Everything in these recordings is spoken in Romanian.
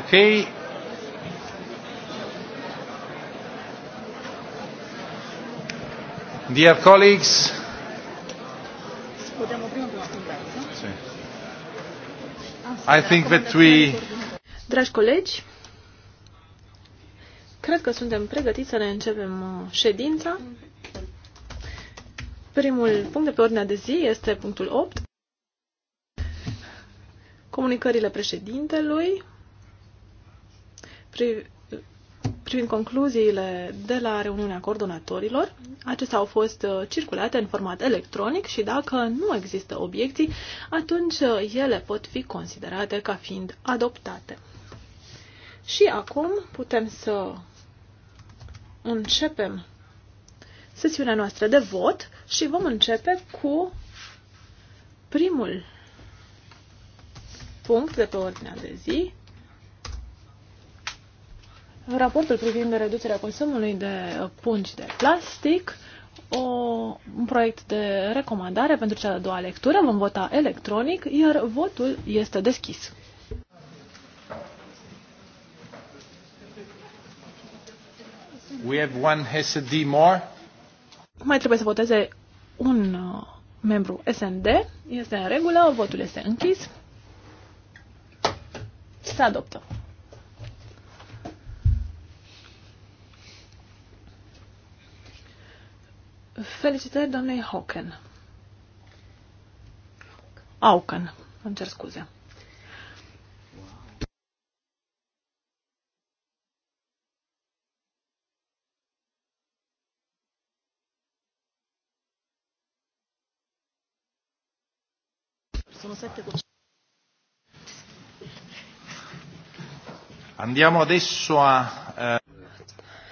Ok. Dear colleagues. I think that we... Dragi colegi, cred că suntem pregătiți să ne începem uh, ședința. Primul punct de pe ordinea de zi este punctul 8. Comunicările președintelui pri, prin concluziile de la reuniunea coordonatorilor. Acestea au fost uh, circulate în format electronic și dacă nu există obiecții, atunci uh, ele pot fi considerate ca fiind adoptate. Și acum putem să începem sesiunea noastră de vot și vom începe cu primul punct de pe ordinea de zi, raportul privind reducerea consumului de uh, pungi de plastic, o, un proiect de recomandare pentru cea de-a doua lectură. Vom vota electronic, iar votul este deschis. We have one SD more. Mai trebuie să voteze un uh, membru SND. Este în regulă, votul este închis. Se adoptă. Felicitări doamnei Hocken. Auken, îmi cer scuze. Andiamo adesso a... Eh,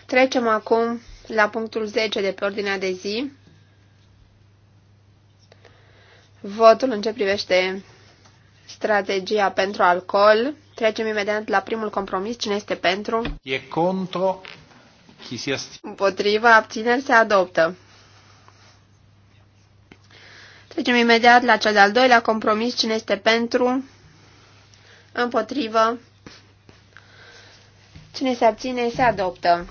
Trecem acum la punctul 10 de pe ordinea de zi, votul în ce privește strategia pentru alcool. Trecem imediat la primul compromis. Cine este pentru? E contro. Împotriva, abțineri, se adoptă. Trecem imediat la cel de-al doilea compromis. Cine este pentru? Împotrivă. Cine se abține, se adoptă.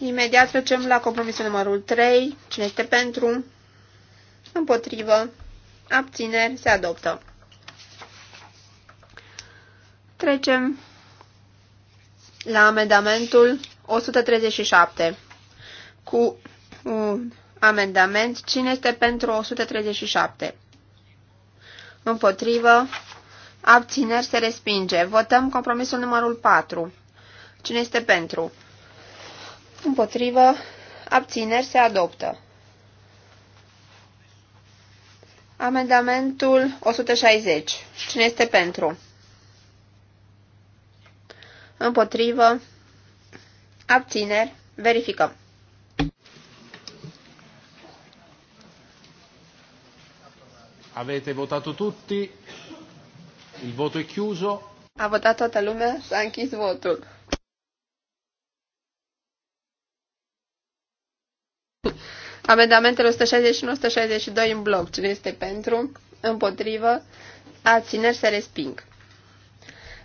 Imediat trecem la compromisul numărul 3. Cine este pentru? Împotrivă. Abțineri. Se adoptă. Trecem la amendamentul 137. Cu un amendament. Cine este pentru 137? Împotrivă. Abțineri. Se respinge. Votăm compromisul numărul 4. Cine este pentru? Pentru împotrivă, abțineri se adoptă. Amendamentul 160. Cine este pentru? Împotrivă, abțineri, verificăm. Avete votato tutti? Il voto è chiuso. Ha votato tutta lumea, s-a închis votul. Amendamentele 161, 162 în bloc. Cine este pentru? Împotrivă? Ațineri se resping.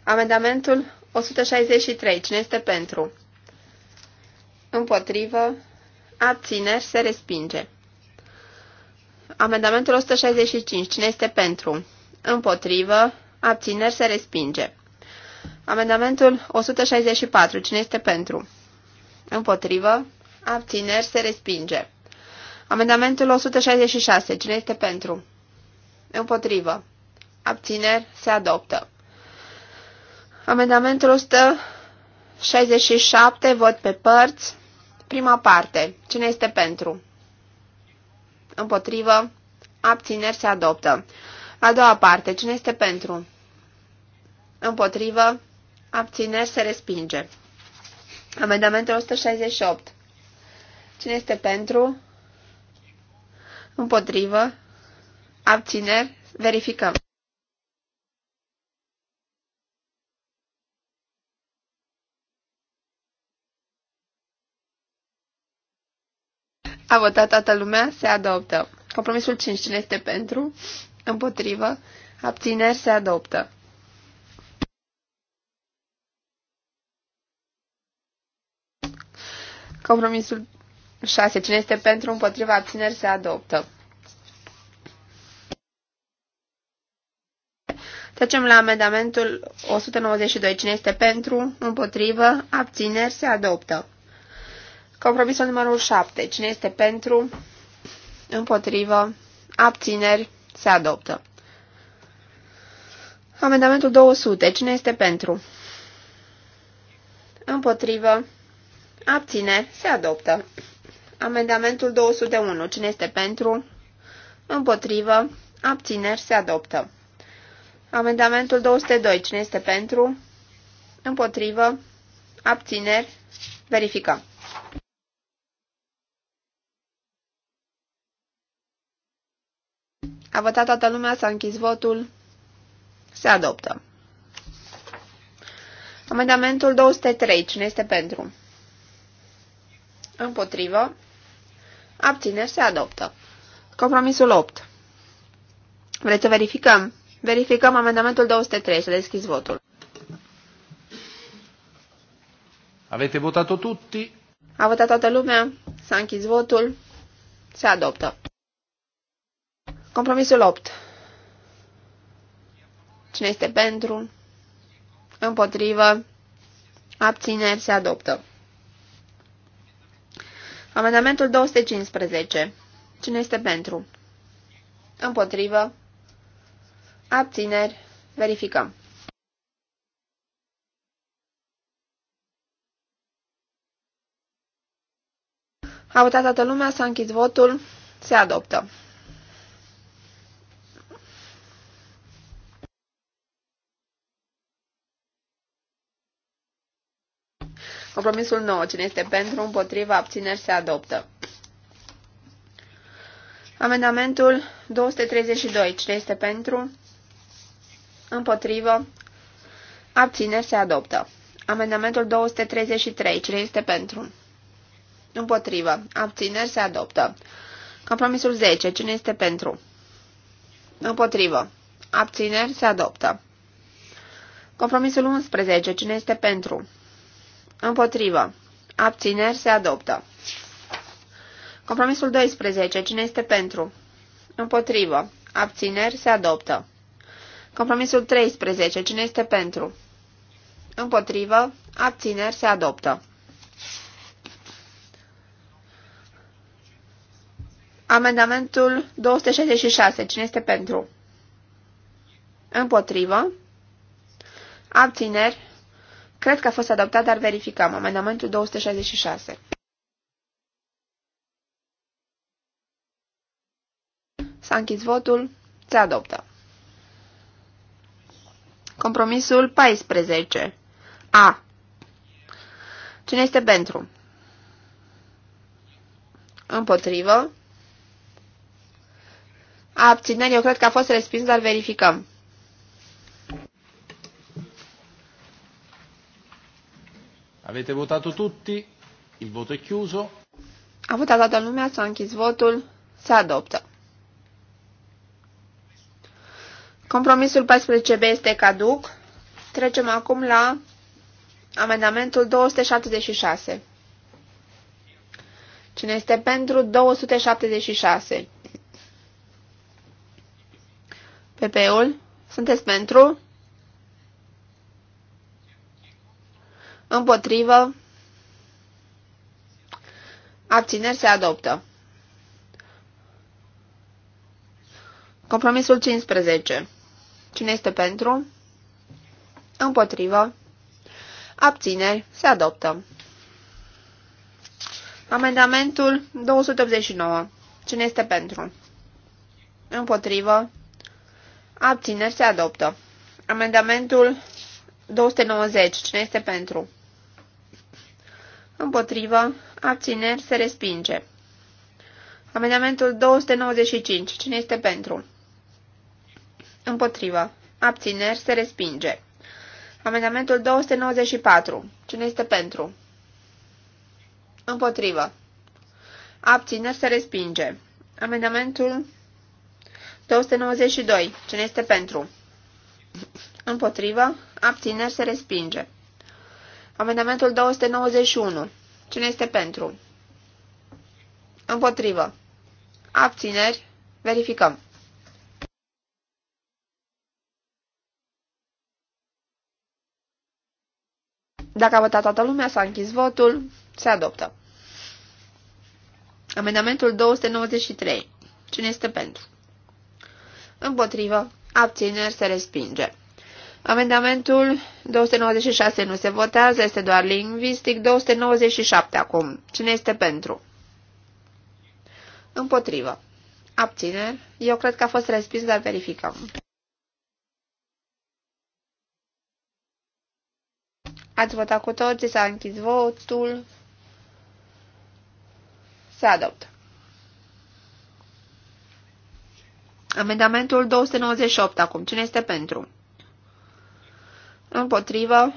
Amendamentul 163. Cine este pentru? Împotrivă? Abțineri se respinge. Amendamentul 165. Cine este pentru? Împotrivă? Abțineri se respinge. Amendamentul 164. Cine este pentru? Împotrivă? Abțineri se respinge. Amendamentul 166. Cine este pentru? Împotrivă. Abțineri se adoptă. Amendamentul 167. Vot pe părți. Prima parte. Cine este pentru? Împotrivă. Abțineri se adoptă. A doua parte. Cine este pentru? Împotrivă. Abțineri se respinge. Amendamentul 168. Cine este pentru? împotrivă, abțineri, verificăm. A votat toată lumea, se adoptă. Compromisul 5, cine este pentru? Împotrivă. Abțineri se adoptă. Compromisul 6. Cine este pentru, împotriva, abțineri, se adoptă. Trecem la amendamentul 192. Cine este pentru, împotrivă, abțineri, se adoptă. Compromisul numărul 7. Cine este pentru, împotrivă, abțineri, se adoptă. Amendamentul 200. Cine este pentru? Împotrivă, abțineri, se adoptă. Amendamentul 201. Cine este pentru? Împotrivă. Abțineri se adoptă. Amendamentul 202. Cine este pentru? Împotrivă. Abțineri. Verificăm. A votat toată lumea, s-a închis votul. Se adoptă. Amendamentul 203. Cine este pentru? Împotrivă. Abțineri se adoptă. Compromisul 8. Vreți să verificăm? Verificăm amendamentul 203. Să deschizi votul. votat-o tutti? A votat toată lumea? S-a închis votul? Se adoptă. Compromisul 8. Cine este pentru? Împotrivă? Abțineri se adoptă. Amendamentul 215. Cine este pentru? Împotrivă. Abțineri. Verificăm. A votat toată lumea, s-a închis votul, se adoptă. Compromisul 9. Cine este pentru, împotriva, abțineri, se adoptă. Amendamentul 232. Cine este pentru, împotrivă, abțineri, se adoptă. Amendamentul 233. Cine este pentru? Împotrivă. Abțineri se adoptă. Compromisul 10. Cine este pentru? Împotrivă. Abțineri se adoptă. Compromisul 11. Cine este pentru? Împotrivă. Abțineri se adoptă. Compromisul 12. Cine este pentru? Împotrivă. Abțineri se adoptă. Compromisul 13. Cine este pentru? Împotrivă. Abțineri se adoptă. Amendamentul 266. Cine este pentru? Împotrivă. Abțineri Cred că a fost adoptat, dar verificăm. Amendamentul 266. S-a închis votul. Se adoptă. Compromisul 14. A. Cine este pentru? Împotrivă. Abțineri, eu cred că a fost respins, dar verificăm. Avete votato tutti? Il voto è chiuso. A votat toată lumea, s-a închis votul, se adoptă. Compromisul 14B este caduc. Trecem acum la amendamentul 276. Cine este pentru 276? PP-ul? Sunteți pentru? Împotrivă. Abțineri se adoptă. Compromisul 15. Cine este pentru? Împotrivă. Abțineri se adoptă. Amendamentul 289. Cine este pentru? Împotrivă. Abțineri se adoptă. Amendamentul 290. Cine este pentru? Împotrivă. Abțineri. Se respinge. Amendamentul 295. Cine este pentru? Împotrivă. Abțineri. Se respinge. Amendamentul 294. Cine este pentru? Împotrivă. Abțineri. Se respinge. Amendamentul 292. Cine este pentru? Împotrivă. Abțineri. Se respinge. Amendamentul 291. Cine este pentru? Împotrivă. Abțineri. Verificăm. Dacă a votat toată lumea, s-a închis votul, se adoptă. Amendamentul 293. Cine este pentru? Împotrivă. Abțineri se respinge. Amendamentul 296 nu se votează, este doar lingvistic. 297 acum. Cine este pentru? Împotrivă. Abțineri. Eu cred că a fost respins, dar verificăm. Ați votat cu toții, s-a închis votul. Se adoptă. Amendamentul 298 acum. Cine este pentru? Împotrivă.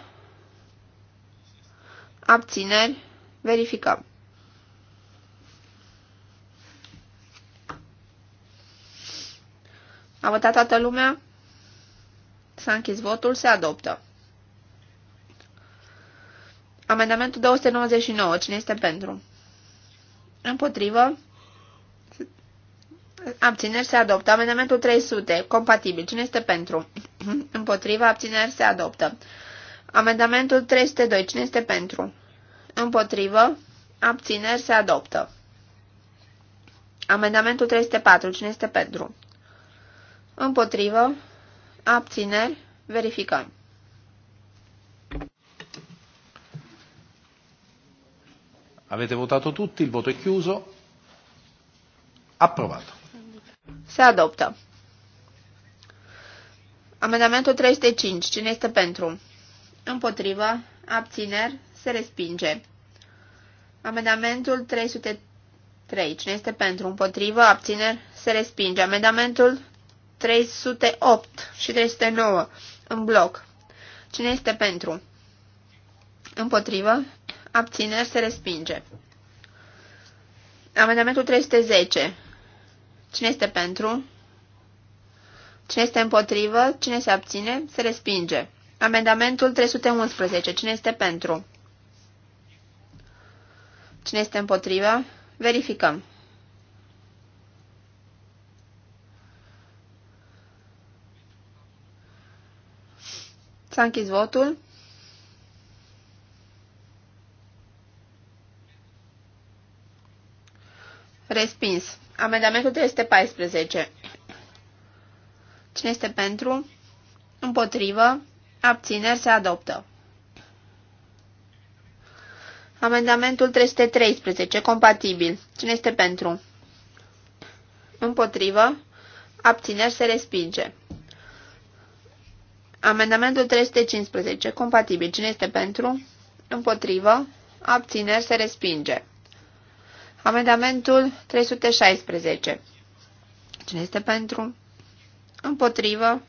Abțineri. Verificăm. A votat toată lumea? S-a închis votul, se adoptă. Amendamentul 299. Cine este pentru? Împotrivă. Abțineri se adoptă. Amendamentul 300. Compatibil. Cine este pentru? Împotriva abțineri se adoptă. Amendamentul 302. Cine este pentru? Împotrivă. Abțineri se adoptă. Amendamentul 304. Cine este pentru? Împotrivă. Abțineri. Verificăm. Avete votato tutti, il voto è chiuso. Approvato. Se adoptă. Amendamentul 305. Cine este pentru? Împotrivă. Abțineri. Se respinge. Amendamentul 303. Cine este pentru? Împotrivă. Abțineri. Se respinge. Amendamentul 308 și 309. În bloc. Cine este pentru? Împotrivă. Abțineri. Se respinge. Amendamentul 310. Cine este pentru? Cine este împotrivă? Cine se abține? Se respinge. Amendamentul 311. Cine este pentru? Cine este împotrivă? Verificăm. S-a închis votul. Respins. Amendamentul 314. Cine este pentru? Împotrivă. Abțineri se adoptă. Amendamentul 313. Compatibil. Cine este pentru? Împotrivă. Abțineri se respinge. Amendamentul 315. Compatibil. Cine este pentru? Împotrivă. Abțineri se respinge. Amendamentul 316. Cine este pentru? Împotrivă.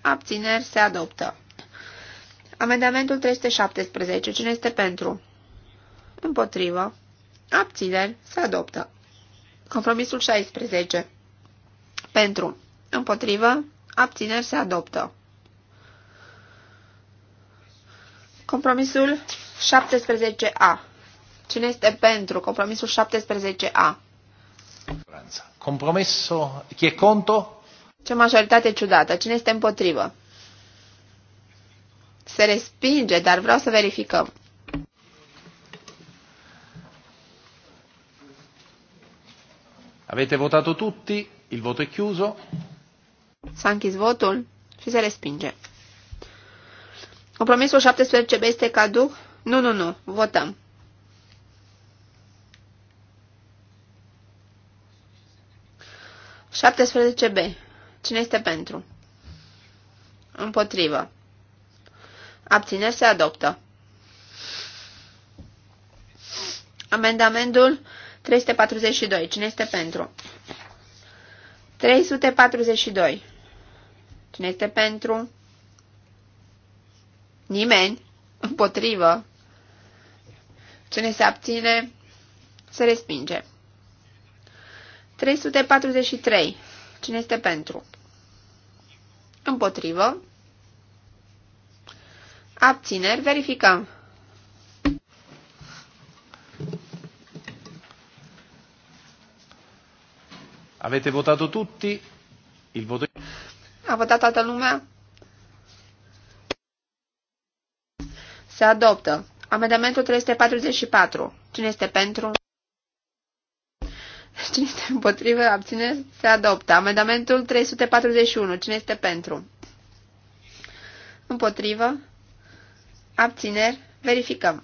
Abțineri se adoptă. Amendamentul 317. Cine este pentru? Împotrivă. Abțineri se adoptă. Compromisul 16. Pentru. Împotrivă. Abțineri se adoptă. Compromisul 17A. Cine este pentru compromisul 17A? Compromisul. Chi e conto? Ce majoritate ciudată. Cine este împotrivă? Se respinge, dar vreau să verificăm. Avete votato tutti? Il voto è chiuso. S-a închis votul și se respinge. Compromisul 17B este caduc? Nu, nu, nu. Votăm. Șaptesprezece B. Cine este pentru? Împotrivă. Abțineri se adoptă. Amendamentul 342. Cine este pentru? 342. Cine este pentru? Nimeni. Împotrivă. Cine se abține, se respinge. 343. Cine este pentru? Împotrivă. Abțineri. Verificăm. Avete votat tutti? Il voto... A votat toată lumea? Se adoptă. Amendamentul 344. Cine este pentru? Cine este împotrivă? Abține? Se adoptă. Amendamentul 341. Cine este pentru? Împotrivă? Abțineri? Verificăm.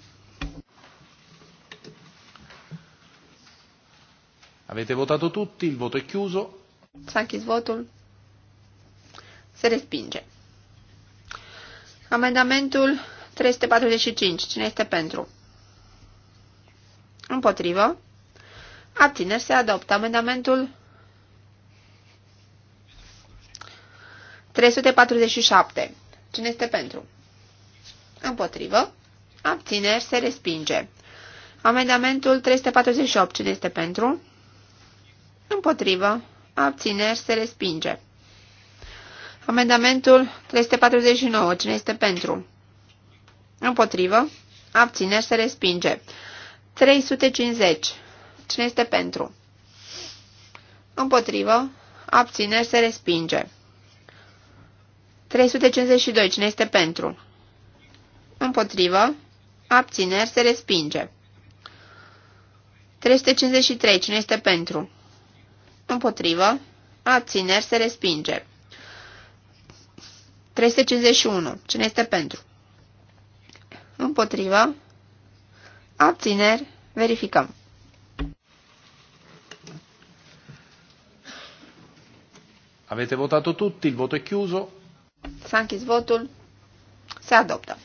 Avete votato tutti, il voto è chiuso. S-a închis votul. Se respinge. Amendamentul 345. Cine este pentru? Împotrivă. Abțineri se adoptă. Amendamentul 347. Cine este pentru? Împotrivă. Abțineri se respinge. Amendamentul 348. Cine este pentru? Împotrivă. Abțineri se respinge. Amendamentul 349. Cine este pentru? Împotrivă. Abțineri se respinge. 350. Cine este pentru? Împotrivă. Abțineri se respinge. 352. Cine este pentru? Împotrivă. Abțineri se respinge. 353. Cine este pentru? Împotrivă. Abțineri se respinge. 351. Cine este pentru? Împotrivă. Abțineri. Verificăm. Avete votato tutti, il voto è chiuso. Sanchis votul. Se adoptă.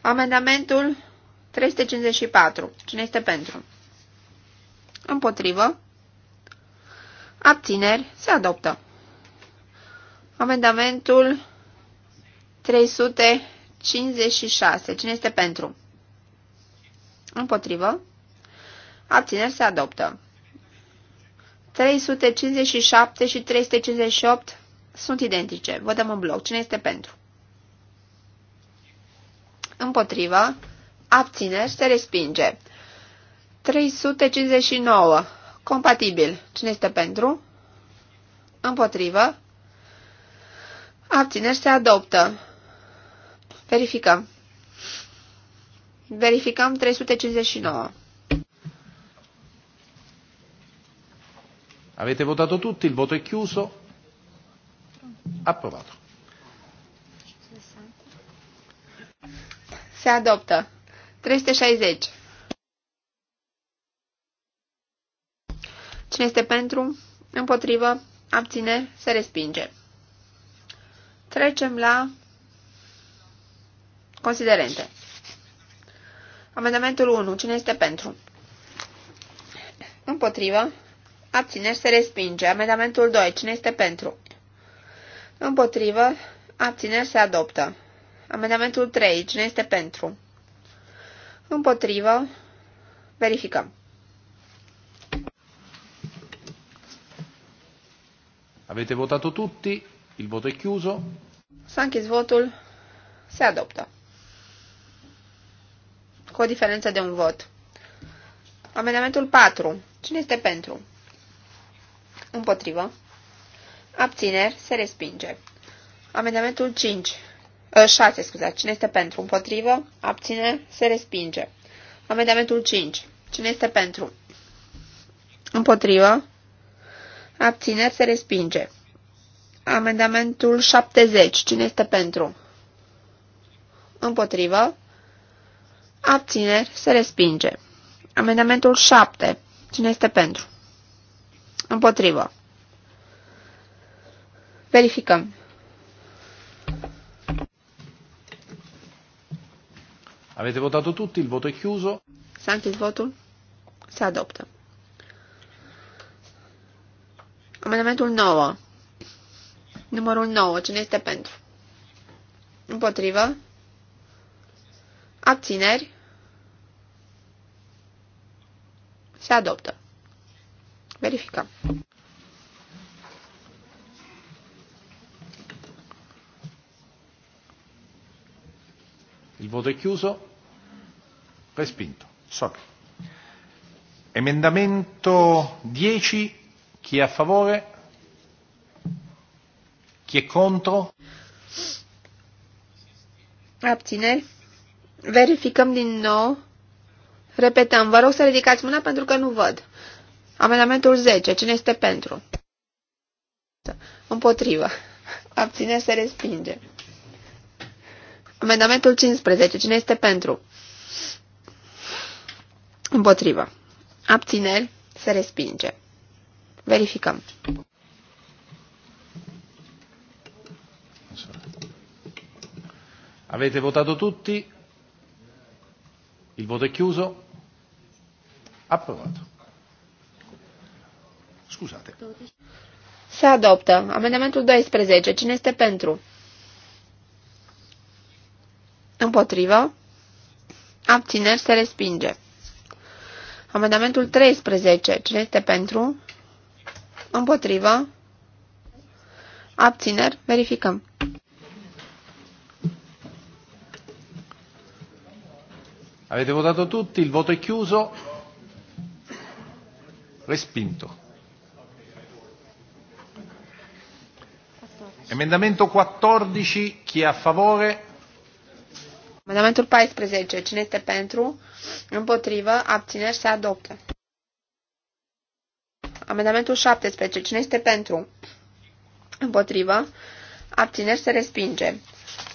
Amendamentul 354. Cine este pentru? Împotrivă. Abțineri. Se adoptă. Amendamentul 356. Cine este pentru? Împotrivă. Abțineri. Se adoptă. 357 și 358 sunt identice. dăm un bloc. Cine este pentru? Împotrivă. Abțineri. Se respinge. 359. Compatibil. Cine este pentru? Împotrivă. Abțineri. Se adoptă. Verificăm. Verificăm 359. Avete votato tutti, il voto è chiuso. Approvato. Se adoptă. 360. Cine este pentru, împotrivă, abține, se respinge. Trecem la considerente. Amendamentul 1. Cine este pentru? Împotrivă, Abțineri se respinge. Amendamentul 2. Cine este pentru? Împotrivă. Abțineri se adoptă. Amendamentul 3. Cine este pentru? Împotrivă. Verificăm. Avete votato tutti? Il voto è chiuso. S-a închis votul. Se adoptă. Cu o diferență de un vot. Amendamentul 4. Cine este pentru? Împotrivă. Abțineri. Se respinge. Amendamentul 5. 6, ă, scuzați. Cine este pentru? Împotrivă. Abțineri. Se respinge. Amendamentul 5. Cine este pentru? Împotrivă. Abțineri. Se respinge. Amendamentul 70. Cine este pentru? Împotrivă. Abțineri. Se respinge. Amendamentul 7. Cine este pentru? Împotrivă. Verificăm. Avete votato tutti, il voto è chiuso. S-a închis votul. Se adoptă. Amendamentul 9. Numărul 9. Cine este pentru? Împotrivă. Abțineri. Se adoptă. Verificăm. Il voto è chiuso. Respinto. Sorry. Emendamento 10. Chi è a favore? Chi è contro? Abțineri. Verificăm din nou. Repetăm. Vă rog să ridicați mâna pentru că nu văd. Amendamentul 10. Cine este pentru? Împotrivă. Abține se respinge. Amendamentul 15. Cine este pentru? Împotrivă. Abțineri se respinge. Verificăm. Avete votato tutti? Il voto è chiuso? Approvato. Scuzate. Se adoptă. Amendamentul 12. Cine este pentru? Împotrivă. Abțineri se respinge. Amendamentul 13. Cine este pentru? Împotrivă. Abțineri. Verificăm. Avete votato tutti, il voto è chiuso. Respinto. Emendamentul 14, chi a favore? Emendamento 14, cine este pentru? Împotrivă, abțineri, se adoptă. Amendamentul 17, cine este pentru? Împotrivă, abțineri, se respinge.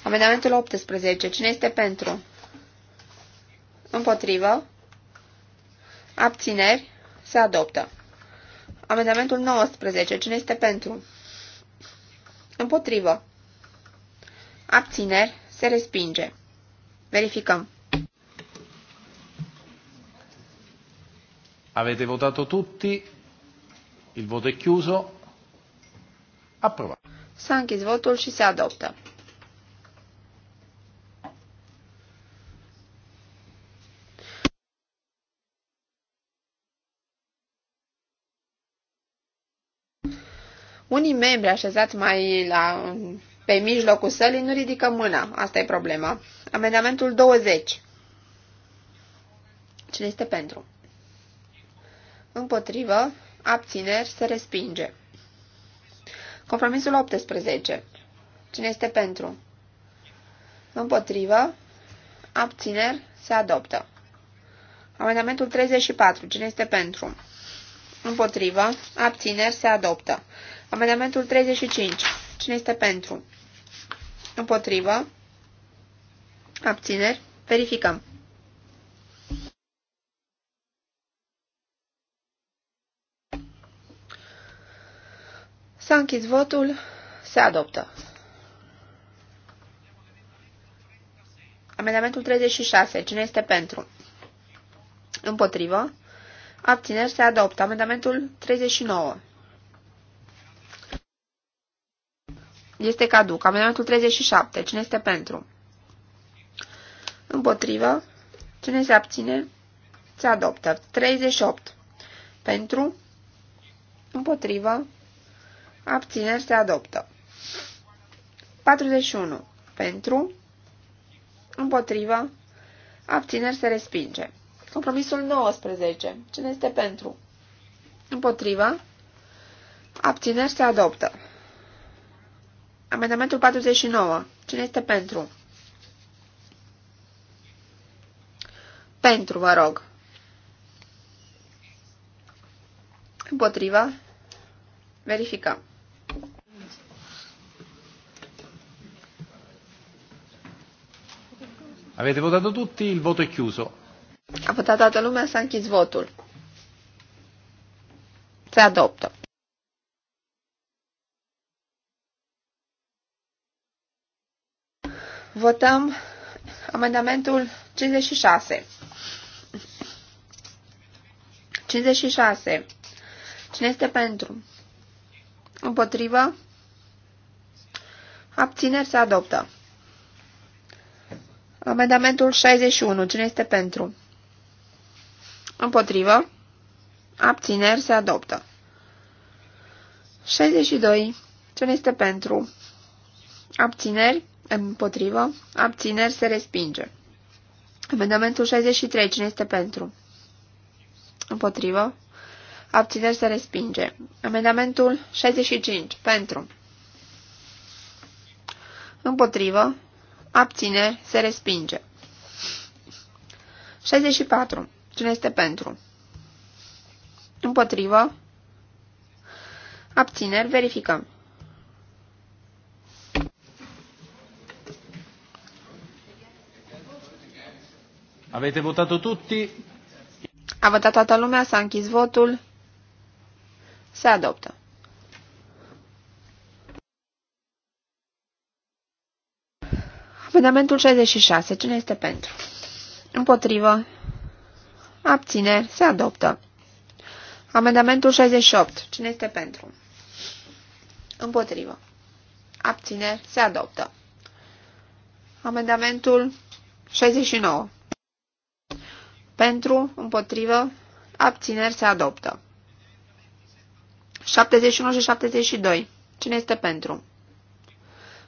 Amendamentul 18, cine este pentru? Împotrivă, abțineri, se adoptă. Amendamentul 19, cine este pentru? Împotrivă. Abțineri. Se respinge. Verificăm. Avete votato tutti? Il voto è chiuso. Approvato. S-a închis votul și se adoptă. unii membri așezați mai la, pe mijlocul sălii nu ridică mâna. Asta e problema. Amendamentul 20. Cine este pentru? Împotrivă, abțineri, se respinge. Compromisul 18. Cine este pentru? Împotrivă, abțineri, se adoptă. Amendamentul 34. Cine este pentru? Împotrivă, abțineri, se adoptă. Amendamentul 35. Cine este pentru? Împotrivă. Abțineri. Verificăm. S-a închis votul. Se adoptă. Amendamentul 36. Cine este pentru? Împotrivă. Abțineri se adoptă. Amendamentul 39. Este caduc. Amendamentul 37. Cine este pentru? Împotrivă. Cine se abține? Se adoptă. 38. Pentru. Împotrivă. Abțineri se adoptă. 41. Pentru. Împotrivă. Abțineri se respinge. Compromisul 19. Cine este pentru? Împotrivă. Abțineri se adoptă. Amendamentul 49. Cine este pentru? Pentru, vă rog. Împotriva. Verificăm. Avete votato tutti, il voto è chiuso. A votat toată lumea, s-a închis votul. Se adoptă. Votăm amendamentul 56. 56. Cine este pentru? Împotrivă? Abțineri se adoptă. Amendamentul 61. Cine este pentru? Împotrivă? Abțineri se adoptă. 62. Cine este pentru? Abțineri? Împotrivă. Abțineri se respinge. Amendamentul 63. Cine este pentru? Împotrivă. Abțineri se respinge. Amendamentul 65. Pentru. Împotrivă. Abțineri se respinge. 64. Cine este pentru? Împotrivă. Abțineri. Verificăm. Avete votato tutti? A votat toată lumea, s-a închis votul. Se adoptă. Amendamentul 66. Cine este pentru? Împotrivă. Abțineri. Se adoptă. Amendamentul 68. Cine este pentru? Împotrivă. Abțineri. Se adoptă. Amendamentul 69. Pentru, împotrivă, abțineri se adoptă. 71 și 72. Cine este pentru?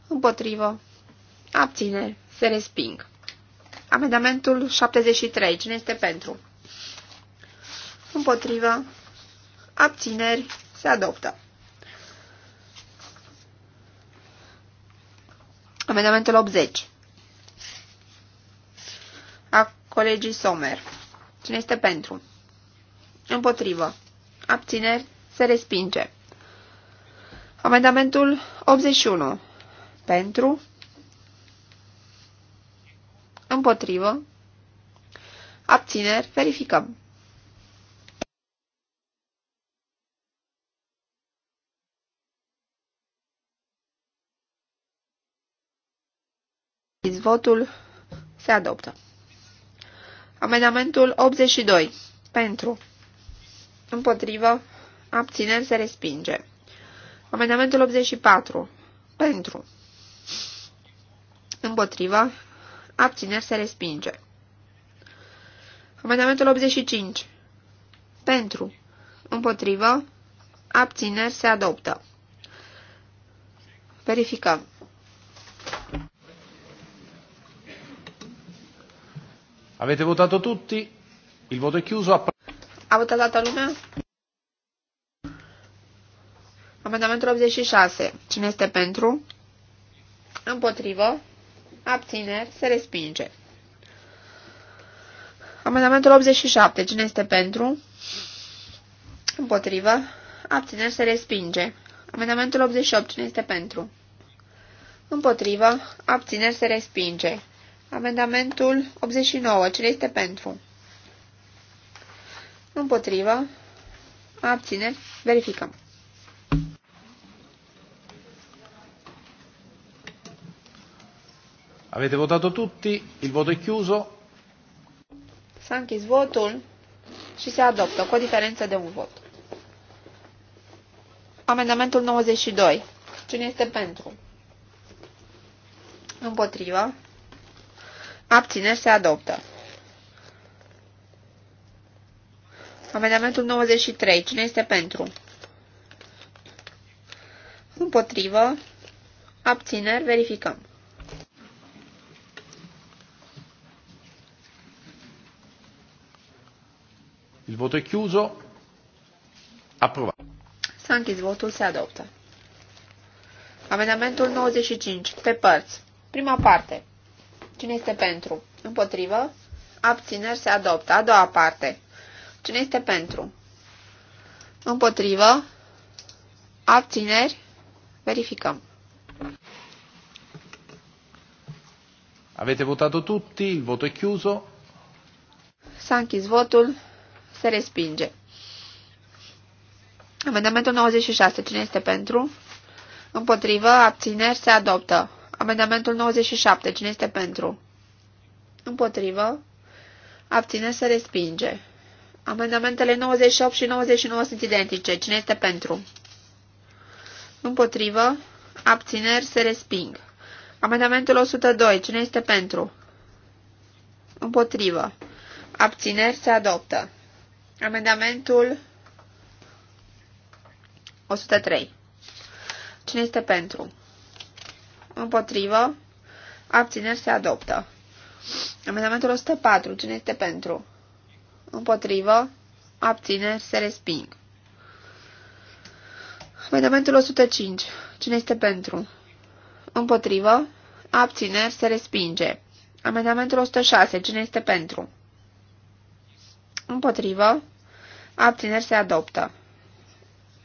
Împotrivă. Abțineri. Se resping. Amendamentul 73. Cine este pentru? Împotrivă. Abțineri. Se adoptă. Amendamentul 80. A colegii Somer. Cine este pentru? Împotrivă. Abțineri. Se respinge. Amendamentul 81. Pentru. Împotrivă. Abțineri. Verificăm. Votul se adoptă. Amendamentul 82. Pentru. Împotrivă. Abțineri se respinge. Amendamentul 84. Pentru. Împotrivă. Abțineri se respinge. Amendamentul 85. Pentru. Împotrivă. Abțineri se adoptă. Verificăm. Avete votato tutti? Il voto è chiuso. A votat la lumea? Amendamentul 86. Cine este pentru? Împotrivă. Abțineri. Se respinge. Amendamentul 87. Cine este pentru? Împotrivă. Abțineri. Se respinge. Amendamentul 88. Cine este pentru? Împotrivă. Abțineri. Se respinge. Amendamentul 89. Cine este pentru? Împotrivă. Abține. Verificăm. Avete votato tutti, il voto è chiuso. S-a închis votul și se adoptă cu o diferență de un vot. Amendamentul 92. Cine este pentru? Împotrivă. Abțineri se adoptă. Amendamentul 93. Cine este pentru? Împotrivă. Abțineri. Verificăm. Il voto è chiuso. Approvato. S-a închis votul, se adoptă. Amendamentul 95. Pe părți. Prima parte. Cine este pentru? Împotrivă? Abțineri se adoptă. A doua parte. Cine este pentru? Împotrivă? Abțineri? Verificăm. Avete votato tutti, il voto è chiuso. S-a închis votul, se respinge. Amendamentul 96. Cine este pentru? Împotrivă, abțineri, se adoptă. Amendamentul 97. Cine este pentru? Împotrivă. Abține să respinge. Amendamentele 98 și 99 sunt identice. Cine este pentru? Împotrivă. Abțineri se resping. Amendamentul 102. Cine este pentru? Împotrivă. Abțineri se adoptă. Amendamentul 103. Cine este pentru? Împotrivă. Abțineri se adoptă. Amendamentul 104. Cine este pentru? Împotrivă. Abțineri se resping. Amendamentul 105. Cine este pentru? Împotrivă. Abțineri se respinge. Amendamentul 106. Cine este pentru? Împotrivă. Abțineri se adoptă.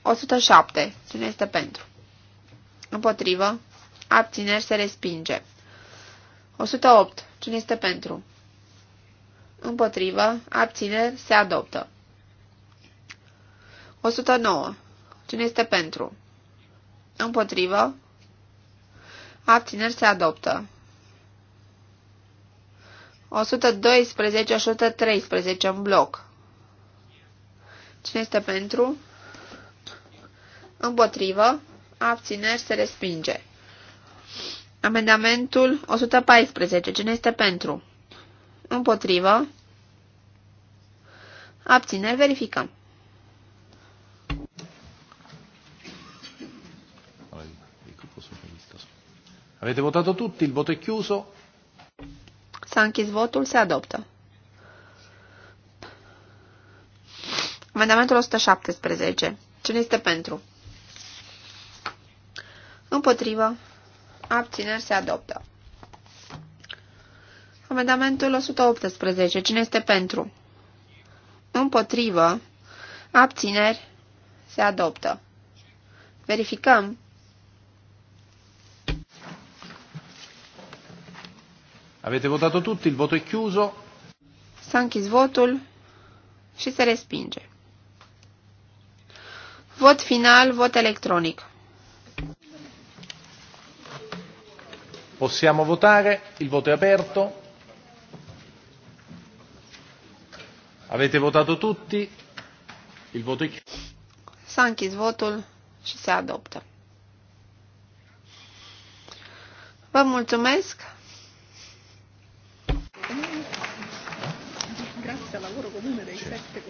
107. Cine este pentru? Împotrivă abțineri, se respinge. 108. Cine este pentru? Împotrivă, abțineri, se adoptă. 109. Cine este pentru? Împotrivă, abțineri, se adoptă. 112-113 în bloc. Cine este pentru? Împotrivă, abțineri, se respinge. Amendamentul 114. Cine este pentru? Împotrivă. Abține. Verificăm. Avete votato tutti, il voto è chiuso. S-a închis votul, se adoptă. Amendamentul 117. Cine este pentru? Împotrivă abțineri se adoptă. Amendamentul 118. Cine este pentru? Împotrivă, abțineri se adoptă. Verificăm. Avete votato tutti, il voto è chiuso. S-a închis votul și se respinge. Vot final, vot electronic. Possiamo votare, il voto è aperto. Avete votato tutti, il voto è chiuso. S-a închis votul și se adoptă. Vă mulțumesc! Grazie al lavoro comune dei sette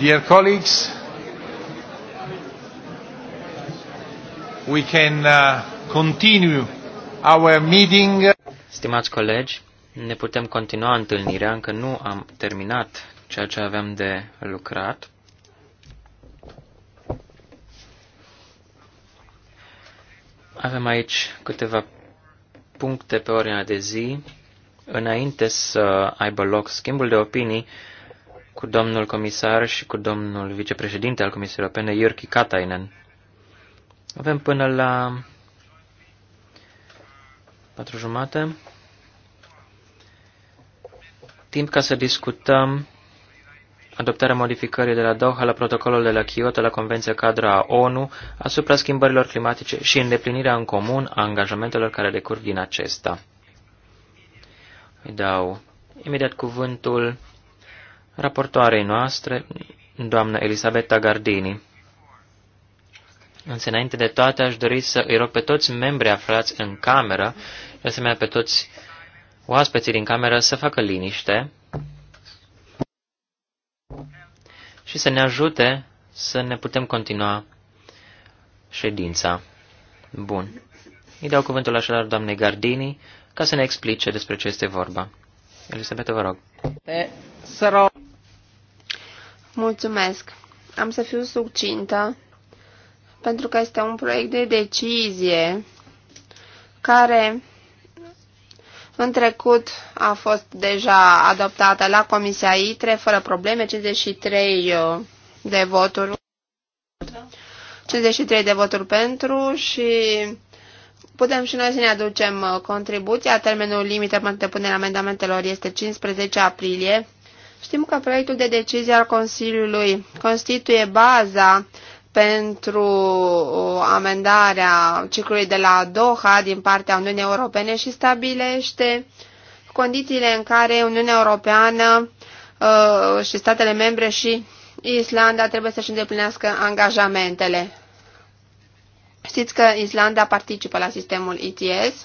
Dear colleagues, we can uh, continue our meeting. Stimați colegi, ne putem continua întâlnirea, încă nu am terminat ceea ce avem de lucrat. Avem aici câteva puncte pe ordinea de zi. Înainte să aibă loc schimbul de opinii, cu domnul comisar și cu domnul vicepreședinte al Comisiei Europene, Iorki Katainen. Avem până la patru jumate timp ca să discutăm adoptarea modificării de la Doha la protocolul de la Kyoto la Convenția cadră a ONU asupra schimbărilor climatice și îndeplinirea în comun a angajamentelor care decurg din acesta. Îi dau imediat cuvântul raportoarei noastre, doamna Elisabeta Gardini. Însă, înainte de toate, aș dori să îi rog pe toți membrii aflați în cameră, de asemenea pe toți oaspeții din cameră, să facă liniște și să ne ajute să ne putem continua ședința. Bun. Îi dau cuvântul așadar doamnei Gardini ca să ne explice despre ce este vorba. Elisabeta, vă rog. Să rog. Mulțumesc. Am să fiu succintă pentru că este un proiect de decizie care în trecut a fost deja adoptată la Comisia ITRE fără probleme, 53 uh, de voturi. 53 de voturi pentru și putem și noi să ne aducem uh, contribuția. Termenul limită pentru depunerea amendamentelor este 15 aprilie Știm că proiectul de decizie al Consiliului constituie baza pentru uh, amendarea ciclului de la Doha din partea Uniunii Europene și stabilește condițiile în care Uniunea Europeană uh, și statele membre și Islanda trebuie să-și îndeplinească angajamentele. Știți că Islanda participă la sistemul ETS?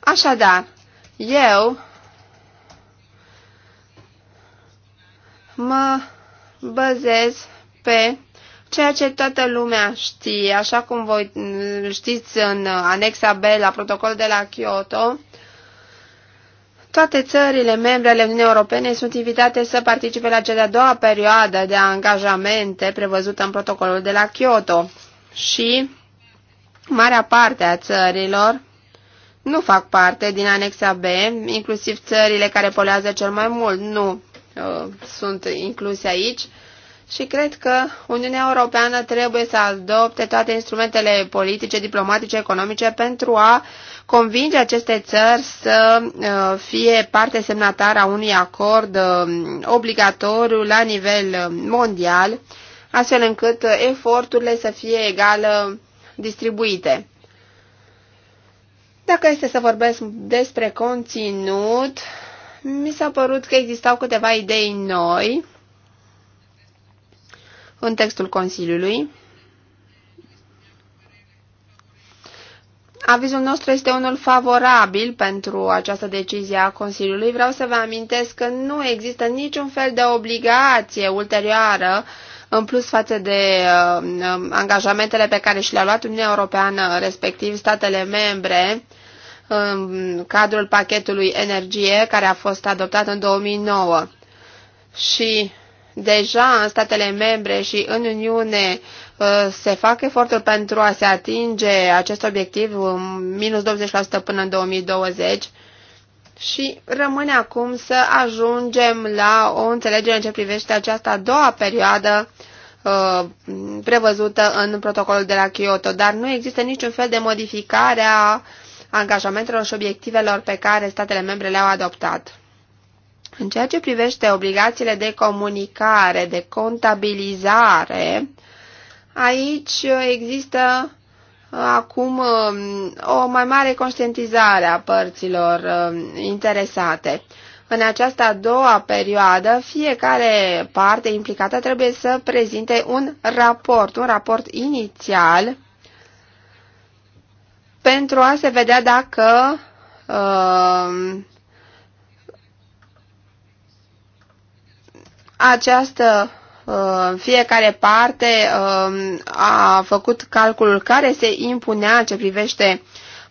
Așadar, eu mă bazez pe ceea ce toată lumea știe, așa cum voi știți în anexa B la protocolul de la Kyoto, toate țările membre ale Uniunii Europene sunt invitate să participe la cea de-a doua perioadă de angajamente prevăzută în protocolul de la Kyoto și marea parte a țărilor nu fac parte din anexa B, inclusiv țările care poluează cel mai mult, nu Uh, sunt incluse aici și cred că Uniunea Europeană trebuie să adopte toate instrumentele politice, diplomatice, economice pentru a convinge aceste țări să uh, fie parte semnatară a unui acord uh, obligatoriu la nivel mondial, astfel încât eforturile să fie egal distribuite. Dacă este să vorbesc despre conținut, mi s-a părut că existau câteva idei noi în textul Consiliului. Avizul nostru este unul favorabil pentru această decizie a Consiliului. Vreau să vă amintesc că nu există niciun fel de obligație ulterioară în plus față de uh, uh angajamentele pe care și le-a luat Uniunea Europeană, respectiv statele membre, uh, în cadrul pachetului energie care a fost adoptat în 2009. Și deja în statele membre și în Uniune uh, se fac eforturi pentru a se atinge acest obiectiv uh, minus 20% până în 2020 și rămâne acum să ajungem la o înțelegere în ce privește această a doua perioadă uh, prevăzută în protocolul de la Kyoto, dar nu există niciun fel de modificare a uh, angajamentelor și obiectivelor pe care statele membre le-au adoptat. În ceea ce privește obligațiile de comunicare, de contabilizare, aici există uh, acum um, o mai mare conștientizare a părților um, interesate. În această a doua perioadă, fiecare parte implicată trebuie să prezinte un raport, un raport inițial pentru a se vedea dacă uh, această uh, fiecare parte uh, a făcut calculul care se impunea ce privește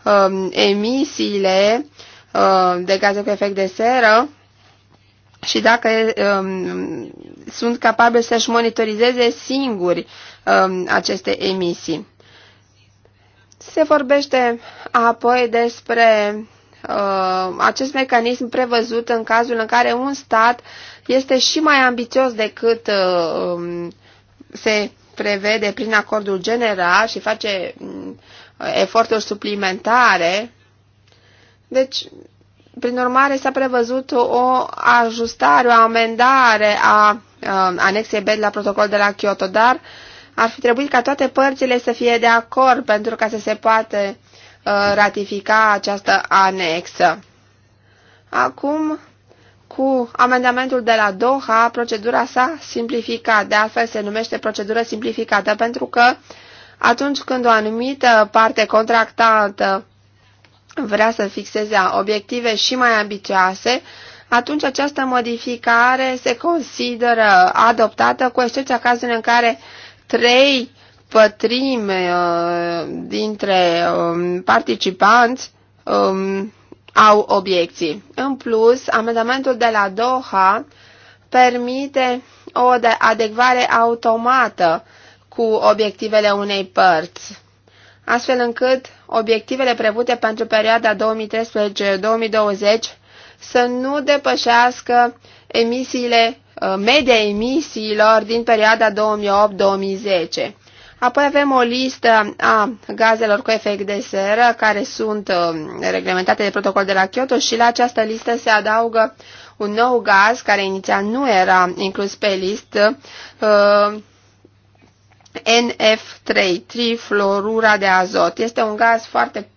uh, emisiile uh, de gaze cu efect de seră și dacă um, sunt capabili să-și monitorizeze singuri um, aceste emisii. Se vorbește apoi despre uh, acest mecanism prevăzut în cazul în care un stat este și mai ambițios decât uh, um, se prevede prin acordul general și face uh, eforturi suplimentare. Deci, prin urmare, s-a prevăzut o ajustare, o amendare a uh, anexei B la protocol de la Kyoto, dar uh, ar fi trebuit ca toate părțile să fie de acord pentru ca să se poată uh, ratifica această anexă. Acum, cu amendamentul de la Doha, procedura s-a simplificat. De altfel, se numește procedură simplificată pentru că atunci când o anumită parte contractantă vrea să fixeze obiective și mai ambicioase, atunci această modificare se consideră adoptată, cu excepția cazului în care trei pătrime uh, dintre um, participanți um, au obiecții. În plus, amendamentul de la Doha permite o adecvare automată cu obiectivele unei părți, astfel încât obiectivele prevute pentru perioada 2013-2020 să nu depășească emisiile, uh, media emisiilor din perioada 2008-2010. Apoi avem o listă a gazelor cu efect de seră care sunt uh, reglementate de protocol de la Kyoto și la această listă se adaugă un nou gaz care inițial nu era inclus pe listă, uh, NF3, trifluorura de azot. Este un gaz foarte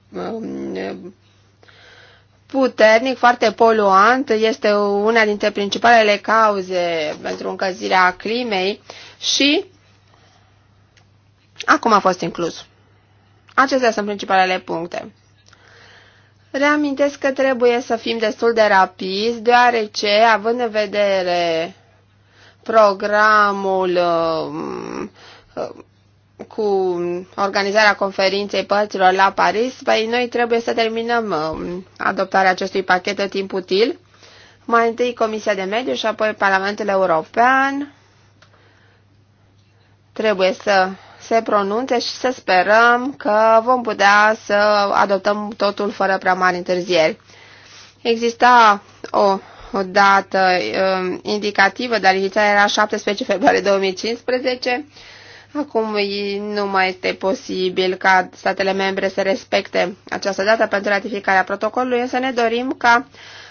puternic, foarte poluant, este una dintre principalele cauze pentru încălzirea climei și acum a fost inclus. Acestea sunt principalele puncte. Reamintesc că trebuie să fim destul de rapizi, deoarece, având în vedere programul uh, uh, cu organizarea conferinței părților la Paris, păi noi trebuie să terminăm um, adoptarea acestui pachet de timp util. Mai întâi Comisia de Mediu și apoi Parlamentul European trebuie să se pronunțe și să sperăm că vom putea să adoptăm totul fără prea mari întârzieri. Exista o, o dată um, indicativă, dar inițial era 17 februarie 2015, Acum nu mai este posibil ca statele membre să respecte această dată pentru ratificarea protocolului, însă ne dorim ca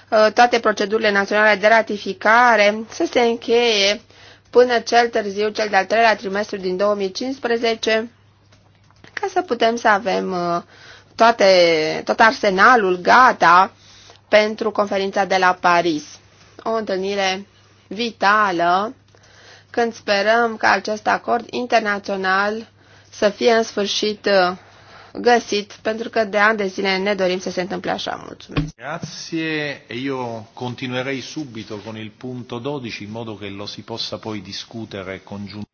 uh, toate procedurile naționale de ratificare să se încheie până cel târziu, cel de-al treilea trimestru din 2015, ca să putem să avem uh, toate, tot arsenalul gata pentru conferința de la Paris. O întâlnire vitală când sperăm ca acest acord internațional să fie în sfârșit uh, găsit, pentru că de ani de zile ne dorim să se întâmple așa. Mulțumesc. Grazie. Eu continuerei subito con il punto 12 in modo che lo si possa poi discutere congiunt.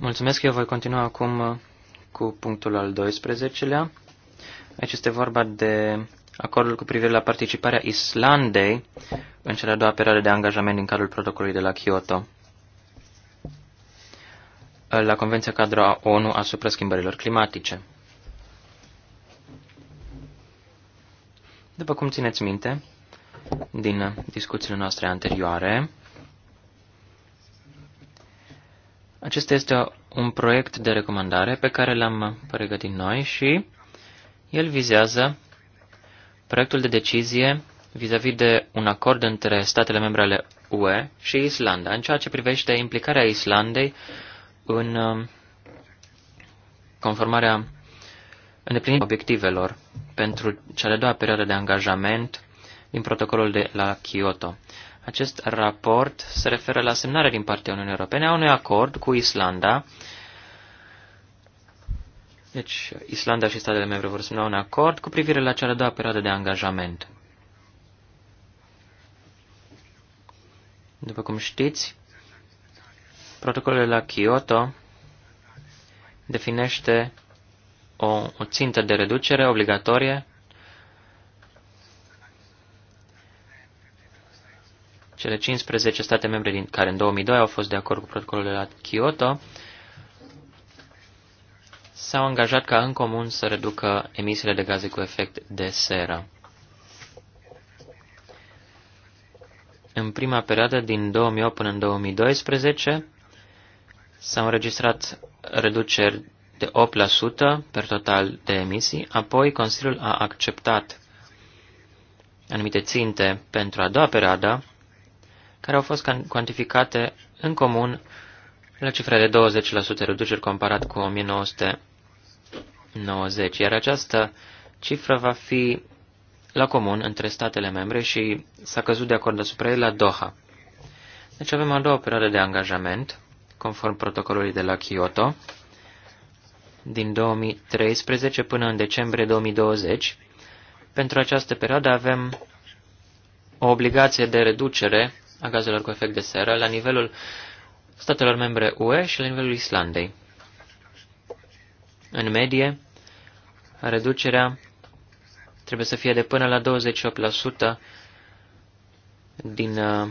Mulțumesc, eu voi continua acum uh, cu punctul al 12-lea. Aici este vorba de acordul cu privire la participarea Islandei în cea de-a doua perioadă de angajament din cadrul protocolului de la Kyoto la Convenția Cadru a ONU asupra schimbărilor climatice. După cum țineți minte, din discuțiile noastre anterioare, acesta este un proiect de recomandare pe care l-am pregătit noi și el vizează proiectul de decizie vis-a-vis -vis de un acord între statele membre ale UE și Islanda, în ceea ce privește implicarea Islandei în um, conformarea îndeplinirii obiectivelor pentru cea de-a doua perioadă de angajament din protocolul de la Kyoto. Acest raport se referă la semnarea din partea Uniunii Europene a unui acord cu Islanda. Deci, Islanda și statele membre vor semna un acord cu privire la cea de-a doua perioadă de angajament. După cum știți, Protocolul la Kyoto definește o, o țintă de reducere obligatorie cele 15 state membre din care în 2002 au fost de acord cu protocolul de la Kyoto s-au angajat ca în comun să reducă emisiile de gaze cu efect de seră. În prima perioadă din 2008 până în 2012, S-au înregistrat reduceri de 8% per total de emisii, apoi Consiliul a acceptat anumite ținte pentru a doua perioadă, care au fost cuantificate în comun la cifra de 20% reduceri comparat cu 1990, iar această cifră va fi la comun între statele membre și s-a căzut de acord asupra ei la Doha. Deci avem a doua perioadă de angajament conform protocolului de la Kyoto, din 2013 până în decembrie 2020. Pentru această perioadă avem o obligație de reducere a gazelor cu efect de seră la nivelul statelor membre UE și la nivelul Islandei. În medie, reducerea trebuie să fie de până la 28% din uh,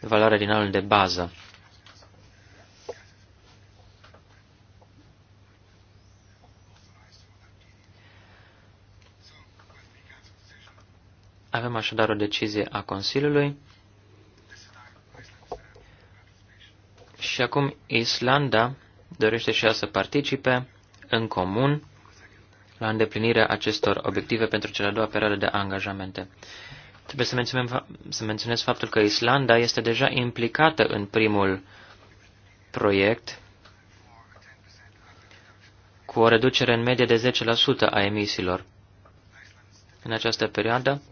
valoarea din anul de bază. Avem așadar o decizie a Consiliului. Și acum Islanda dorește și ea să participe în comun la îndeplinirea acestor obiective pentru cea de-a doua perioadă de angajamente. Trebuie să, menționăm, să menționez faptul că Islanda este deja implicată în primul proiect cu o reducere în medie de 10% a emisiilor. În această perioadă,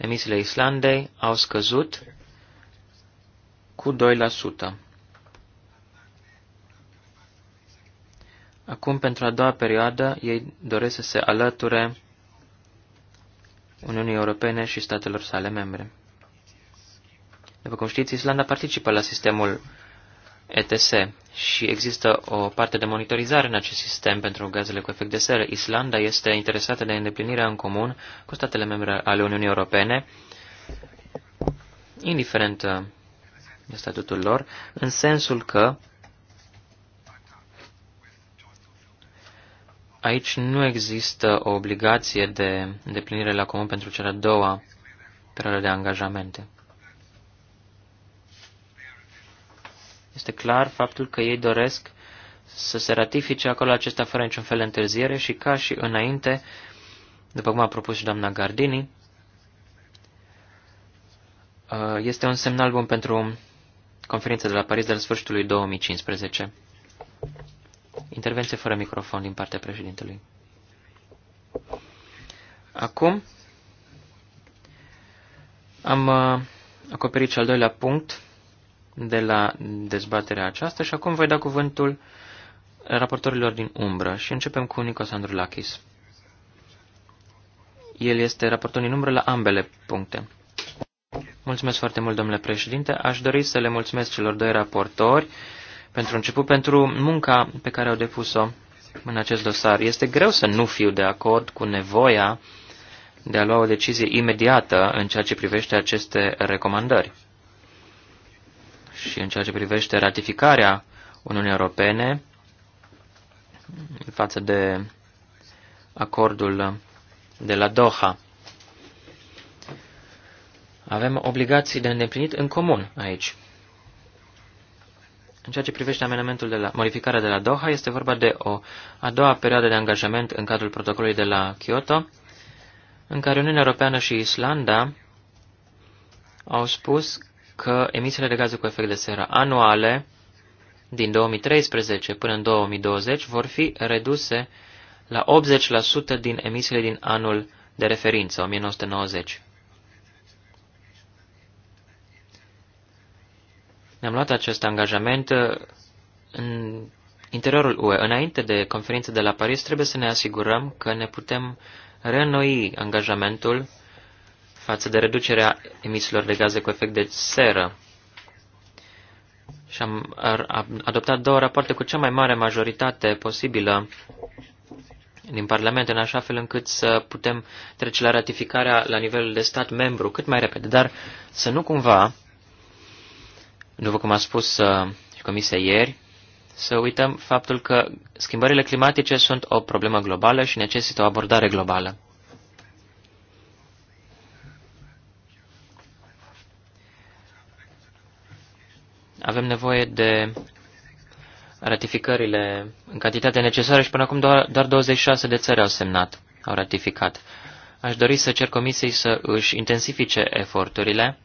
emisiile Islandei au scăzut cu 2%. Acum, pentru a doua perioadă, ei doresc să se alăture Uniunii Europene și statelor sale membre. După cum știți, Islanda participă la sistemul ETS și există o parte de monitorizare în acest sistem pentru gazele cu efect de seră. Islanda este interesată de îndeplinirea în comun cu statele membre ale Uniunii Europene, indiferent uh, de statutul lor, în sensul că aici nu există o obligație de îndeplinire la comun pentru cele doua perioadă de angajamente. Este clar faptul că ei doresc să se ratifice acolo acesta fără niciun fel de întârziere și ca și înainte, după cum a propus și doamna Gardini, uh, este un semnal bun pentru conferința de la Paris de la sfârșitul lui 2015. Intervenție fără microfon din partea președintelui. Acum am uh, acoperit cel doilea punct de la dezbaterea aceasta și acum voi da cuvântul raportorilor din umbră și începem cu Nicos Andrulakis. El este raportor din umbră la ambele puncte. Mulțumesc foarte mult, domnule președinte. Aș dori să le mulțumesc celor doi raportori pentru început, pentru munca pe care au depus-o în acest dosar. Este greu să nu fiu de acord cu nevoia de a lua o decizie imediată în ceea ce privește aceste recomandări și în ceea ce privește ratificarea Uniunii Europene față de acordul de la Doha. Avem obligații de îndeplinit în comun aici. În ceea ce privește amendamentul de la modificarea de la Doha, este vorba de o a doua perioadă de angajament în cadrul protocolului de la Kyoto, în care Uniunea Europeană și Islanda au spus că emisiile de gaze cu efect de seră anuale din 2013 până în 2020 vor fi reduse la 80% din emisiile din anul de referință, 1990. Ne-am luat acest angajament uh, în interiorul UE. Înainte de conferința de la Paris, trebuie să ne asigurăm că ne putem reînnoi angajamentul față de reducerea emisiilor de gaze cu efect de seră. Și am adoptat două rapoarte cu cea mai mare majoritate posibilă din Parlament, în așa fel încât să putem trece la ratificarea la nivel de stat membru cât mai repede. Dar să nu cumva, după cum a spus uh, și Comisia ieri, să uităm faptul că schimbările climatice sunt o problemă globală și necesită o abordare globală. Avem nevoie de ratificările în cantitate necesară și până acum doar, doar 26 de țări au semnat, au ratificat. Aș dori să cer Comisiei să își intensifice eforturile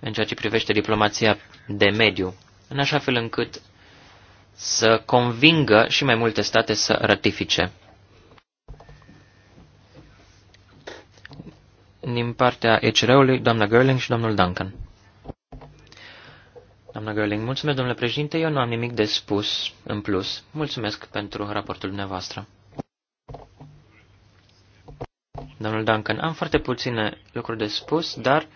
în ceea ce privește diplomația de mediu, în așa fel încât să convingă și mai multe state să ratifice. Din partea ECR-ului, doamna Gerling și domnul Duncan. Doamna Găling, mulțumesc, domnule președinte, eu nu am nimic de spus în plus. Mulțumesc pentru raportul dumneavoastră. Domnul Duncan, am foarte puține lucruri de spus, dar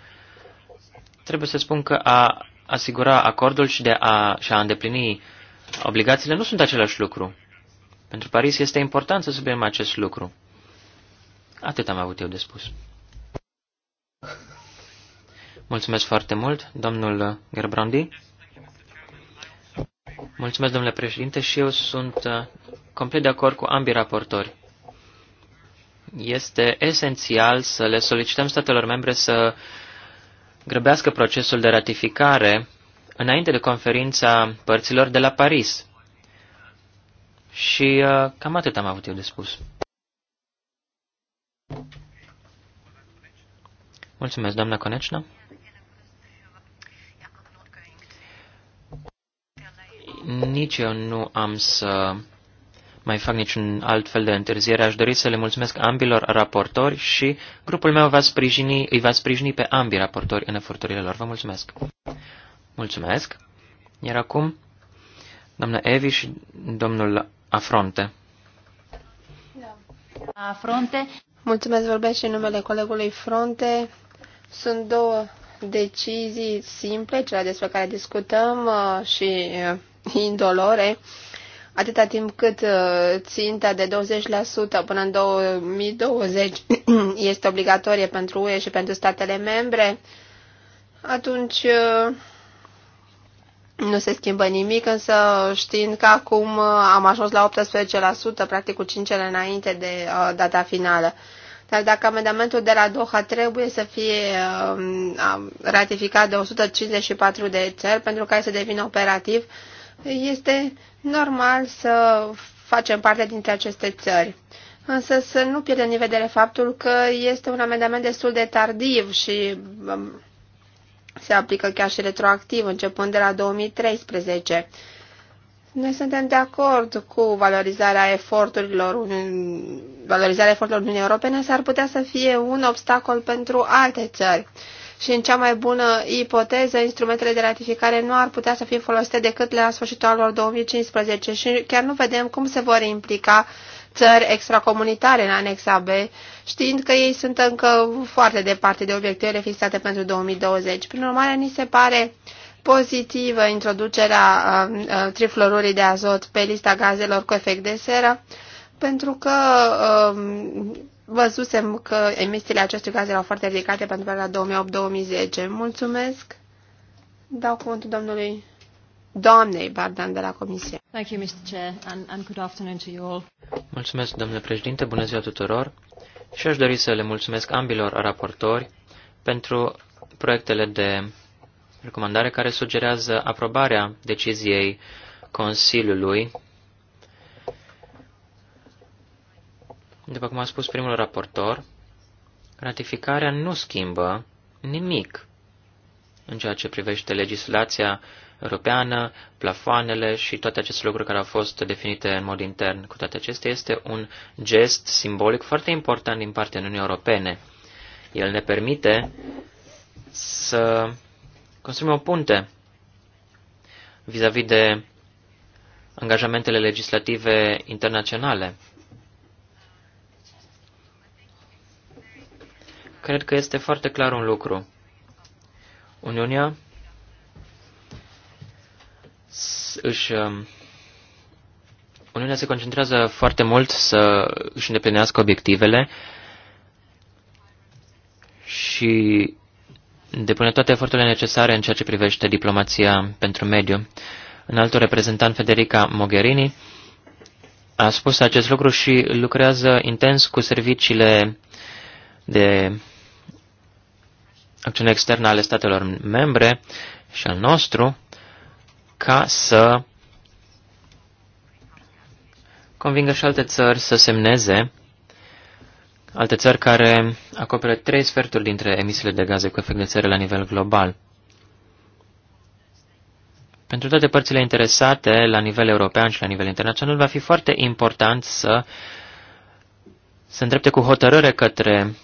trebuie să spun că a asigura acordul și, de a, și a îndeplini obligațiile nu sunt același lucru. Pentru Paris este important să subliniem acest lucru. Atât am avut eu de spus. Mulțumesc foarte mult, domnul Gerbrandi. Mulțumesc, domnule președinte, și eu sunt uh, complet de acord cu ambii raportori. Este esențial să le solicităm statelor membre să grăbească procesul de ratificare înainte de conferința părților de la Paris. Și uh, cam atât am avut eu de spus. Mulțumesc, doamna Conecna. Nici eu nu am să mai fac niciun alt fel de întârziere. Aș dori să le mulțumesc ambilor raportori și grupul meu va sprijini, îi va sprijini pe ambii raportori în eforturile lor. Vă mulțumesc! Mulțumesc! Iar acum, doamna Evi și domnul Afronte. Afronte. Mulțumesc, vorbesc și în numele colegului Fronte. Sunt două decizii simple, cele despre care discutăm uh, și uh, indolore, atâta timp cât uh, ținta de 20% până în 2020 este obligatorie pentru UE și pentru statele membre, atunci nu se schimbă nimic, însă știind că acum am ajuns la 18%, practic cu 5 înainte de data finală. Dar dacă amendamentul de la Doha trebuie să fie um, ratificat de 154 de țări pentru ca să devină operativ, este normal să facem parte dintre aceste țări. Însă să nu pierdem în vedere faptul că este un amendament destul de tardiv și um, se aplică chiar și retroactiv, începând de la 2013. Noi suntem de acord cu valorizarea eforturilor valorizarea eforturilor Uniunii Europene, s-ar putea să fie un obstacol pentru alte țări. Și în cea mai bună ipoteză, instrumentele de ratificare nu ar putea să fie folosite decât la sfârșitul anului 2015 și chiar nu vedem cum se vor implica țări extracomunitare în anexa B, știind că ei sunt încă foarte departe de obiectivele fixate pentru 2020. Prin urmare, ni se pare pozitivă introducerea uh, uh, triflorurii de azot pe lista gazelor cu efect de seră, pentru că um, văzusem că emisiile acestui gaz erau foarte ridicate pentru perioada 2008-2010. Mulțumesc! Dau cuvântul domnului doamnei Bardan de la Comisie. Thank you, Mr. Chair, and, and good afternoon to you all. Mulțumesc, domnule președinte, bună ziua tuturor și aș dori să le mulțumesc ambilor raportori pentru proiectele de recomandare care sugerează aprobarea deciziei Consiliului. După cum a spus primul raportor, ratificarea nu schimbă nimic în ceea ce privește legislația europeană, plafoanele și toate aceste lucruri care au fost definite în mod intern. Cu toate acestea, este un gest simbolic foarte important din partea Uniunii Europene. El ne permite să construim o punte vis-a-vis -vis de angajamentele legislative internaționale. Cred că este foarte clar un lucru. Uniunea își um, Uniunea se concentrează foarte mult să își îndeplinească obiectivele și depune toate eforturile necesare în ceea ce privește diplomația pentru mediu. În altul reprezentant Federica Mogherini a spus acest lucru și lucrează intens cu serviciile de acțiune externă ale statelor membre și al nostru ca să convingă și alte țări să semneze alte țări care acoperă trei sferturi dintre emisiile de gaze cu efect de seră la nivel global. Pentru toate părțile interesate, la nivel european și la nivel internațional, va fi foarte important să se îndrepte cu hotărâre către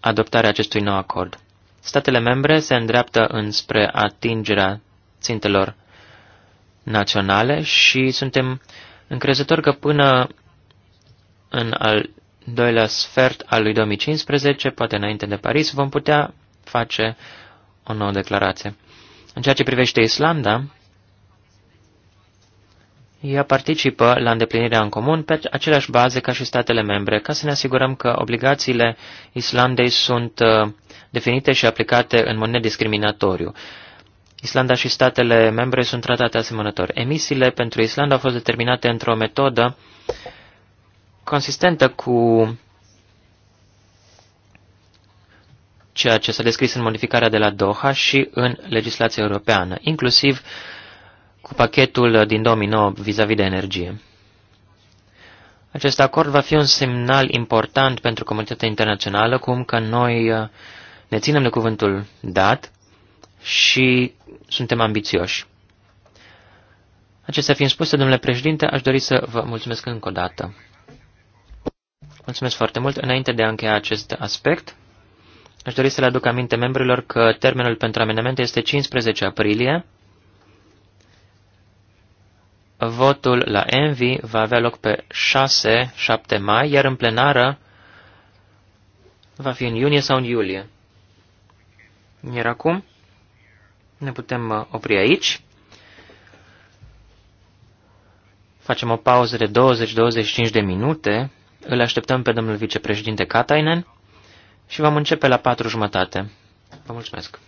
adoptarea acestui nou acord. Statele membre se îndreaptă înspre atingerea țintelor naționale și suntem încrezători că până în al doilea sfert al lui 2015, poate înainte de Paris, vom putea face o nouă declarație. În ceea ce privește Islanda, ea participă la îndeplinirea în comun pe aceleași baze ca și statele membre, ca să ne asigurăm că obligațiile Islandei sunt uh, definite și aplicate în mod nediscriminatoriu. Islanda și statele membre sunt tratate asemănător. Emisiile pentru Islanda au fost determinate într-o metodă uh, consistentă cu ceea ce s-a descris în modificarea de la Doha și în legislația europeană, inclusiv cu pachetul din 2009 vis-a-vis -vis de energie. Acest acord va fi un semnal important pentru comunitatea internațională, cum că noi uh, ne ținem de cuvântul dat și suntem ambițioși. Acestea fiind spuse, domnule președinte, aș dori să vă mulțumesc încă o dată. Mulțumesc foarte mult. Înainte de a încheia acest aspect, aș dori să le aduc aminte membrilor că termenul pentru amendamente este 15 aprilie. Votul la Envi va avea loc pe 6-7 mai, iar în plenară va fi în iunie sau în iulie. Iar acum ne putem uh, opri aici. Facem o pauză de 20-25 de minute îl așteptăm pe domnul vicepreședinte Katainen și vom începe la patru jumătate. Vă mulțumesc!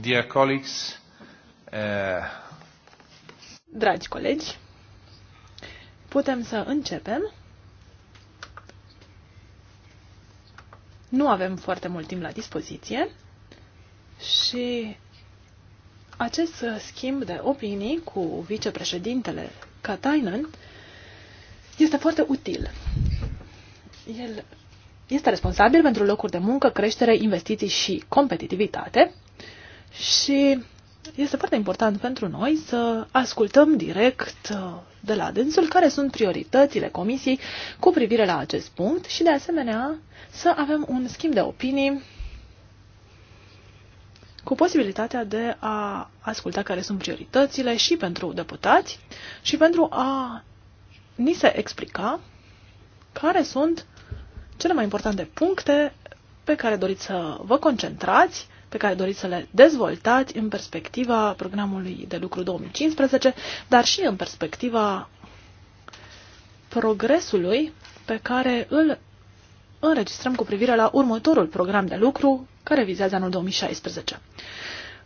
Dear colleagues, uh... Dragi colegi, putem să începem. Nu avem foarte mult timp la dispoziție și acest schimb de opinii cu vicepreședintele Katainen este foarte util. El este responsabil pentru locuri de muncă, creștere, investiții și competitivitate și este foarte important pentru noi să ascultăm direct uh, de la dânsul care sunt prioritățile comisiei cu privire la acest punct și de asemenea să avem un schimb de opinii cu posibilitatea de a asculta care sunt prioritățile și pentru deputați și pentru a ni se explica care sunt cele mai importante puncte pe care doriți să vă concentrați pe care doriți să le dezvoltați în perspectiva programului de lucru 2015, dar și în perspectiva progresului pe care îl înregistrăm cu privire la următorul program de lucru care vizează anul 2016.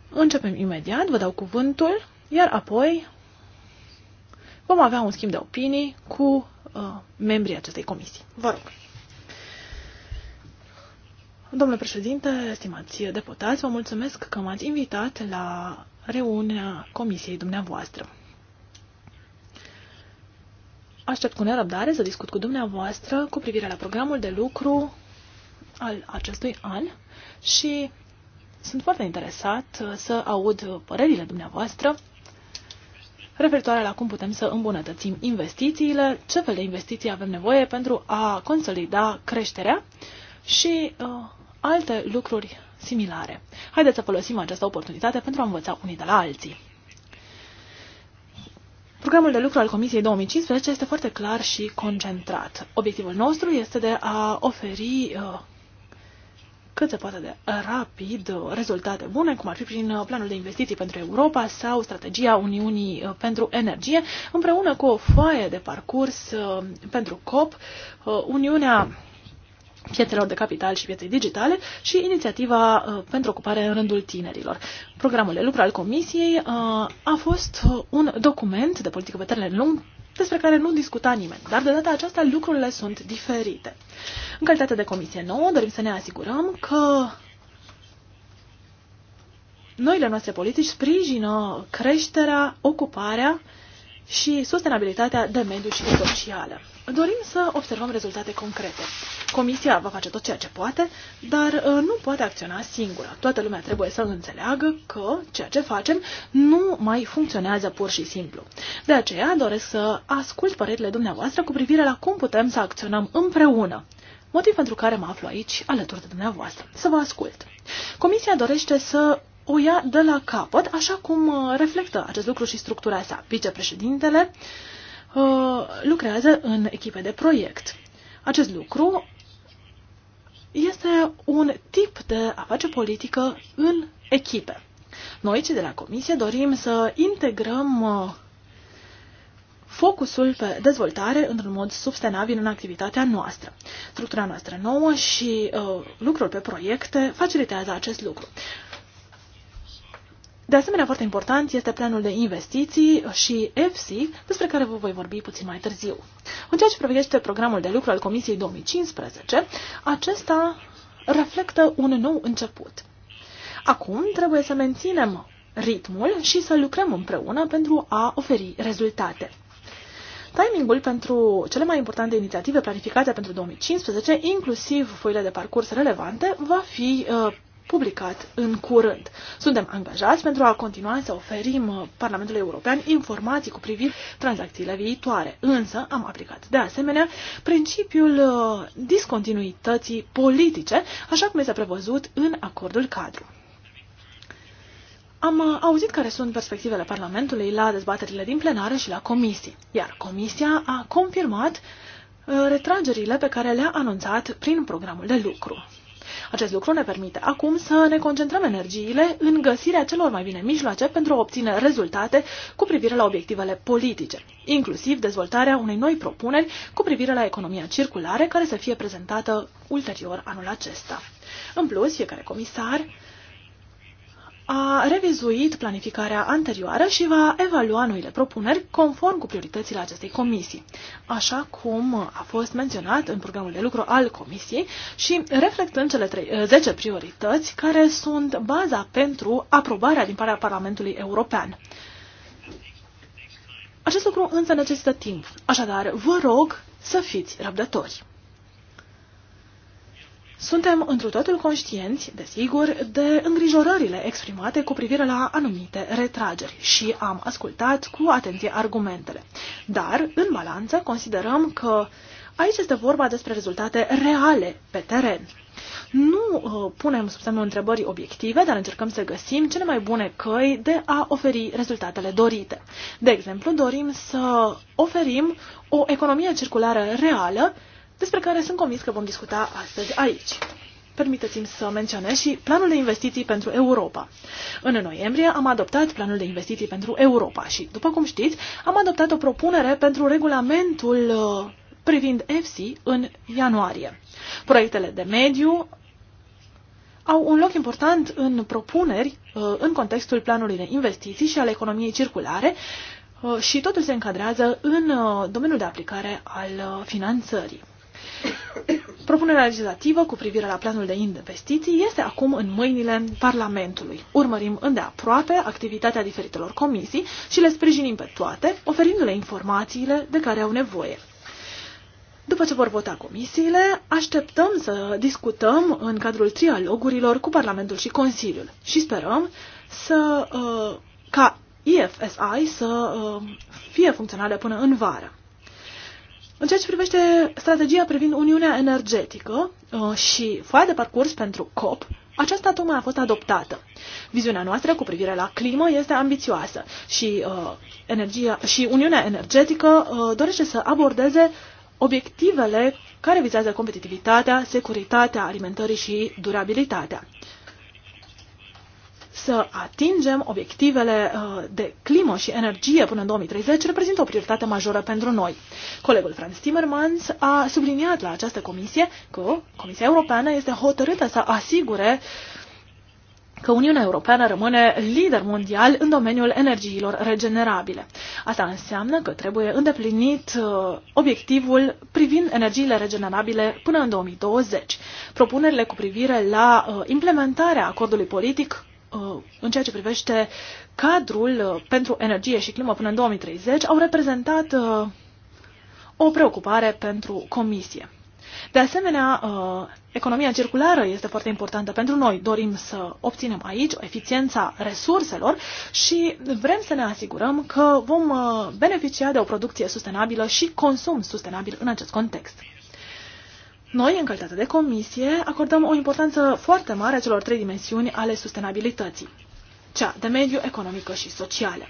Începem imediat, vă dau cuvântul, iar apoi vom avea un schimb de opinii cu uh, membrii acestei comisii. Vă rog! Domnule președinte, stimați deputați, vă mulțumesc că m-ați invitat la reuniunea comisiei dumneavoastră. Aștept cu nerăbdare să discut cu dumneavoastră cu privire la programul de lucru al acestui an și sunt foarte interesat să aud părerile dumneavoastră referitoare la cum putem să îmbunătățim investițiile, ce fel de investiții avem nevoie pentru a consolida creșterea și uh, alte lucruri similare. Haideți să folosim această oportunitate pentru a învăța unii de la alții. Programul de lucru al Comisiei 2015 este foarte clar și concentrat. Obiectivul nostru este de a oferi uh, cât se poate de rapid uh, rezultate bune, cum ar fi prin uh, planul de investiții pentru Europa sau strategia Uniunii pentru energie, împreună cu o foaie de parcurs pentru COP. Uniunea pietelor de capital și pieței digitale și inițiativa uh, pentru ocupare în rândul tinerilor. Programul de lucru al Comisiei uh, a fost uh, un document de politică pe termen lung despre care nu discuta nimeni, dar de data aceasta lucrurile sunt diferite. În calitate de Comisie nouă dorim să ne asigurăm că noile noastre politici sprijină creșterea, ocuparea și sustenabilitatea de mediu și socială. Dorim să observăm rezultate concrete. Comisia va face tot ceea ce poate, dar uh, nu poate acționa singură. Toată lumea trebuie să înțeleagă că ceea ce facem nu mai funcționează pur și simplu. De aceea doresc să ascult părerile dumneavoastră cu privire la cum putem să acționăm împreună motiv pentru care mă aflu aici alături de dumneavoastră, să vă ascult. Comisia dorește să o ia de la capăt, așa cum uh, reflectă acest lucru și structura sa. Vicepreședintele uh, lucrează în echipe de proiect. Acest lucru este un tip de a face politică în echipe. Noi, cei de la Comisie, dorim să integrăm uh, focusul pe dezvoltare într-un mod sustenabil în activitatea noastră. Structura noastră nouă și uh, lucrul pe proiecte facilitează acest lucru. De asemenea, foarte important este planul de investiții și EFSI, despre care vă voi vorbi puțin mai târziu. În ceea ce privește programul de lucru al Comisiei 2015, acesta reflectă un nou început. Acum trebuie să menținem ritmul și să lucrăm împreună pentru a oferi rezultate. Timingul pentru cele mai importante inițiative planificate pentru 2015, inclusiv foile de parcurs relevante, va fi uh, publicat în curând. Suntem angajați pentru a continua să oferim uh, Parlamentului European informații cu privire tranzacțiile viitoare, însă am aplicat de asemenea principiul uh, discontinuității politice, așa cum este prevăzut în acordul cadru. Am uh, auzit care sunt perspectivele Parlamentului la dezbaterile din plenară și la comisii, iar comisia a confirmat retragerile pe care le-a anunțat prin programul de lucru. Acest lucru ne permite acum să ne concentrăm energiile în găsirea celor mai bine mijloace pentru a obține rezultate cu privire la obiectivele politice, inclusiv dezvoltarea unei noi propuneri cu privire la economia circulare care să fie prezentată ulterior anul acesta. În plus, fiecare comisar a revizuit planificarea anterioară și va evalua noile propuneri conform cu prioritățile acestei comisii, așa cum a fost menționat în programul de lucru al comisiei și reflectând cele 10 eh, priorități care sunt baza pentru aprobarea din partea Parlamentului European. Acest lucru însă necesită timp, așadar vă rog să fiți răbdători. Suntem întru totul conștienți, desigur, de îngrijorările exprimate cu privire la anumite retrageri și am ascultat cu atenție argumentele. Dar, în balanță, considerăm că aici este vorba despre rezultate reale pe teren. Nu uh, punem sub semnul întrebării obiective, dar încercăm să găsim cele mai bune căi de a oferi rezultatele dorite. De exemplu, dorim să oferim o economie circulară reală despre care sunt convins că vom discuta astăzi aici. Permiteți-mi să menționez și planul de investiții pentru Europa. În noiembrie am adoptat planul de investiții pentru Europa și, după cum știți, am adoptat o propunere pentru regulamentul uh, privind EFSI în ianuarie. Proiectele de mediu au un loc important în propuneri uh, în contextul planului de investiții și al economiei circulare uh, și totul se încadrează în domeniul de aplicare al finanțării. Propunerea legislativă cu privire la planul de investiții este acum în mâinile Parlamentului. Urmărim îndeaproape activitatea diferitelor comisii și le sprijinim pe toate, oferindu-le informațiile de care au nevoie. După ce vor vota comisiile, așteptăm să discutăm în cadrul trialogurilor cu Parlamentul și Consiliul și sperăm să, uh, ca IFSI să uh, fie funcțională până în vară. În ceea ce privește strategia privind Uniunea Energetică uh, și foaia de parcurs pentru COP, aceasta tocmai a fost adoptată. Viziunea noastră cu privire la climă este ambițioasă și, uh, energia, și Uniunea Energetică uh, dorește să abordeze obiectivele care vizează competitivitatea, securitatea alimentării și durabilitatea să atingem obiectivele uh, de climă și energie până în 2030 reprezintă o prioritate majoră pentru noi. Colegul Franz Timmermans a subliniat la această comisie că Comisia Europeană este hotărâtă să asigure că Uniunea Europeană rămâne lider mondial în domeniul energiilor regenerabile. Asta înseamnă că trebuie îndeplinit uh, obiectivul privind energiile regenerabile până în 2020. Propunerile cu privire la uh, implementarea acordului politic Uh, în ceea ce privește cadrul uh, pentru energie și climă până în 2030 au reprezentat uh, o preocupare pentru Comisie. De asemenea, economia circulară este foarte importantă pentru noi. Dorim să obținem aici eficiența resurselor și vrem să ne asigurăm că vom beneficia de o producție sustenabilă și consum sustenabil în acest context. Noi, în calitate de comisie, acordăm o importanță foarte mare celor trei dimensiuni ale sustenabilității cea de mediu, economică și socială.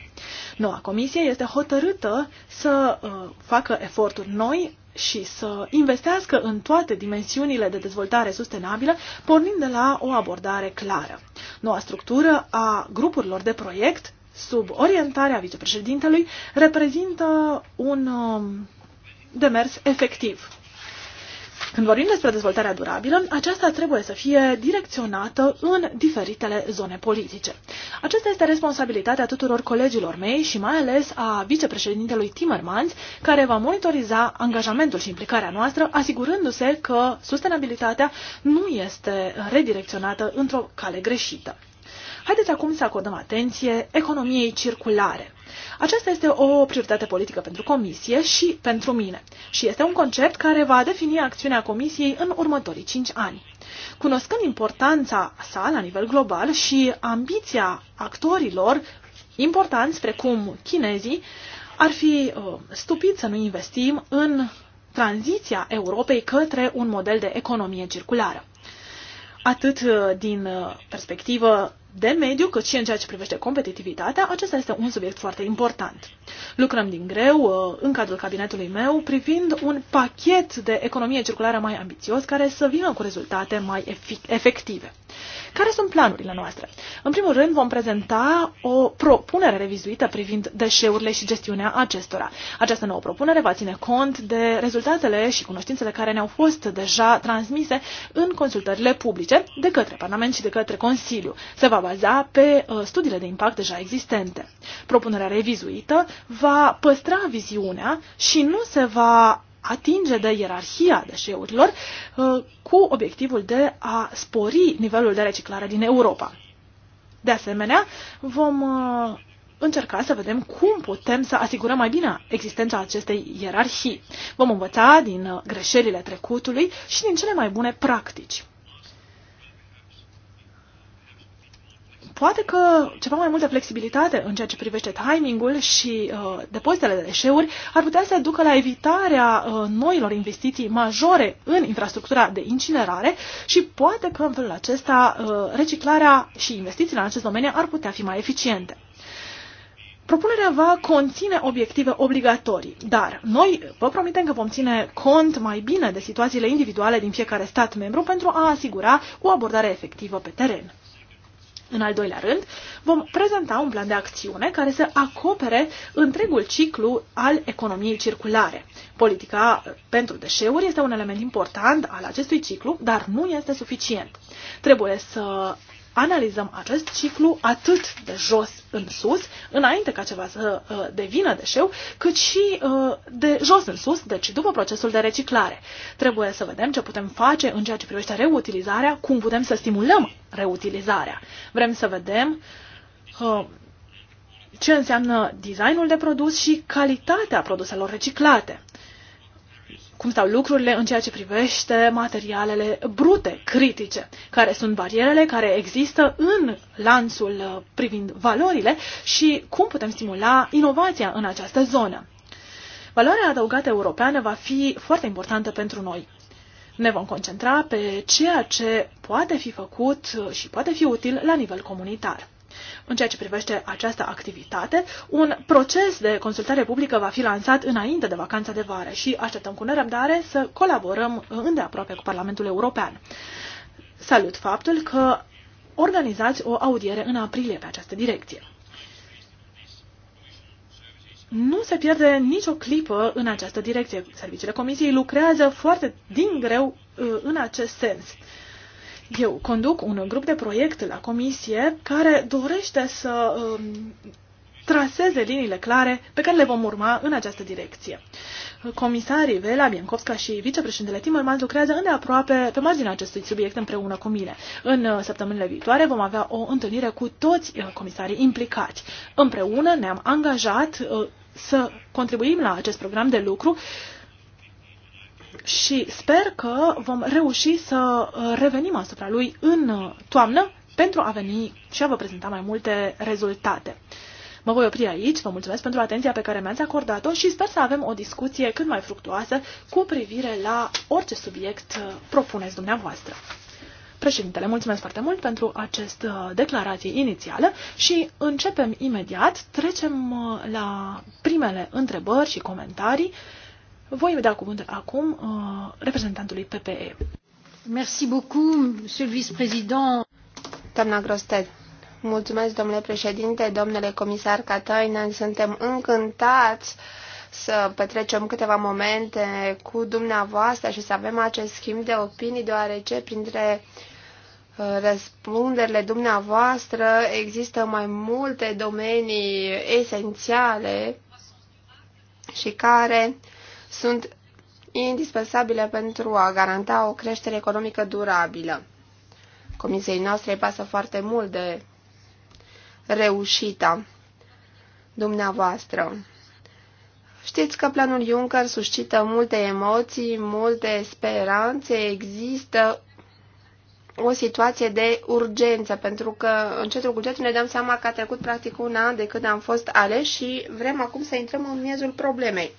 Noua comisie este hotărâtă să uh, facă eforturi noi și să investească în toate dimensiunile de dezvoltare sustenabilă, pornind de la o abordare clară. Noua structură a grupurilor de proiect, sub orientarea vicepreședintelui, reprezintă un uh, demers efectiv când vorbim despre dezvoltarea durabilă, aceasta trebuie să fie direcționată în diferitele zone politice. Aceasta este responsabilitatea tuturor colegilor mei și mai ales a vicepreședintelui Timmermans, care va monitoriza angajamentul și implicarea noastră, asigurându-se că sustenabilitatea nu este redirecționată într-o cale greșită. Haideți acum să acordăm atenție economiei circulare. Aceasta este o prioritate politică pentru Comisie și pentru mine și este un concept care va defini acțiunea Comisiei în următorii cinci ani. Cunoscând importanța sa la nivel global și ambiția actorilor importanți precum chinezii, ar fi uh, stupid să nu investim în tranziția Europei către un model de economie circulară atât uh, din uh, perspectivă de mediu, cât și în ceea ce privește competitivitatea, acesta este un subiect foarte important. Lucrăm din greu uh, în cadrul cabinetului meu privind un pachet de economie circulară mai ambițios care să vină cu rezultate mai efective. Care sunt planurile noastre? În primul rând, vom prezenta o propunere revizuită privind deșeurile și gestiunea acestora. Această nouă propunere va ține cont de rezultatele și cunoștințele care ne-au fost deja transmise în consultările publice de către Parlament și de către Consiliu. Se va baza pe uh, studiile de impact deja existente. Propunerea revizuită va păstra viziunea și nu se va atinge de ierarhia deșeurilor uh, cu obiectivul de a spori nivelul de reciclare din Europa. De asemenea, vom uh, încerca să vedem cum putem să asigurăm mai bine existența acestei ierarhii. Vom învăța din uh, greșelile trecutului și din cele mai bune practici. Poate că ceva mai multă flexibilitate în ceea ce privește timingul și uh, depozitele de deșeuri ar putea să ducă la evitarea uh, noilor investiții majore în infrastructura de incinerare și poate că în felul acesta uh, reciclarea și investițiile în acest domeniu ar putea fi mai eficiente. Propunerea va conține obiective obligatorii, dar noi vă promitem că vom ține cont mai bine de situațiile individuale din fiecare stat membru pentru a asigura o abordare efectivă pe teren. În al doilea rând, vom prezenta un plan de acțiune care să acopere întregul ciclu al economiei circulare. Politica uh, pentru deșeuri este un element important al acestui ciclu, dar nu este suficient. Trebuie să analizăm acest ciclu atât de jos în sus, înainte ca ceva să uh, devină deșeu, cât și uh, de jos în sus, deci după procesul de reciclare. Trebuie să vedem ce putem face în ceea ce privește reutilizarea, cum putem să stimulăm reutilizarea. Vrem să vedem uh, ce înseamnă designul de produs și calitatea produselor reciclate cum stau lucrurile în ceea ce privește materialele brute, critice, care sunt barierele care există în lanțul uh, privind valorile și cum putem stimula inovația în această zonă. Valoarea adăugată europeană va fi foarte importantă pentru noi. Ne vom concentra pe ceea ce poate fi făcut uh, și poate fi util la nivel comunitar în ceea ce privește această activitate. Un proces de consultare publică va fi lansat înainte de vacanța de vară și așteptăm cu nerăbdare să colaborăm îndeaproape cu Parlamentul European. Salut faptul că organizați o audiere în aprilie pe această direcție. Nu se pierde nicio clipă în această direcție. Serviciile Comisiei lucrează foarte din greu uh, în acest sens. Eu conduc un grup de proiect la comisie care dorește să um, traseze liniile clare pe care le vom urma în această direcție. Comisarii Vela, Biancovska și vicepreședintele Timmermans lucrează îndeaproape pe marginea acestui subiect împreună cu mine. În uh, săptămânile viitoare vom avea o întâlnire cu toți uh, comisarii implicați. Împreună ne-am angajat uh, să contribuim la acest program de lucru și sper că vom reuși să uh, revenim asupra lui în uh, toamnă pentru a veni și a vă prezenta mai multe rezultate. Mă voi opri aici, vă mulțumesc pentru atenția pe care mi-ați acordat-o și sper să avem o discuție cât mai fructuoasă cu privire la orice subiect uh, propuneți dumneavoastră. Președintele, mulțumesc foarte mult pentru acest declarație inițială și începem imediat, trecem la primele întrebări și comentarii. Voi da cuvântul acum uh, reprezentantului PPE. Merci beaucoup, monsieur le vice-président. Doamna Grosted, mulțumesc, domnule președinte, domnule comisar Cataina, suntem încântați să petrecem câteva momente cu dumneavoastră și să avem acest schimb de opinii, deoarece printre uh, răspunderile dumneavoastră există mai multe domenii esențiale și care uh, sunt indispensabile pentru a garanta o creștere economică durabilă. Comisiei noastre îi pasă foarte mult de reușita dumneavoastră. Știți că planul Juncker suscită multe emoții, multe speranțe, există o situație de urgență, pentru că încetul cu încetul ne dăm seama că a trecut practic un an de când am fost aleși și vrem acum să intrăm în miezul problemei.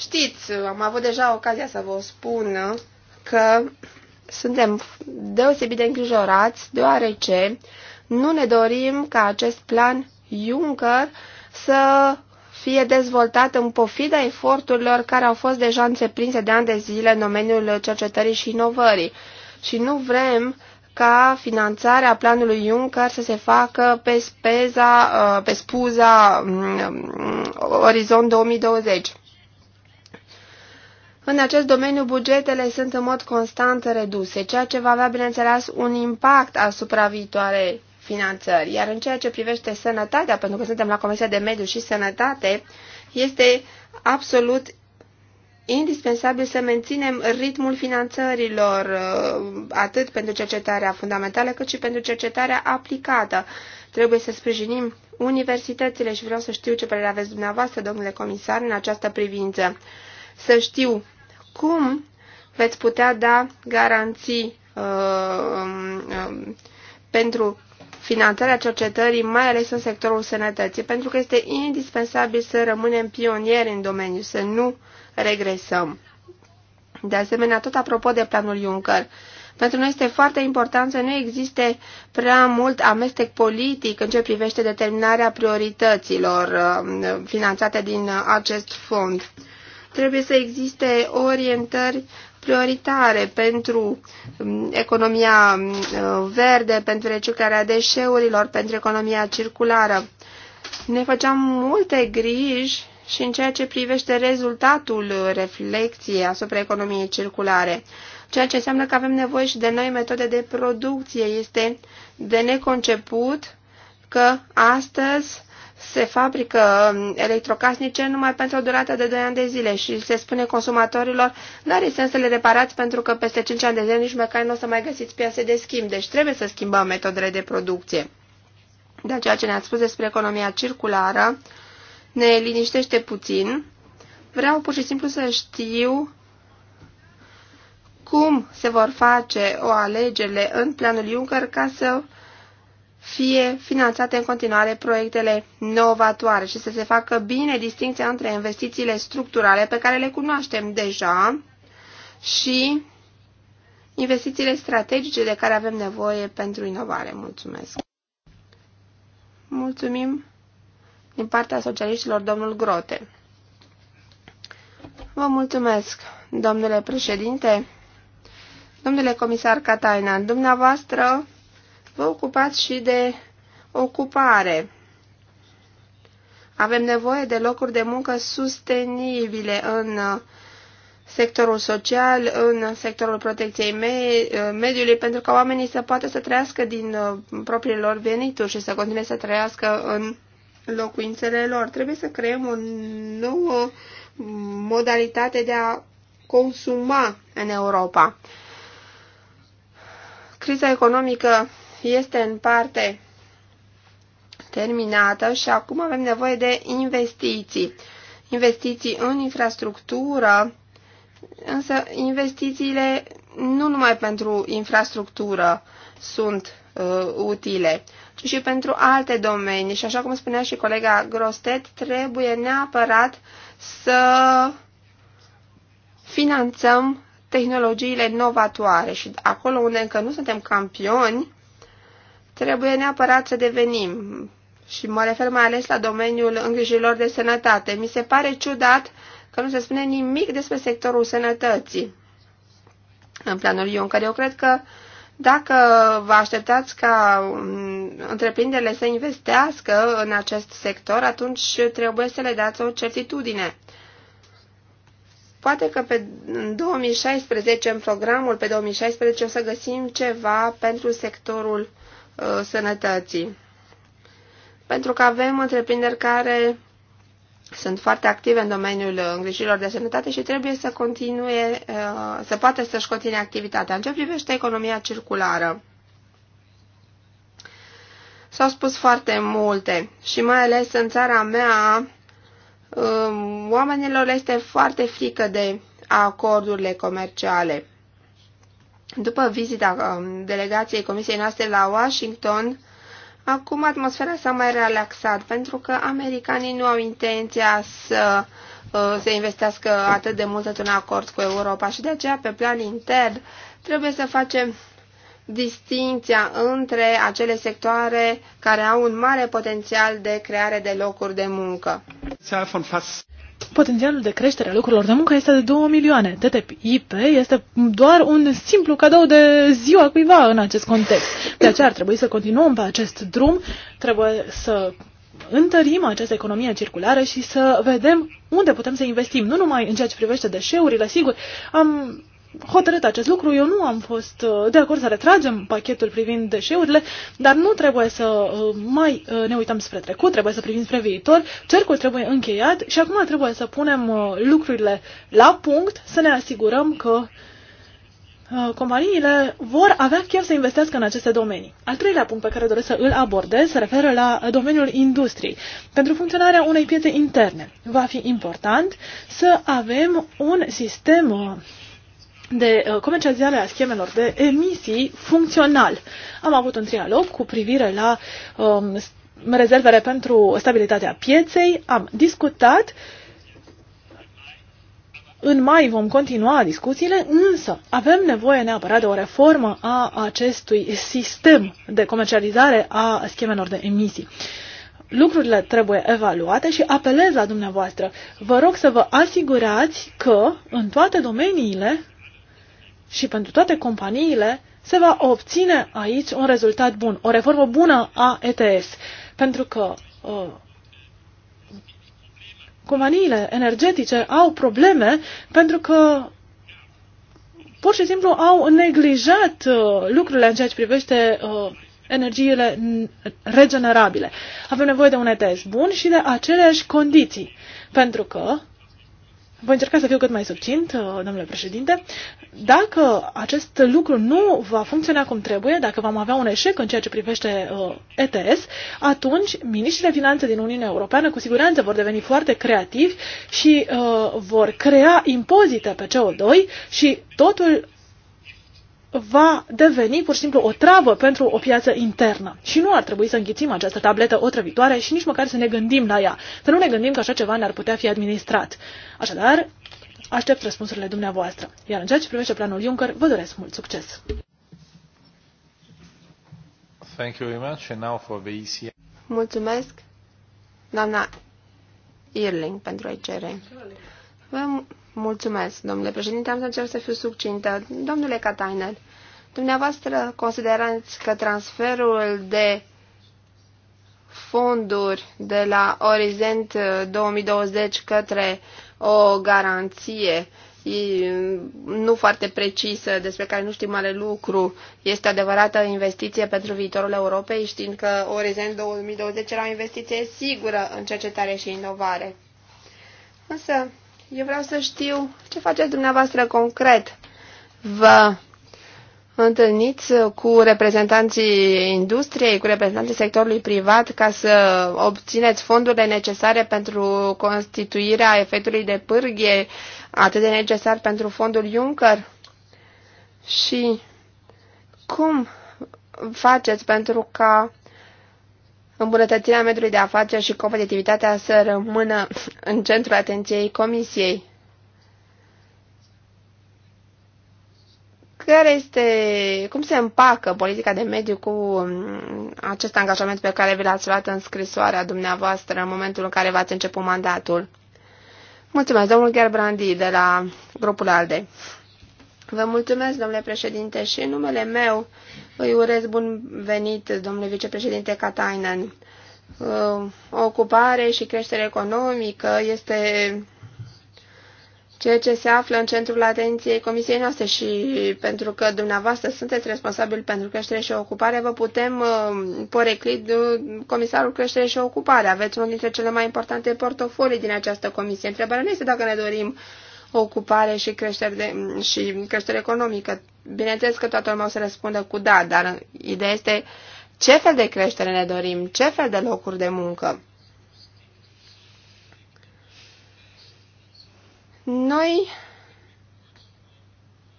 Știți, am avut deja ocazia să vă spun că suntem deosebit de îngrijorați, deoarece nu ne dorim ca acest plan Juncker să fie dezvoltat în pofida eforturilor care au fost deja înțeprinse de ani de zile în domeniul cercetării și inovării. Și nu vrem ca finanțarea planului Juncker să se facă pe, speza, pe spuza mm, mm, Orizont 2020. În acest domeniu, bugetele sunt în mod constant reduse, ceea ce va avea, bineînțeles, un impact asupra viitoarei finanțări. Iar în ceea ce privește sănătatea, pentru că suntem la Comisia de Mediu și Sănătate, este absolut indispensabil să menținem ritmul finanțărilor uh, atât pentru cercetarea fundamentală cât și pentru cercetarea aplicată. Trebuie să sprijinim universitățile și vreau să știu ce părere aveți dumneavoastră, domnule comisar, în această privință. Să știu cum veți putea da garanții uh, um, um, pentru finanțarea cercetării, mai ales în sectorul sănătății, pentru că este indispensabil să rămânem pionieri în domeniu, să nu regresăm. De asemenea, tot apropo de planul Juncker, pentru noi este foarte important să nu existe prea mult amestec politic în ce privește determinarea priorităților um, finanțate din acest fond. Trebuie să existe orientări prioritare pentru um, economia um, verde, pentru reciclarea deșeurilor, pentru economia circulară. Ne făceam multe griji și în ceea ce privește rezultatul reflexiei asupra economiei circulare, ceea ce înseamnă că avem nevoie și de noi metode de producție. Este de neconceput că astăzi se fabrică electrocasnice numai pentru o durată de 2 ani de zile și se spune consumatorilor nu are sens să le reparați pentru că peste 5 ani de zile nici măcar nu o să mai găsiți piese de schimb, deci trebuie să schimbăm metodele de producție. De ceea ce ne-ați spus despre economia circulară ne liniștește puțin. Vreau pur și simplu să știu cum se vor face o alegerile în planul Juncker ca să fie finanțate în continuare proiectele novatoare și să se facă bine distinția între investițiile structurale pe care le cunoaștem deja și investițiile strategice de care avem nevoie pentru inovare. Mulțumesc! Mulțumim din partea socialiștilor domnul Grote. Vă mulțumesc, domnule președinte, domnule comisar Catainan, dumneavoastră vă ocupați și de ocupare. Avem nevoie de locuri de muncă sustenibile în uh, sectorul social, în sectorul protecției uh, mediului, pentru ca oamenii să poată să trăiască din uh, propriile lor venituri și să continue să trăiască în locuințele lor. Trebuie să creăm o nouă modalitate de a consuma în Europa. Criza economică este în parte terminată și acum avem nevoie de investiții. Investiții în infrastructură, însă investițiile nu numai pentru infrastructură sunt uh, utile, ci și pentru alte domenii. Și așa cum spunea și colega Grostet, trebuie neapărat să finanțăm tehnologiile novatoare și acolo unde încă nu suntem campioni, trebuie neapărat să devenim. Și mă refer mai ales la domeniul îngrijilor de sănătate. Mi se pare ciudat că nu se spune nimic despre sectorul sănătății în planul Juncker. Eu cred că dacă vă așteptați ca um, întreprinderile să investească în acest sector, atunci trebuie să le dați o certitudine. Poate că pe 2016, în programul pe 2016, o să găsim ceva pentru sectorul Uh, sănătății. Pentru că avem întreprinderi care sunt foarte active în domeniul îngrijirilor de sănătate și trebuie să continue, uh, să poată să-și continue activitatea. În ce privește economia circulară? S-au spus foarte multe și mai ales în țara mea um, oamenilor este foarte frică de acordurile comerciale. După vizita um, delegației Comisiei noastre la Washington, acum atmosfera s-a mai relaxat pentru că americanii nu au intenția să uh, se investească atât de mult într-un acord cu Europa și de aceea pe plan intern trebuie să facem distinția între acele sectoare care au un mare potențial de creare de locuri de muncă potențialul de creștere a lucrurilor de muncă este de 2 milioane. TTIP este doar un simplu cadou de ziua cuiva în acest context. De aceea ar trebui să continuăm pe acest drum, trebuie să întărim această economie circulară și să vedem unde putem să investim, nu numai în ceea ce privește deșeurile, sigur, am hotărât acest lucru. Eu nu am fost uh, de acord să retragem pachetul privind deșeurile, dar nu trebuie să uh, mai uh, ne uităm spre trecut, trebuie să privim spre viitor. Cercul trebuie încheiat și acum trebuie să punem lucrurile la punct, să ne asigurăm că companiile vor avea chef să investească în aceste domenii. Al treilea punct pe care doresc să îl abordez se referă la domeniul industriei. Pentru funcționarea unei piețe interne va fi important să avem un sistem de uh, comercializare a schemelor de emisii funcțional. Am avut un trialog cu privire la um, rezervele pentru stabilitatea pieței, am discutat, în mai vom continua discuțiile, însă avem nevoie neapărat de o reformă a acestui sistem de comercializare a schemelor de emisii lucrurile trebuie evaluate și apelez la dumneavoastră. Vă rog să vă asigurați că în toate domeniile și pentru toate companiile, se va obține aici un rezultat bun, o reformă bună a ETS, pentru că uh, companiile energetice au probleme pentru că pur și simplu au neglijat uh, lucrurile în ceea ce privește uh, energiile regenerabile. Avem nevoie de un ETS bun și de aceleași condiții, pentru că voi încerca să fiu cât mai subțint, domnule președinte dacă acest lucru nu va funcționa cum trebuie, dacă vom avea un eșec în ceea ce privește uh, ETS, atunci miniștrii de finanțe din Uniunea Europeană cu siguranță vor deveni foarte creativi și uh, vor crea impozite pe CO2 și totul va deveni pur și simplu o travă pentru o piață internă. Și nu ar trebui să înghițim această tabletă otrăvitoare și nici măcar să ne gândim la ea, să nu ne gândim că așa ceva ne-ar putea fi administrat. Așadar, Aștept răspunsurile dumneavoastră. Iar în ceea ce privește planul Juncker, vă doresc mult succes! Thank you very much. And now for the ECR. Mulțumesc, doamna Irling, pentru a-i cere. Vă mulțumesc, domnule președinte. Am să încerc să fiu succintă. Domnule Katainer, dumneavoastră considerați că transferul de fonduri de la Orizont 2020 către o garanție nu foarte precisă, despre care nu știm mare lucru, este adevărată investiție pentru viitorul Europei, știind că Orizen 2020 era o investiție sigură în cercetare și inovare. Însă, eu vreau să știu ce faceți dumneavoastră concret. Vă întâlniți cu reprezentanții industriei, cu reprezentanții sectorului privat ca să obțineți fondurile necesare pentru constituirea efectului de pârghie atât de necesar pentru fondul Juncker? Și cum faceți pentru ca îmbunătățirea mediului de afaceri și competitivitatea să rămână în centrul atenției Comisiei? care este, cum se împacă politica de mediu cu mm, acest angajament pe care vi l-ați luat în scrisoarea dumneavoastră în momentul în care v-ați început mandatul? Mulțumesc, domnul Gerbrandi de la grupul ALDE. Vă mulțumesc, domnule președinte, și în numele meu îi urez bun venit, domnule vicepreședinte Katainen. O ă, ocupare și creștere economică este ceea ce se află în centrul atenției comisiei noastre și pentru că dumneavoastră sunteți responsabil pentru creștere și ocupare, vă putem uh, porecli uh, comisarul creștere și ocupare. Aveți unul dintre cele mai importante portofolii din această comisie. Întrebarea nu este dacă ne dorim ocupare și creștere, de, și creștere economică. Bineînțeles că toată lumea o să răspundă cu da, dar ideea este ce fel de creștere ne dorim, ce fel de locuri de muncă. Noi,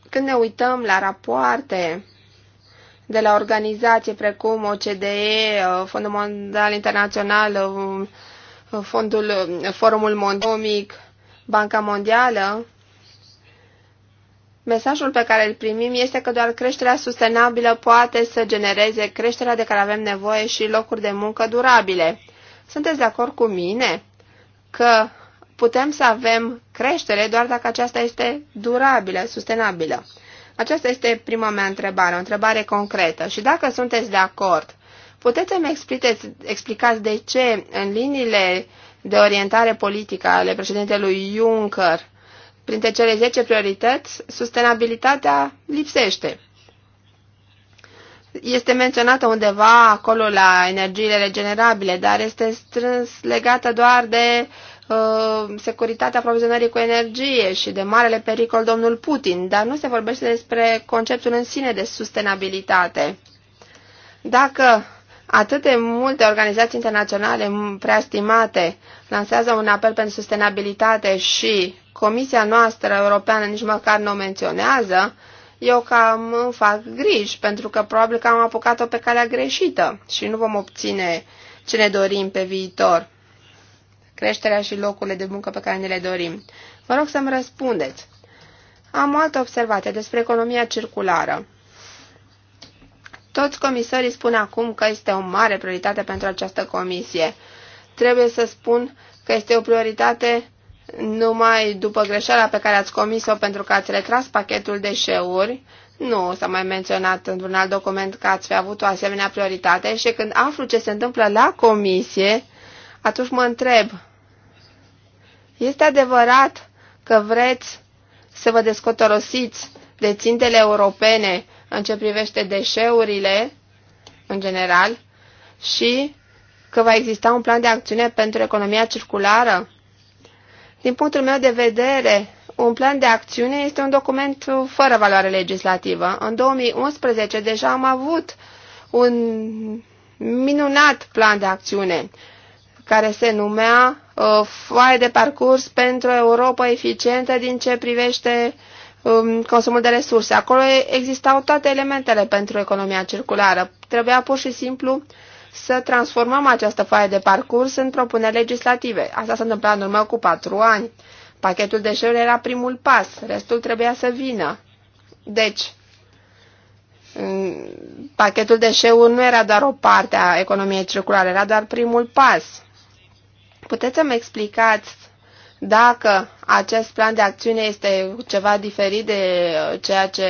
când ne uităm la rapoarte de la organizații precum OCDE, Fondul Mondial Internațional, Fondul, Forumul Mondomic, Banca Mondială, mesajul pe care îl primim este că doar creșterea sustenabilă poate să genereze creșterea de care avem nevoie și locuri de muncă durabile. Sunteți de acord cu mine că putem să avem creștere doar dacă aceasta este durabilă, sustenabilă. Aceasta este prima mea întrebare, o întrebare concretă. Și dacă sunteți de acord, puteți să-mi explicați de ce în liniile de orientare politică ale președintelui Juncker, printre cele 10 priorități, sustenabilitatea lipsește. Este menționată undeva acolo la energiile regenerabile, dar este strâns legată doar de uh, Uh, securitatea aprovizionării cu energie și de marele pericol domnul Putin, dar nu se vorbește despre conceptul în sine de sustenabilitate. Dacă atât de multe organizații internaționale prea stimate lansează un apel pentru sustenabilitate și Comisia noastră europeană nici măcar nu o menționează, eu cam îmi fac griji, pentru că probabil că am apucat-o pe calea greșită și nu vom obține ce ne dorim pe viitor creșterea și locurile de muncă pe care ne le dorim. Vă rog să-mi răspundeți. Am o altă observație despre economia circulară. Toți comisarii spun acum că este o mare prioritate pentru această comisie. Trebuie să spun că este o prioritate numai după greșeala pe care ați comis-o pentru că ați retras pachetul deșeuri, nu s-a mai menționat într-un alt document că ați fi avut o asemenea prioritate și când aflu ce se întâmplă la comisie, atunci mă întreb este adevărat că vreți să vă descotorosiți de țintele europene în ce privește deșeurile, în general, și că va exista un plan de acțiune pentru economia circulară? Din punctul meu de vedere, un plan de acțiune este un document fără valoare legislativă. În 2011 deja am avut un minunat plan de acțiune care se numea Uh, foaie de parcurs pentru o Europa eficientă din ce privește um, consumul de resurse. Acolo existau toate elementele pentru economia circulară. Trebuia pur și simplu să transformăm această foaie de parcurs în propuneri legislative. Asta s-a întâmplat în urmă cu patru ani. Pachetul deșeurilor era primul pas, restul trebuia să vină. Deci, pachetul deșeuri nu era doar o parte a economiei circulare, era doar primul pas. Puteți să-mi explicați dacă acest plan de acțiune este ceva diferit de uh, ceea ce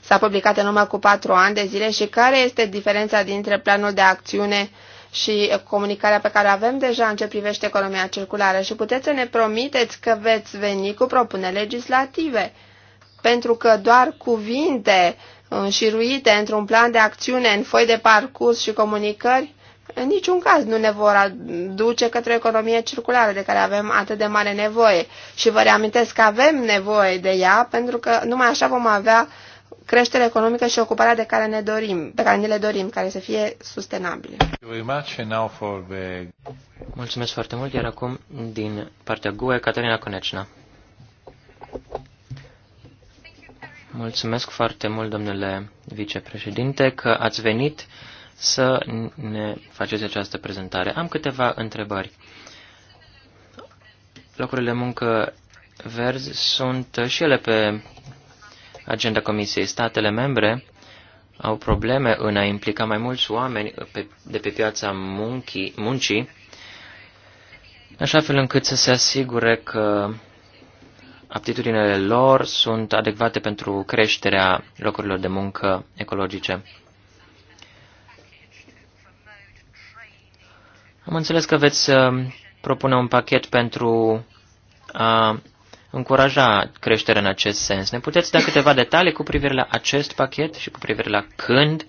s-a publicat în urmă cu patru ani de zile și care este diferența dintre planul de acțiune și comunicarea pe care avem deja în ce privește economia circulară și puteți să ne promiteți că veți veni cu propuneri legislative, pentru că doar cuvinte înșiruite într-un plan de acțiune în foi de parcurs și comunicări în niciun caz nu ne vor aduce către o economie circulară de care avem atât de mare nevoie. Și vă reamintesc că avem nevoie de ea pentru că numai așa vom avea creștere economică și ocuparea de care ne dorim, pe care ne le dorim, care să fie sustenabile. Mulțumesc foarte mult, iar acum din partea GUE, Caterina Conecina. Mulțumesc foarte mult, domnule vicepreședinte, că ați venit să ne faceți această prezentare. Am câteva întrebări. Locurile muncă verzi sunt și ele pe agenda Comisiei. Statele membre au probleme în a implica mai mulți oameni de pe piața muncii, muncii, așa fel încât să se asigure că aptitudinile lor sunt adecvate pentru creșterea locurilor de muncă ecologice. Am înțeles că veți uh, propune un pachet pentru a încuraja creșterea în acest sens. Ne puteți da câteva detalii cu privire la acest pachet și cu privire la când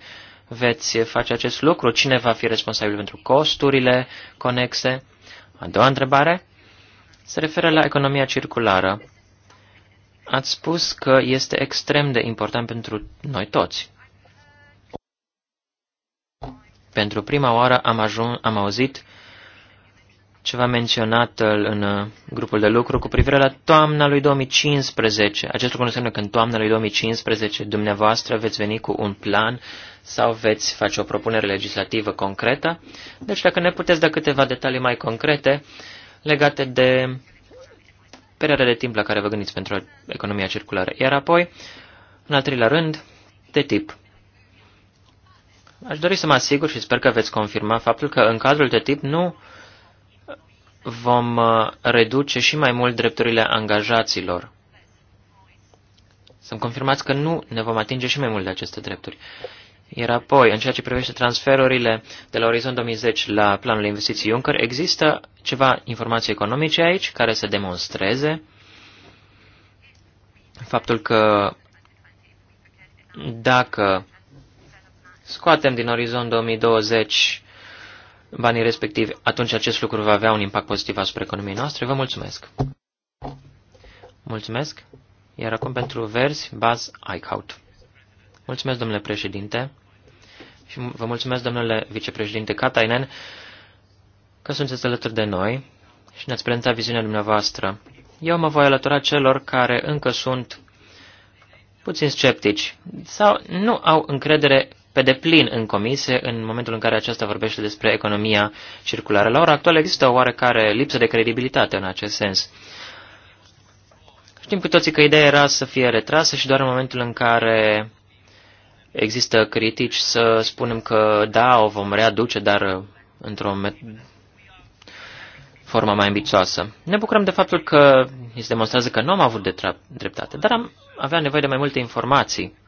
veți face acest lucru? Cine va fi responsabil pentru costurile conexe? A doua întrebare se referă la economia circulară. Ați spus că este extrem de important pentru noi toți. Pentru prima oară am, ajuns, am auzit ceva menționat uh, în uh, grupul de lucru cu privire la toamna lui 2015. Acest lucru înseamnă că în toamna lui 2015 dumneavoastră veți veni cu un plan sau veți face o propunere legislativă concretă. Deci dacă ne puteți da câteva detalii mai concrete legate de perioada de timp la care vă gândiți pentru economia circulară. Iar apoi, în al treilea rând, de tip. Aș dori să mă asigur și sper că veți confirma faptul că în cadrul de tip nu uh, vom uh, reduce și mai mult drepturile angajaților. Să-mi confirmați că nu ne vom atinge și mai mult de aceste drepturi. Iar apoi, în ceea ce privește transferurile de la Orizont 2010 la planul investiții Juncker, există ceva informații economice aici care să demonstreze faptul că dacă scoatem din Orizont 2020 banii respectivi, atunci acest lucru va avea un impact pozitiv asupra economiei noastre. Vă mulțumesc! Mulțumesc! Iar acum pentru verzi, Baz Eichhout. Mulțumesc, domnule președinte, și vă mulțumesc, domnule vicepreședinte Katainen, că sunteți alături de noi și ne-ați prezentat viziunea dumneavoastră. Eu mă voi alătura celor care încă sunt puțin sceptici sau nu au încredere pe deplin în comisie în momentul în care aceasta vorbește despre economia circulară. La ora actuală există o oarecare lipsă de credibilitate în acest sens. Știm cu toții că ideea era să fie retrasă și doar în momentul în care există critici să spunem că da, o vom readuce, dar într-o forma mai ambițioasă. Ne bucurăm de faptul că se demonstrează că nu am avut de dreptate, dar am avea nevoie de mai multe informații.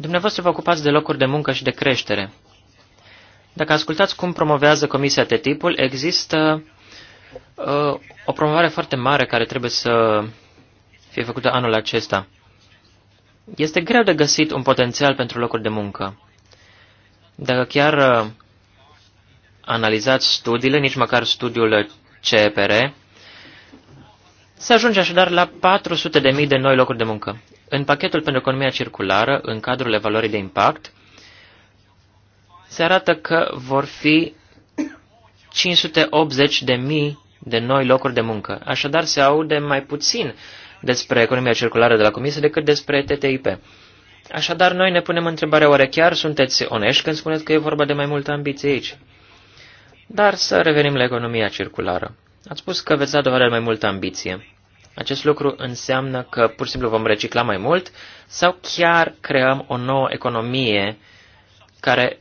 Dumneavoastră vă ocupați de locuri de muncă și de creștere. Dacă ascultați cum promovează Comisia TTIP-ul, există uh, o promovare foarte mare care trebuie să fie făcută anul acesta. Este greu de găsit un potențial pentru locuri de muncă. Dacă chiar uh, analizați studiile, nici măcar studiul CEPR, se ajunge așadar la 400.000 de noi locuri de muncă. În pachetul pentru economia circulară, în cadrul evaluării de impact, se arată că vor fi 580 de mii de noi locuri de muncă. Așadar, se aude mai puțin despre economia circulară de la Comisie decât despre TTIP. Așadar, noi ne punem întrebarea, oare chiar sunteți onești când spuneți că e vorba de mai multă ambiție aici? Dar să revenim la economia circulară. Ați spus că veți da dovadă de mai multă ambiție. Acest lucru înseamnă că pur și simplu vom recicla mai mult sau chiar creăm o nouă economie care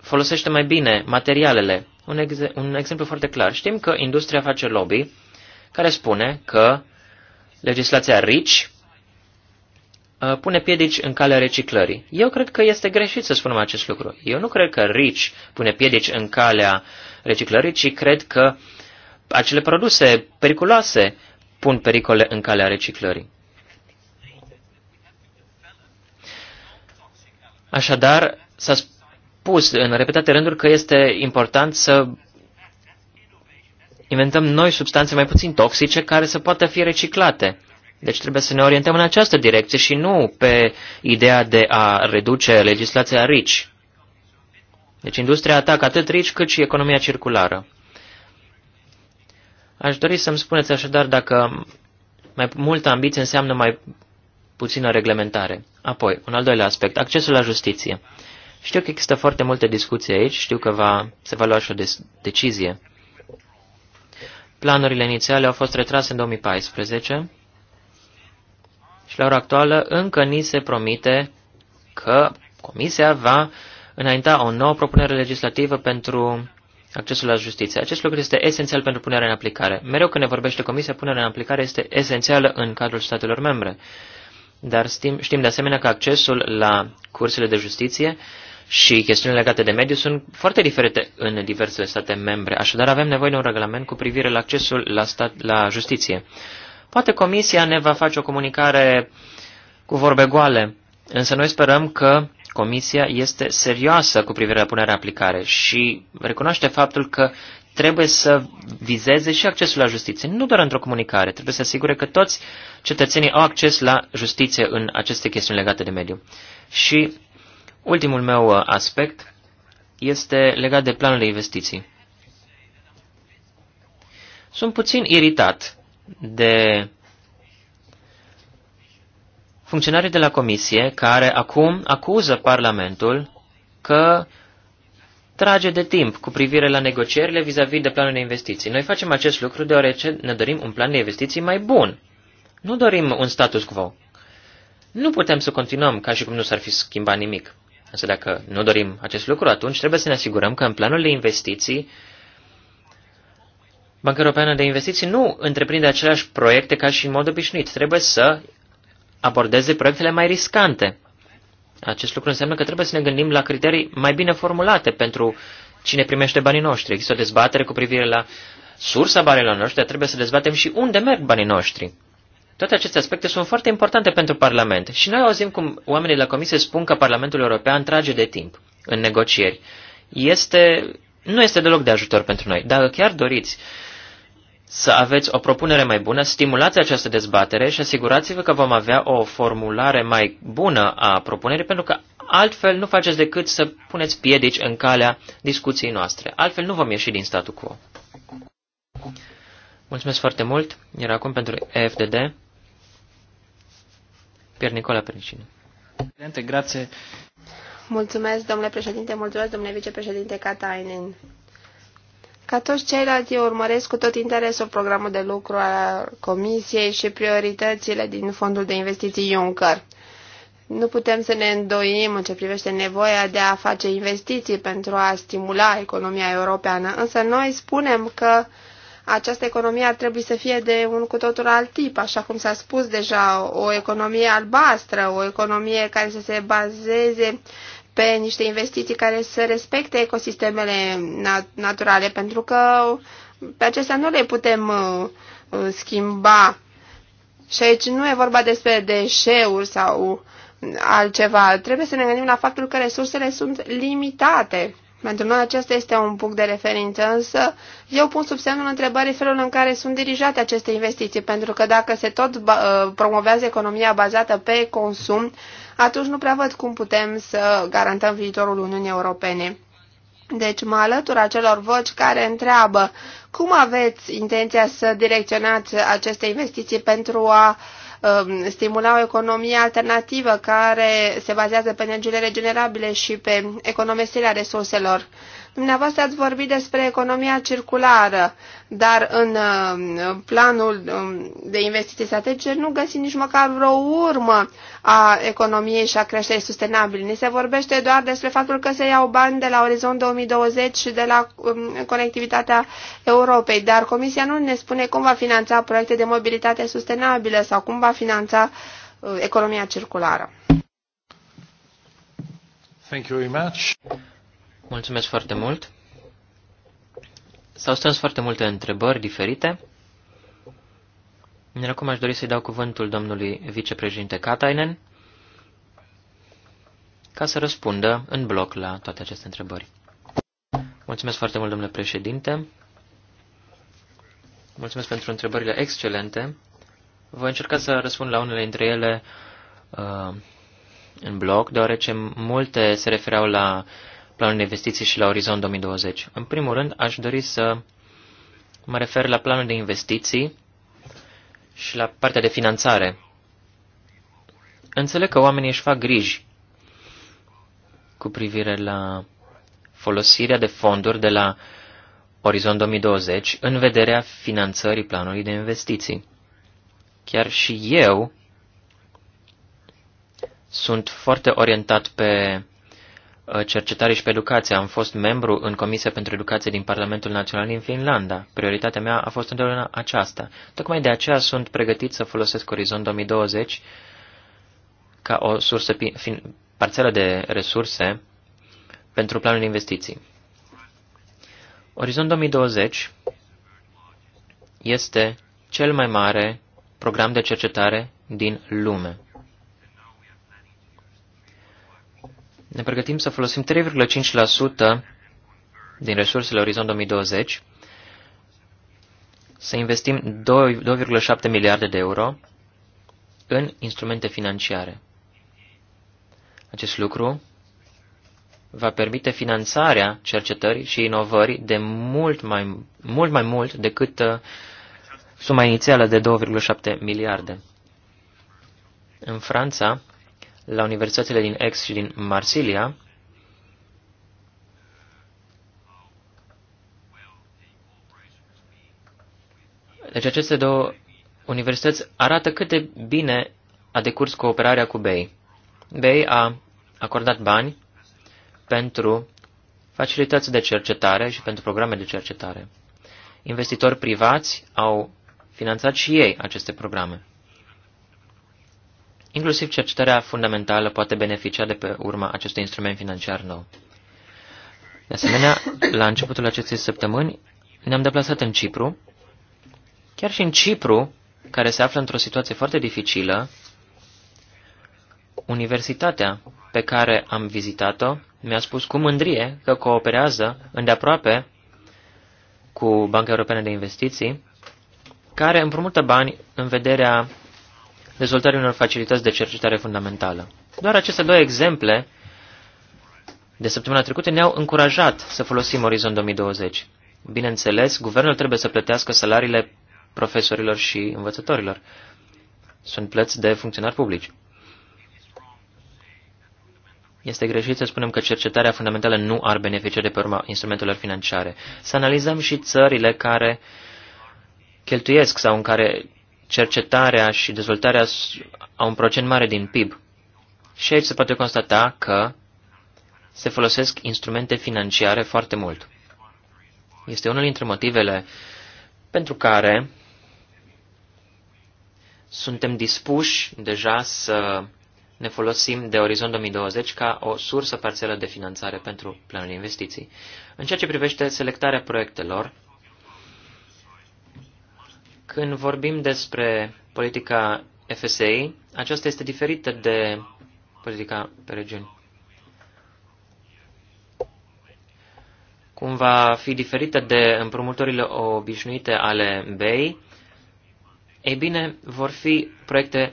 folosește mai bine materialele. Un, ex- un exemplu foarte clar. Știm că industria face lobby care spune că legislația RICH uh, pune piedici în calea reciclării. Eu cred că este greșit să spunem acest lucru. Eu nu cred că RICH pune piedici în calea reciclării, ci cred că acele produse periculoase pun pericole în calea reciclării. Așadar, s-a spus în repetate rânduri că este important să inventăm noi substanțe mai puțin toxice care să poată fi reciclate. Deci trebuie să ne orientăm în această direcție și nu pe ideea de a reduce legislația RICI. Deci industria atacă atât RICI cât și economia circulară. Aș dori să-mi spuneți așadar dacă mai multă ambiție înseamnă mai puțină reglementare. Apoi, un al doilea aspect, accesul la justiție. Știu că există foarte multe discuții aici, știu că va, se va lua și o decizie. Planurile inițiale au fost retrase în 2014 și la ora actuală încă ni se promite că Comisia va înainta o nouă propunere legislativă pentru accesul la justiție. Acest lucru este esențial pentru punerea în aplicare. Mereu când ne vorbește Comisia, punerea în aplicare este esențială în cadrul statelor membre. Dar știm, știm de asemenea că accesul la cursele de justiție și chestiunile legate de mediu sunt foarte diferite în diversele state membre. Așadar, avem nevoie de un regulament cu privire la accesul la, stat, la justiție. Poate Comisia ne va face o comunicare cu vorbe goale, însă noi sperăm că Comisia este serioasă cu privire la punerea aplicare și recunoaște faptul că trebuie să vizeze și accesul la justiție, nu doar într-o comunicare, trebuie să asigure că toți cetățenii au acces la justiție în aceste chestiuni legate de mediu. Și ultimul meu uh, aspect este legat de planul de investiții. Sunt puțin iritat de funcționarii de la comisie care acum acuză Parlamentul că trage de timp cu privire la negocierile vis-a-vis -vis de planul de investiții. Noi facem acest lucru deoarece ne dorim un plan de investiții mai bun. Nu dorim un status quo. Nu putem să continuăm ca și cum nu s-ar fi schimbat nimic. Însă dacă nu dorim acest lucru, atunci trebuie să ne asigurăm că în planul de investiții Banca Europeană de Investiții nu întreprinde aceleași proiecte ca și în mod obișnuit. Trebuie să abordeze proiectele mai riscante. Acest lucru înseamnă că trebuie să ne gândim la criterii mai bine formulate pentru cine primește banii noștri. Există o dezbatere cu privire la sursa banilor noștri, dar trebuie să dezbatem și unde merg banii noștri. Toate aceste aspecte sunt foarte importante pentru Parlament și noi auzim cum oamenii de la Comisie spun că Parlamentul European trage de timp în negocieri. Este, nu este deloc de ajutor pentru noi. Dacă chiar doriți uh, să aveți o propunere mai bună, stimulați această dezbatere și asigurați-vă că vom avea o formulare mai bună a propunerii, pentru că altfel nu faceți decât să puneți piedici în calea discuției noastre. Altfel nu vom ieși din statul quo. Mulțumesc foarte mult. iar acum pentru EFDD. Pier Nicola Pernicini. grație Mulțumesc, domnule președinte, mulțumesc, domnule vicepreședinte Katainen ca toți ceilalți eu urmăresc cu tot interesul programul de lucru al Comisiei și prioritățile din Fondul de Investiții Juncker. Nu putem să ne îndoim în ce privește nevoia de a face investiții pentru a stimula economia europeană, însă noi spunem că această economie ar trebui să fie de un cu totul alt tip, așa cum s-a spus deja, o economie albastră, o economie care să se bazeze pe niște investiții care să respecte ecosistemele naturale, pentru că pe acestea nu le putem uh, uh, schimba. Și aici nu e vorba despre deșeuri sau altceva. Trebuie să ne gândim la faptul că resursele sunt limitate. Pentru noi acesta este un punct de referință, însă eu pun sub semnul întrebării felul în care sunt dirijate aceste investiții, pentru că dacă se tot uh, promovează economia bazată pe consum, atunci nu prea văd cum putem să garantăm viitorul Uniunii Europene. Deci mă alătur acelor voci care întreabă cum aveți intenția să direcționați aceste investiții pentru a um, stimula o economie alternativă care se bazează pe energiile regenerabile și pe economisirea resurselor. Dumneavoastră ați vorbit despre economia circulară, dar în uh, planul um, de investiții strategice nu găsim nici măcar vreo urmă a economiei și a creșterii sustenabile. Ni se vorbește doar despre faptul că se iau bani de la Orizont 2020 și de la um, conectivitatea Europei, dar Comisia nu ne spune cum va finanța proiecte de mobilitate sustenabilă sau cum va finanța uh, economia circulară. Thank you very much. Mulțumesc foarte mult. S-au strâns foarte multe întrebări diferite. Iar acum aș dori să-i dau cuvântul domnului vicepreședinte Katainen ca să răspundă în bloc la toate aceste întrebări. Mulțumesc foarte mult, domnule președinte. Mulțumesc pentru întrebările excelente. Voi încerca să răspund la unele dintre ele uh, în bloc, deoarece multe se refereau la planul de investiții și la Orizont 2020. În primul rând, aș dori să mă refer la planul de investiții și la partea de finanțare. Înțeleg că oamenii își fac griji cu privire la folosirea de fonduri de la Orizont 2020 în vederea finanțării planului de investiții. Chiar și eu sunt foarte orientat pe Uh, cercetare și pe educație. Am fost membru în Comisia pentru Educație din Parlamentul Național din Finlanda. Prioritatea mea a fost întotdeauna aceasta. Tocmai de aceea sunt pregătit să folosesc Orizont 2020 ca o sursă parțelă de resurse pentru planul de investiții. Orizont 2020 este cel mai mare program de cercetare din lume. ne pregătim să folosim 3,5% din resursele Orizont 2020, să investim 2,7 miliarde de euro în instrumente financiare. Acest lucru va permite finanțarea cercetării și inovării de mult mai mult, mai mult decât uh, suma inițială de 2,7 miliarde. În Franța, la universitățile din Ex și din Marsilia, Deci aceste două universități arată cât de bine a decurs cooperarea cu Bay. Bay a acordat bani pentru facilități de cercetare și pentru programe de cercetare. Investitori privați au finanțat și ei aceste programe. Inclusiv cercetarea fundamentală poate beneficia de pe urma acestui instrument financiar nou. De asemenea, la începutul acestei săptămâni ne-am deplasat în Cipru. Chiar și în Cipru, care se află într-o situație foarte dificilă, universitatea pe care am vizitat-o mi-a spus cu mândrie că cooperează îndeaproape cu Banca Europeană de Investiții, care împrumută bani în vederea dezvoltării unor facilități de cercetare fundamentală. Doar aceste două exemple de săptămâna trecută ne-au încurajat să folosim Orizont 2020. Bineînțeles, guvernul trebuie să plătească salariile profesorilor și învățătorilor. Sunt plăți de funcționari publici. Este greșit să spunem că cercetarea fundamentală nu ar beneficia de pe urma instrumentelor financiare. Să analizăm și țările care cheltuiesc sau în care cercetarea și dezvoltarea au un procent mare din PIB. Și aici se poate constata că se folosesc instrumente financiare foarte mult. Este unul dintre motivele pentru care suntem dispuși deja să ne folosim de Orizont 2020 ca o sursă parțială de finanțare pentru planul investiții. În ceea ce privește selectarea proiectelor, când vorbim despre politica FSA, aceasta este diferită de politica pe regiuni. Cum va fi diferită de împrumuturile obișnuite ale BEI, ei bine, vor fi proiecte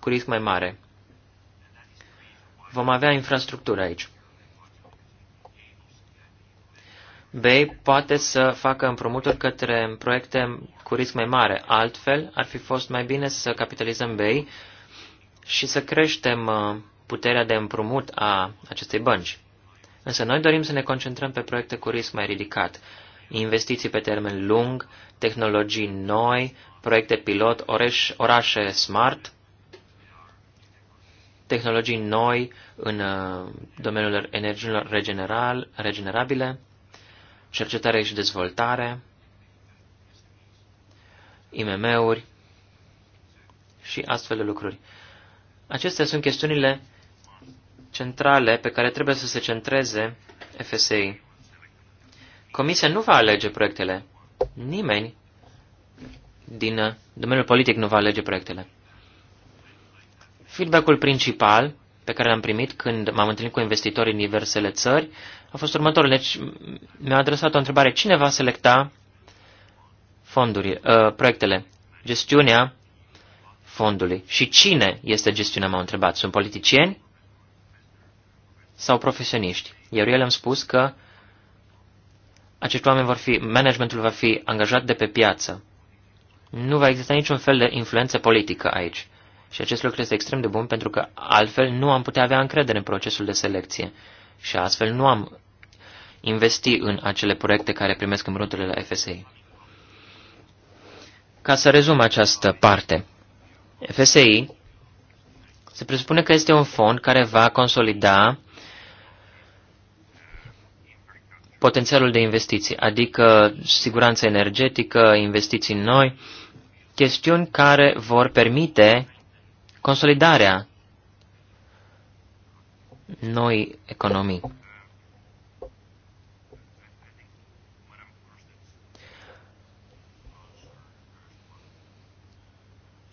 cu risc mai mare. Vom avea infrastructură aici. Bay poate să facă împrumuturi către proiecte cu risc mai mare. Altfel, ar fi fost mai bine să capitalizăm Bay și să creștem uh, puterea de împrumut a acestei bănci. Însă noi dorim să ne concentrăm pe proiecte cu risc mai ridicat, investiții pe termen lung, tehnologii noi, proiecte pilot, oreș, orașe smart, tehnologii noi în uh, domeniul energiilor regenerabile, cercetare și dezvoltare, IMM-uri și astfel de lucruri. Acestea sunt chestiunile centrale pe care trebuie să se centreze FSI. Comisia nu va alege proiectele. Nimeni din uh, domeniul politic nu va alege proiectele. Feedback-ul principal pe care l-am primit când m-am întâlnit cu investitorii în diversele țări a fost următorul. Deci mi-a adresat o întrebare. Cine va selecta fonduri, uh, proiectele? Gestiunea fondului. Și cine este gestiunea, m-au întrebat. Sunt politicieni sau profesioniști? Iar eu le-am spus că acești oameni vor fi, managementul va fi angajat de pe piață. Nu va exista niciun fel de influență politică aici. Și acest lucru este extrem de bun pentru că altfel nu am putea avea încredere în procesul de selecție și astfel nu am investi în acele proiecte care primesc împrumuturile la FSI. Ca să rezum această parte, FSI se presupune că este un fond care va consolida potențialul de investiții, adică siguranță energetică, investiții noi, chestiuni care vor permite consolidarea noi economii.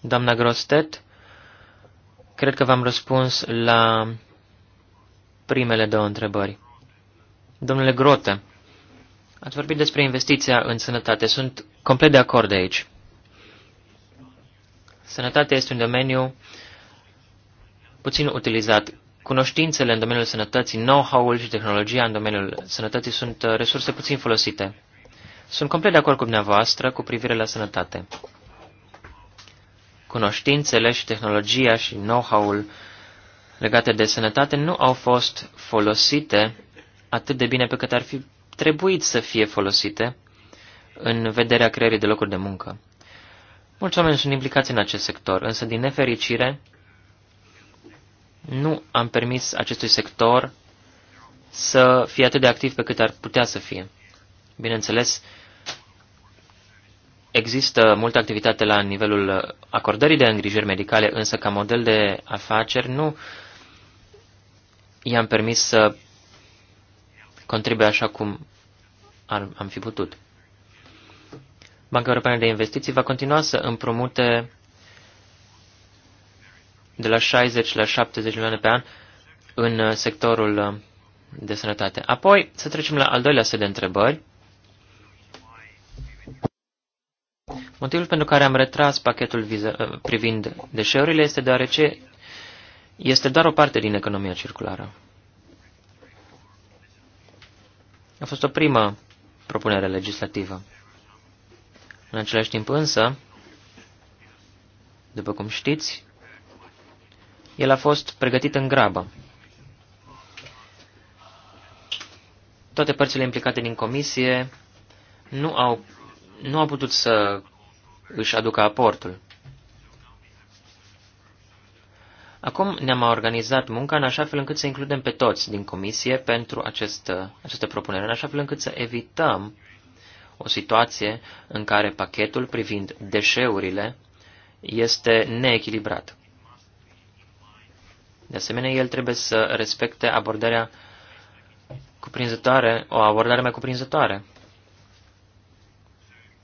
Doamna Grostet, cred că v-am răspuns la primele două întrebări. Domnule Grote, ați vorbit despre investiția în sănătate. Sunt complet de acord aici. Sănătatea este un domeniu puțin utilizat Cunoștințele în domeniul sănătății, know-how-ul și tehnologia în domeniul sănătății sunt uh, resurse puțin folosite. Sunt complet de acord cu dumneavoastră cu privire la sănătate. Cunoștințele și tehnologia și know-how-ul legate de sănătate nu au fost folosite atât de bine pe cât ar fi trebuit să fie folosite în vederea creării de locuri de muncă. Mulți oameni sunt implicați în acest sector, însă, din nefericire, nu am permis acestui sector să fie atât de activ pe cât ar putea să fie. Bineînțeles, există multă activitate la nivelul acordării de îngrijiri medicale, însă ca model de afaceri nu i-am permis să contribuie așa cum ar, am fi putut. Banca Europeană de Investiții va continua să împrumute de la 60 la 70 milioane pe an în uh, sectorul uh, de sănătate. Apoi să trecem la al doilea set de întrebări. Motivul pentru care am retras pachetul viză, uh, privind deșeurile este deoarece este doar o parte din economia circulară. A fost o primă propunere legislativă. În același timp însă, după cum știți, el a fost pregătit în grabă. Toate părțile implicate din comisie nu au, nu au putut să își aducă aportul. Acum ne-am organizat munca în așa fel încât să includem pe toți din comisie pentru această, această propunere, în așa fel încât să evităm o situație în care pachetul privind deșeurile este neechilibrat. De asemenea, el trebuie să respecte abordarea cuprinzătoare, o abordare mai cuprinzătoare.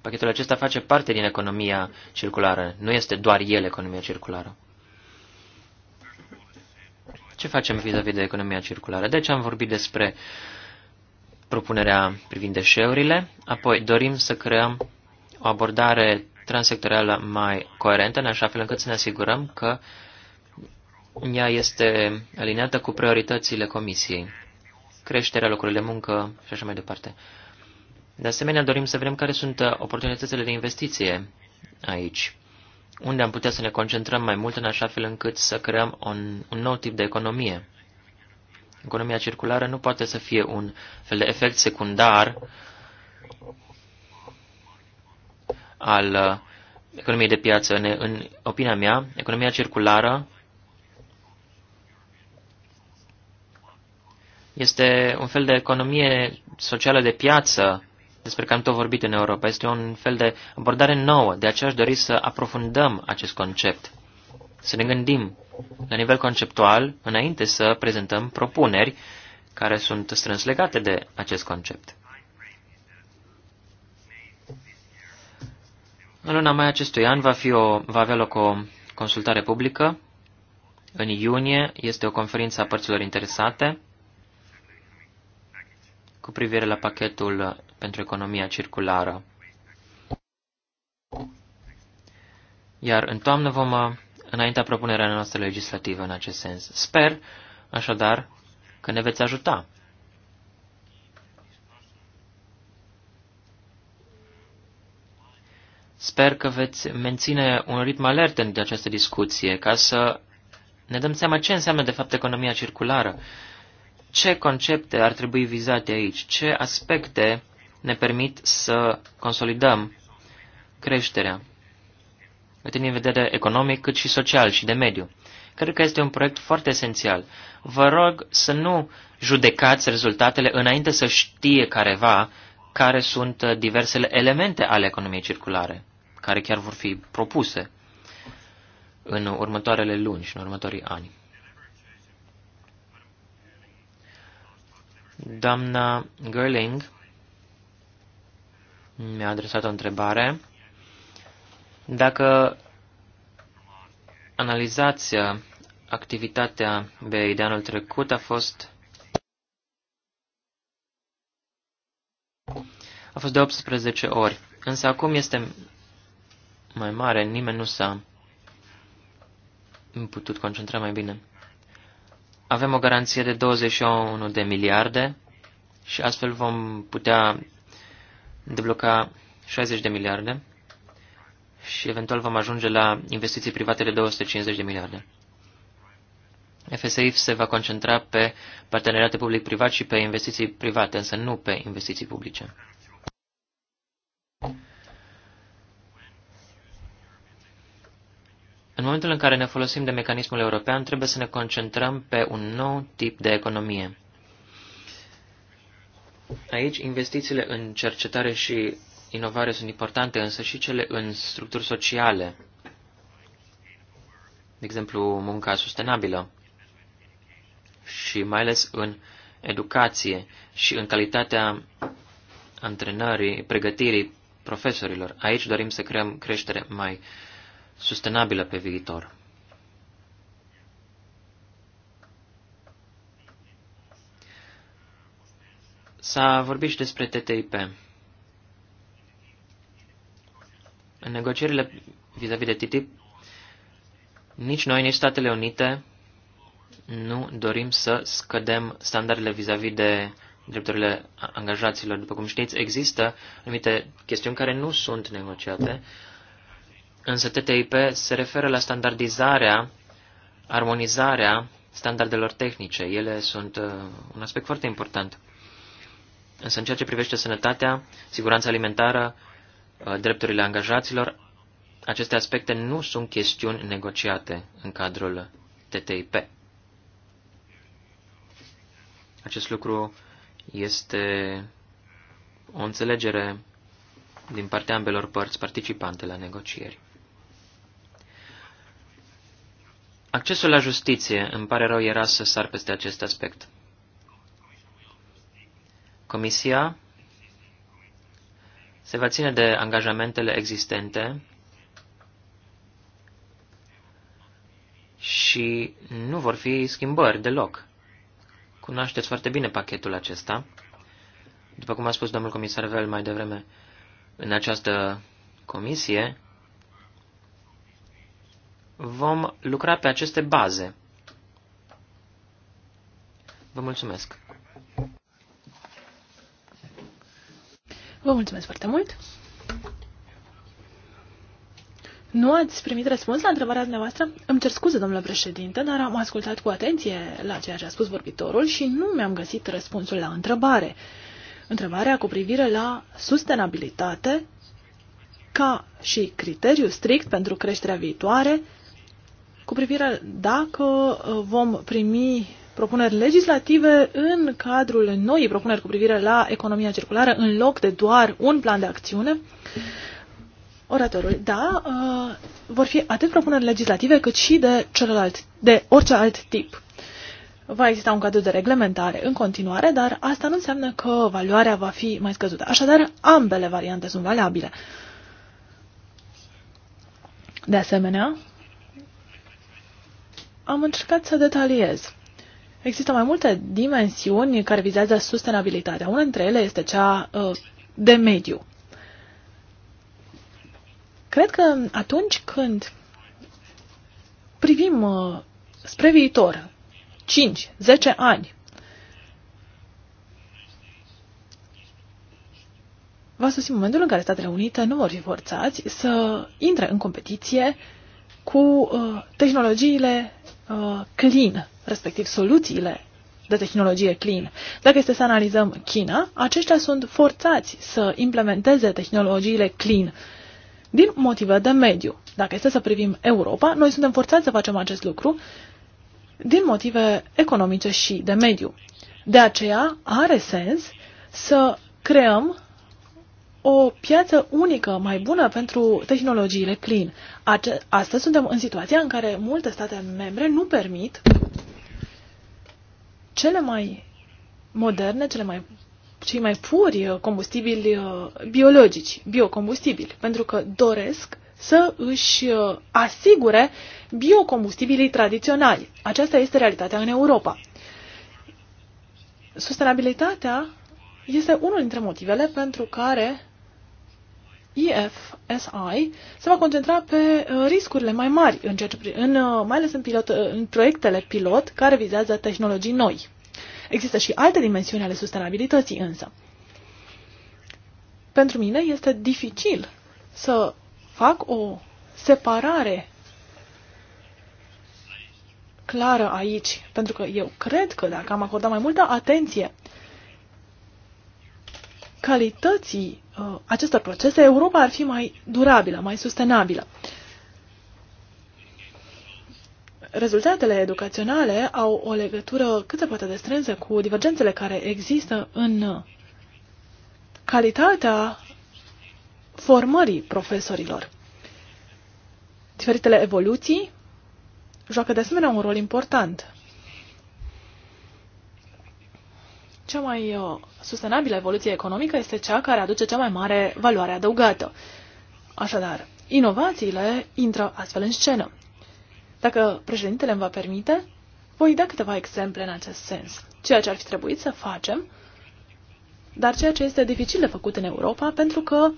Pachetul acesta face parte din economia circulară, nu este doar el economia circulară. Ce facem vis-a-vis -vis de economia circulară? Deci am vorbit despre propunerea privind deșeurile, apoi dorim să creăm o abordare transsectorială mai coerentă, în așa fel încât să ne asigurăm că uh, ea este alineată cu prioritățile comisiei, creșterea locurilor de muncă și așa mai departe. De asemenea, dorim să vedem care sunt oportunitățile de investiție aici, unde am putea să ne concentrăm mai mult în așa fel încât să creăm un, un nou tip de economie. Economia circulară nu poate să fie un fel de efect secundar al economiei de piață. În, în opinia mea, economia circulară Este un fel de economie socială de piață despre care am tot vorbit în Europa. Este un fel de abordare nouă, de aceea aș dori să aprofundăm acest concept, să ne gândim la nivel conceptual înainte să prezentăm propuneri care sunt strâns legate de acest concept. În luna mai acestui an va, fi o, va avea loc o consultare publică. În iunie este o conferință a părților interesate cu privire la pachetul pentru economia circulară. Iar în toamnă vom uh, înaintea propunerea noastră legislativă în acest sens. Sper, așadar, că ne veți ajuta. Sper că veți menține un ritm alert în această discuție, ca să ne dăm seama ce înseamnă de fapt economia circulară ce concepte ar trebui vizate aici, ce aspecte ne permit să consolidăm creșterea, atât din vedere economic cât și social și de mediu. Cred că este un proiect foarte esențial. Vă rog să nu judecați rezultatele înainte să știe careva care sunt diversele elemente ale economiei circulare, care chiar vor fi propuse în următoarele luni și în următorii ani. Doamna Gerling mi-a adresat o întrebare. Dacă analizați activitatea BEI de anul trecut, a fost a fost de 18 ori, însă acum este mai mare, nimeni nu s-a putut concentra mai bine avem o garanție de 21 de miliarde și astfel vom putea debloca 60 de miliarde și eventual vom ajunge la investiții private de 250 de miliarde. FSIF se va concentra pe parteneriate public-privat și pe investiții private, însă nu pe investiții publice. În momentul în care ne folosim de mecanismul european, trebuie să ne concentrăm pe un nou tip de economie. Aici, investițiile în cercetare și inovare sunt importante, însă și cele în structuri sociale, de exemplu, munca sustenabilă și mai ales în educație și în calitatea antrenării, pregătirii profesorilor. Aici dorim să creăm creștere mai uh, sustenabilă pe viitor. S-a vorbit și despre TTIP. În negocierile vis-a-vis de TTIP, nici noi, nici Statele Unite nu dorim să scădem standardele vis-a-vis -vis de drepturile angajaților. După cum știți, există anumite chestiuni care nu sunt negociate Însă TTIP se referă la standardizarea, armonizarea standardelor tehnice. Ele sunt uh, un aspect foarte important. Însă în ceea ce privește sănătatea, siguranța alimentară, uh, drepturile angajaților, aceste aspecte nu sunt chestiuni negociate în cadrul TTIP. Acest lucru este o înțelegere din partea ambelor părți participante la negocieri. Accesul la justiție, îmi pare rău, era să sar peste acest aspect. Comisia se va ține de angajamentele existente și nu vor fi schimbări deloc. Cunoașteți foarte bine pachetul acesta. După cum a spus domnul comisar Vell mai devreme, în această comisie vom lucra pe aceste baze. Vă mulțumesc! Vă mulțumesc foarte mult! Nu ați primit răspuns la întrebarea dumneavoastră? Îmi cer scuze, domnule președinte, dar am ascultat cu atenție la ceea ce a spus vorbitorul și nu mi-am găsit răspunsul la întrebare. Întrebarea cu privire la sustenabilitate ca și criteriu strict pentru creșterea viitoare cu privire dacă uh, vom primi propuneri legislative în cadrul noii propuneri cu privire la economia circulară, în loc de doar un plan de acțiune. Oratorul, da, uh, vor fi atât propuneri legislative cât și de celălalt, de orice alt tip. Va exista un cadru de reglementare în continuare, dar asta nu înseamnă că valoarea va fi mai scăzută. Așadar, ambele variante sunt valabile. De asemenea, am încercat să detaliez. Există mai multe dimensiuni care vizează sustenabilitatea. Una dintre ele este cea uh, de mediu. Cred că atunci când privim uh, spre viitor, 5, 10 ani, va sosi momentul în care Statele Unite nu vor fi forțați să intre în competiție uh, cu uh, tehnologiile uh, clean, respectiv soluțiile de tehnologie clean. Dacă este să analizăm China, aceștia sunt forțați să implementeze tehnologiile clean din motive de mediu. Dacă este să privim Europa, noi suntem forțați să facem acest lucru din motive economice și de mediu. De aceea are sens să creăm o piață unică mai bună pentru tehnologiile clean. Ace astăzi suntem în situația în care multe state membre nu permit cele mai moderne, cele mai, cei mai puri combustibili uh, biologici, biocombustibili, pentru că doresc să își uh, asigure biocombustibilii tradiționali. Aceasta este realitatea în Europa. Sustenabilitatea este unul dintre motivele pentru care EFSI se va concentra pe uh, riscurile mai mari, în, în, uh, mai ales în, pilot, uh, în proiectele pilot care vizează tehnologii noi. Există și alte dimensiuni ale sustenabilității însă. Pentru mine este dificil să fac o separare clară aici, pentru că eu cred că dacă am acordat mai multă atenție calității uh, acestor procese, Europa ar fi mai durabilă, mai sustenabilă. Rezultatele educaționale au o legătură cât se poate de strânsă cu divergențele care există în calitatea formării profesorilor. Diferitele evoluții joacă de asemenea un rol important. cea mai uh, sustenabilă evoluție economică este cea care aduce cea mai mare valoare adăugată. Așadar, inovațiile intră astfel în scenă. Dacă președintele îmi va permite, voi da câteva exemple în acest sens. Ceea ce ar fi trebuit să facem, dar ceea ce este dificil de făcut în Europa, pentru că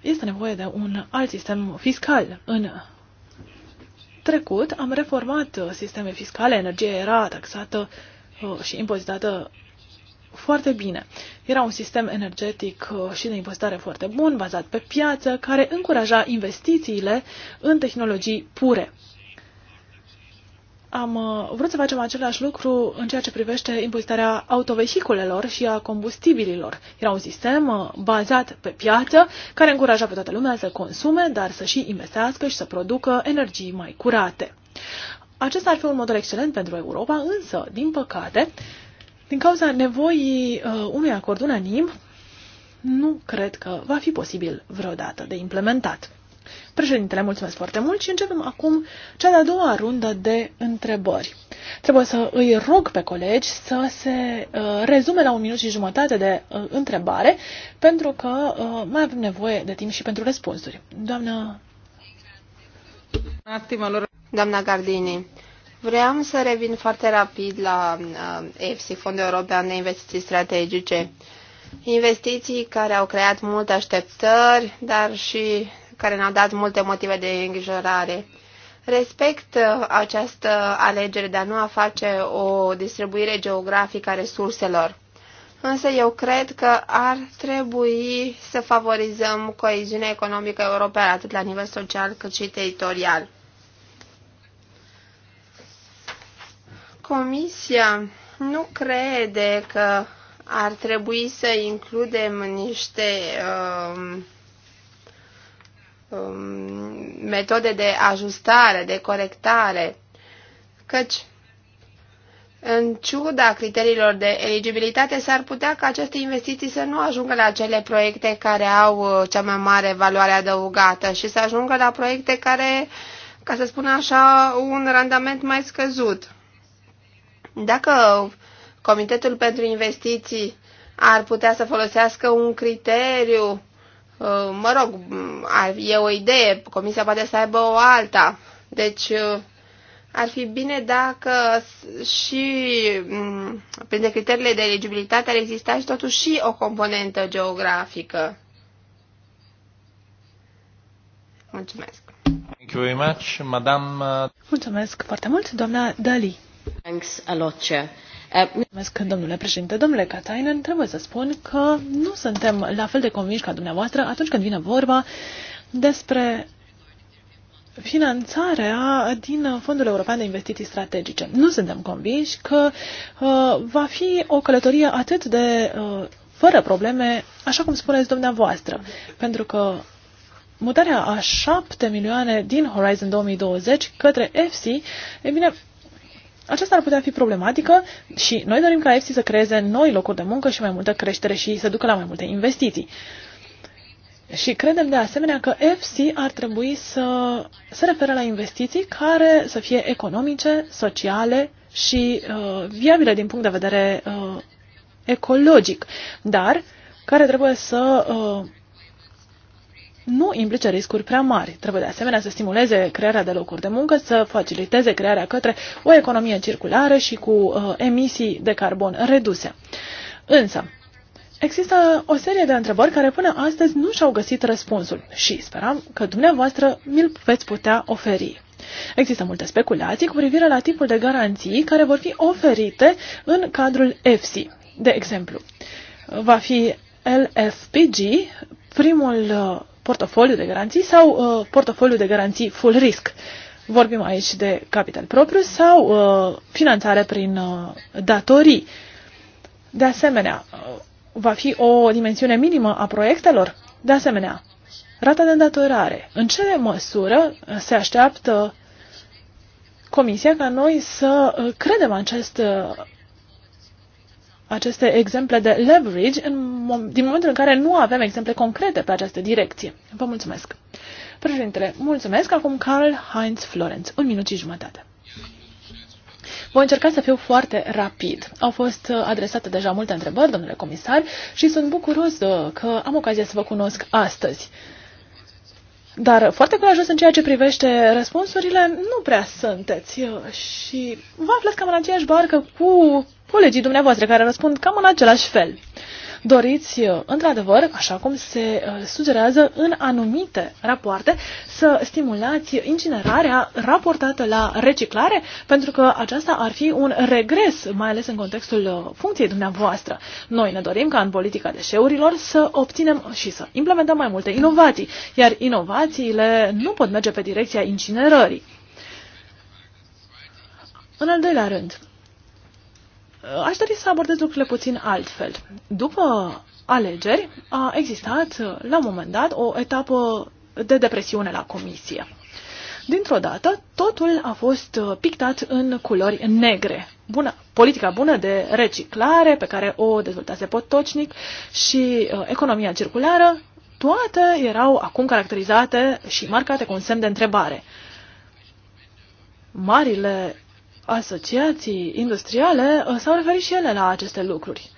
este nevoie de un alt sistem fiscal. În trecut am reformat uh, sisteme fiscale, energia era taxată Uh, și impozitată foarte bine. Era un sistem energetic uh, și de impozitare foarte bun, bazat pe piață, care încuraja investițiile în tehnologii pure. Am uh, vrut să facem același lucru în ceea ce privește impozitarea autovehiculelor și a combustibililor. Era un sistem bazat pe piață care încuraja pe toată lumea să consume, dar să și investească și să producă energii mai curate. Acesta ar fi un model excelent pentru Europa, însă, din păcate, din cauza nevoii uh, unui acord unanim, nu cred că va fi posibil vreodată de implementat. Președintele, mulțumesc foarte mult și începem acum cea de-a doua rundă de întrebări. Trebuie să îi rog pe colegi să se uh, rezume la un minut și jumătate de uh, întrebare, pentru că uh, mai avem nevoie de timp și pentru răspunsuri. Doamnă... Un attimo, allora doamna Gardini. Vreau să revin foarte rapid la EFSI, uh, Fondul European de Investiții Strategice. Investiții care au creat multe așteptări, dar și care ne-au dat multe motive de îngrijorare. Respect uh, această alegere de a nu a face o distribuire geografică a resurselor. Însă eu cred că ar trebui să favorizăm coeziunea economică europeană, atât la nivel social cât și teritorial. Comisia nu crede că ar trebui să includem niște um, um, metode de ajustare, de corectare, căci în ciuda criteriilor de eligibilitate, s-ar putea ca aceste investiții să nu ajungă la cele proiecte care au uh, cea mai mare valoare adăugată și să ajungă la proiecte care, ca să spun așa, un randament mai scăzut. Dacă Comitetul pentru Investiții ar putea să folosească un criteriu, uh, mă rog, e o idee, Comisia poate să aibă o alta. Deci uh, ar fi bine dacă și mm, printre criteriile de eligibilitate ar exista și totuși și o componentă geografică. Mulțumesc. Thank you very much, Madame. Uh, Mulțumesc foarte mult, doamna Dali. Thanks a lot, uh, Mulțumesc, domnule președinte. Domnule Katainen, trebuie să spun că nu suntem la fel de convinși ca dumneavoastră atunci când vine vorba despre finanțarea din Fondul European de Investiții Strategice. Nu suntem convinși că uh, va fi o călătorie atât de uh, fără probleme, așa cum spuneți dumneavoastră, pentru că mutarea a 7 milioane din Horizon 2020 către EFSI, e bine, aceasta ar putea fi problematică și noi dorim ca EFSI să creeze noi locuri de muncă și mai multă creștere și să ducă la mai multe investiții. Și credem de asemenea că EFSI ar trebui să se referă la investiții care să fie economice, sociale și uh, viabile din punct de vedere uh, ecologic, dar care trebuie să uh, nu implice riscuri prea mari. Trebuie de asemenea să stimuleze crearea de locuri de muncă, să faciliteze crearea către o economie circulară și cu uh, emisii de carbon reduse. Însă, există o serie de întrebări care până astăzi nu și-au găsit răspunsul și speram că dumneavoastră mi-l veți putea oferi. Există multe speculații cu privire la tipul de garanții care vor fi oferite în cadrul EFSI. De exemplu, va fi LFPG primul uh, portofoliu de garanții sau uh, portofoliu de garanții full risk. Vorbim aici de capital propriu sau uh, finanțare prin uh, datorii. De asemenea, uh, va fi o dimensiune minimă a proiectelor. De asemenea, rata de îndatorare. În ce măsură se așteaptă Comisia ca noi să uh, credem acest uh, aceste exemple de leverage în, din momentul în care nu avem exemple concrete pe această direcție. Vă mulțumesc. Președintele, mulțumesc. Acum Carl Heinz Florenz. Un minut și jumătate. Voi încerca să fiu foarte rapid. Au fost uh, adresate deja multe întrebări, domnule comisar, și sunt bucuros uh, că am ocazia să vă cunosc astăzi. Dar foarte curajos în ceea ce privește răspunsurile, nu prea sunteți. Și vă aflați cam în aceeași barcă cu colegii dumneavoastră care răspund cam în același fel doriți, uh, într-adevăr, așa cum se uh, sugerează în anumite rapoarte, să stimulați incinerarea raportată la reciclare, pentru că aceasta ar fi un regres, mai ales în contextul uh, funcției dumneavoastră. Noi ne dorim ca în politica deșeurilor să obținem și să implementăm mai multe inovații, iar inovațiile nu pot merge pe direcția incinerării. În al doilea rând, Uh, aș dori să abordez lucrurile puțin altfel. După alegeri a existat uh, la un moment dat o etapă de depresiune la comisie. Dintr-o dată, totul a fost uh, pictat în culori negre. Bună, politica bună de reciclare pe care o dezvoltase potocnic și uh, economia circulară, toate erau acum caracterizate și marcate cu un semn de întrebare. Marile asociații industriale uh, s-au referit și ele la aceste lucruri.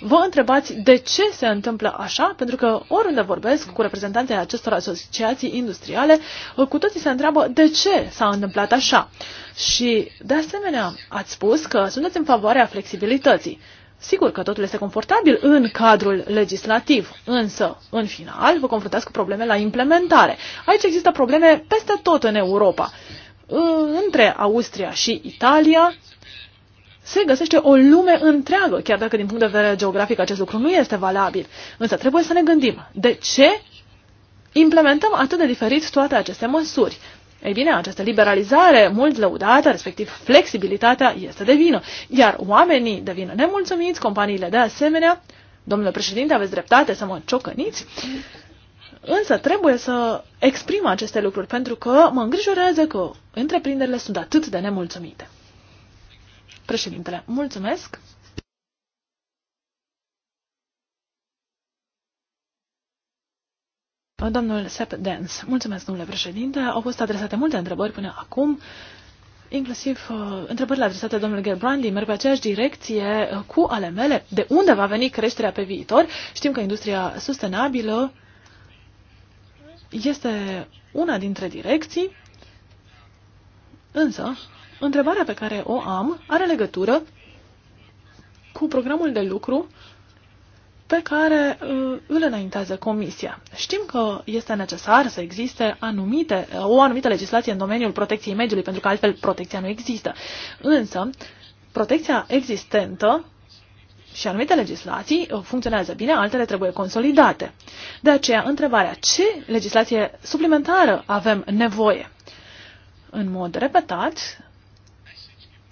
Vă întrebați de ce se întâmplă așa? Pentru că oriunde vorbesc cu reprezentanții acestor asociații industriale, uh, cu toții se întreabă de ce s-a întâmplat așa. Și, de asemenea, ați spus că sunteți în favoarea flexibilității. Sigur că totul este confortabil în cadrul legislativ, însă, în final, vă confruntați cu probleme la implementare. Aici există probleme peste tot în Europa între Austria și Italia se găsește o lume întreagă, chiar dacă din punct de vedere geografic acest lucru nu este valabil. Însă trebuie să ne gândim, de ce implementăm atât de diferit toate aceste măsuri? Ei bine, această liberalizare mult lăudată, respectiv flexibilitatea, este de vină. Iar oamenii devin nemulțumiți, companiile de asemenea. Domnule președinte, aveți dreptate să mă ciocăniți. Însă trebuie să exprim aceste lucruri pentru că mă îngrijorează că întreprinderile sunt atât de nemulțumite. Președintele, mulțumesc! Domnul Sepp Dance, mulțumesc, domnule președinte. Au fost adresate multe întrebări până acum, inclusiv uh, întrebările adresate domnului Gerbrandi merg pe aceeași direcție uh, cu ale mele. De unde va veni creșterea pe viitor? Știm că industria sustenabilă uh, este una dintre direcții, însă întrebarea pe care o am are legătură cu programul de lucru pe care uh, îl înaintează Comisia. Știm că este necesar să existe anumite, o anumită legislație în domeniul protecției mediului, pentru că altfel protecția nu există. Însă, protecția existentă și anumite legislații uh, funcționează bine, altele trebuie consolidate. De aceea, întrebarea ce legislație suplimentară avem nevoie? În mod repetat,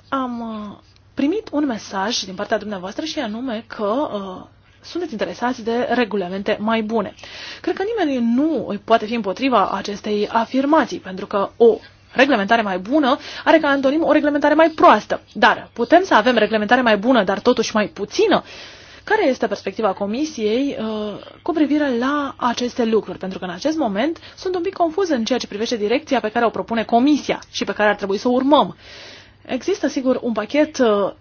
am uh, primit un mesaj din partea dumneavoastră și anume că uh, sunteți interesați de regulamente mai bune. Cred că nimeni nu poate fi împotriva acestei afirmații, pentru că o reglementare mai bună are ca antonim o reglementare mai proastă. Dar putem să avem reglementare mai bună, dar totuși mai puțină? Care este perspectiva Comisiei uh, cu privire la aceste lucruri? Pentru că în acest moment sunt un pic confuză în ceea ce privește direcția pe care o propune Comisia și pe care ar trebui să o urmăm. Există, sigur, un pachet uh,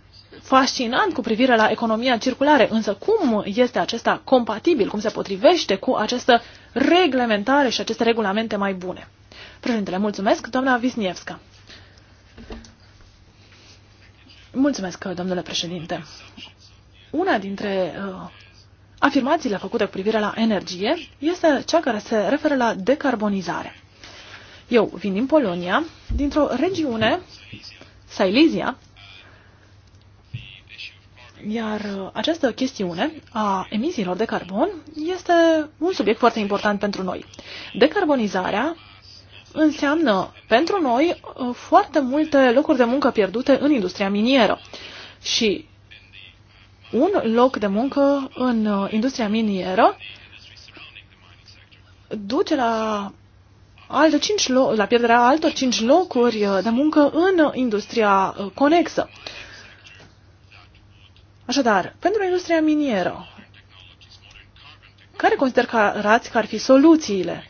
fascinant cu privire la economia circulare, însă cum este acesta compatibil, cum se potrivește cu această reglementare și aceste regulamente mai bune? Președintele, mulțumesc, doamna Visnievska. Mulțumesc, domnule președinte. Una dintre uh, afirmațiile făcute cu privire la energie este cea care se referă la decarbonizare. Eu vin din Polonia, dintr-o regiune, Silesia, iar uh, această chestiune a emisiilor de carbon este un subiect foarte important pentru noi. Decarbonizarea înseamnă pentru noi uh, foarte multe locuri de muncă pierdute în industria minieră. Și un loc de muncă în uh, industria minieră duce la, alte cinci la pierderea altor cinci locuri uh, de muncă în industria conexă. Așadar, pentru industria minieră, care considerați că ar fi soluțiile?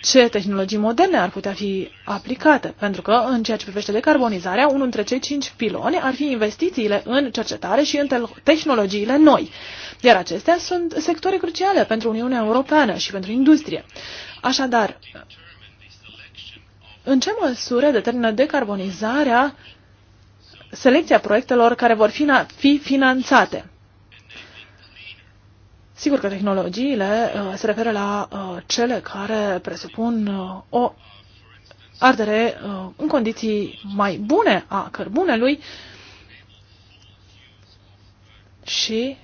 ce tehnologii moderne ar putea fi aplicate, pentru că, în ceea ce privește decarbonizarea, unul dintre cei cinci piloni ar fi investițiile în cercetare și în tehnologiile noi, iar acestea sunt sectoare cruciale pentru Uniunea Europeană și pentru industrie. Așadar, în ce măsură determină decarbonizarea selecția proiectelor care vor fi finanțate? Sigur că tehnologiile uh, se referă la uh, cele care presupun uh, o ardere în condiții mai bune a cărbunelui și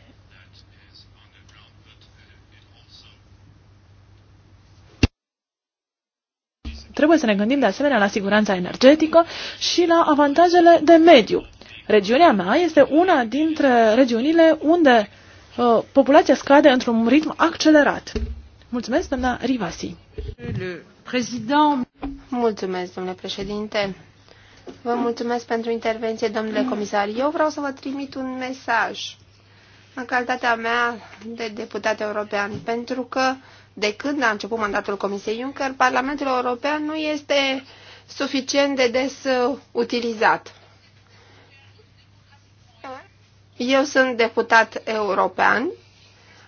trebuie să ne gândim de asemenea la siguranța energetică și la avantajele de mediu. Regiunea mea este una dintre regiunile unde Uh, populația scade într-un ritm accelerat. Mulțumesc, doamna Rivasi. Mulțumesc, domnule președinte. Vă mulțumesc pentru intervenție, domnule comisar. Eu vreau să vă trimit un mesaj în calitatea mea de deputat european, pentru că de când a început mandatul Comisiei Juncker, Parlamentul European nu este suficient de des uh, utilizat. Eu sunt deputat european,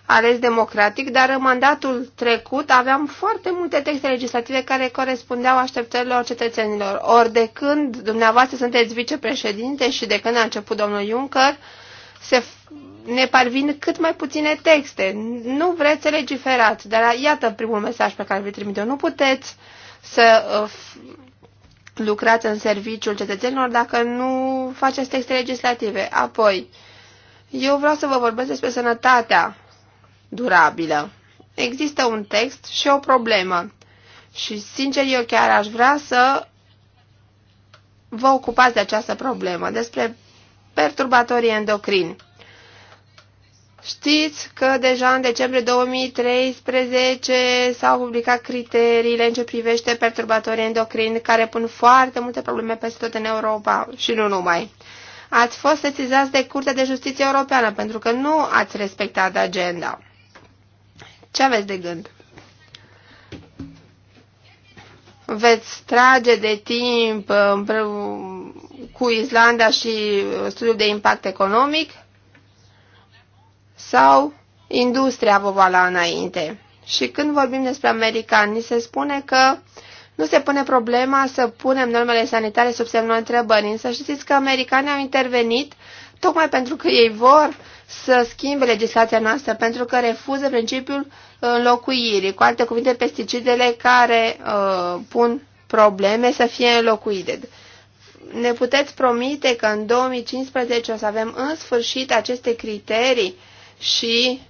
ales democratic, dar în mandatul trecut aveam foarte multe texte legislative care corespundeau așteptărilor cetățenilor. Ori de când dumneavoastră sunteți vicepreședinte și de când a început domnul Juncker, se ne parvin cât mai puține texte. Nu vreți să legiferați, dar iată primul mesaj pe care vi-l trimit eu. Nu puteți să uh, lucrați în serviciul cetățenilor dacă nu faceți texte legislative. Apoi, eu vreau să vă vorbesc despre sănătatea durabilă. Există un text și o problemă. Și, sincer, eu chiar aș vrea să vă ocupați de această problemă, despre perturbatorii endocrini. Știți că deja în decembrie 2013 s-au publicat criteriile în ce privește perturbatorii endocrini care pun foarte multe probleme peste tot în Europa și nu numai ați fost sesizați de Curtea de Justiție Europeană pentru că nu ați respectat agenda. Ce aveți de gând? Veți trage de timp cu Islanda și studiul de impact economic? Sau industria vă va lua înainte? Și când vorbim despre americani, ni se spune că nu se pune problema să punem normele sanitare sub semnul întrebării, însă știți că americanii au intervenit tocmai pentru că ei vor să schimbe legislația noastră, pentru că refuză principiul înlocuirii. Cu alte cuvinte, pesticidele care uh, pun probleme să fie înlocuite. Ne puteți promite că în 2015 o să avem în sfârșit aceste criterii și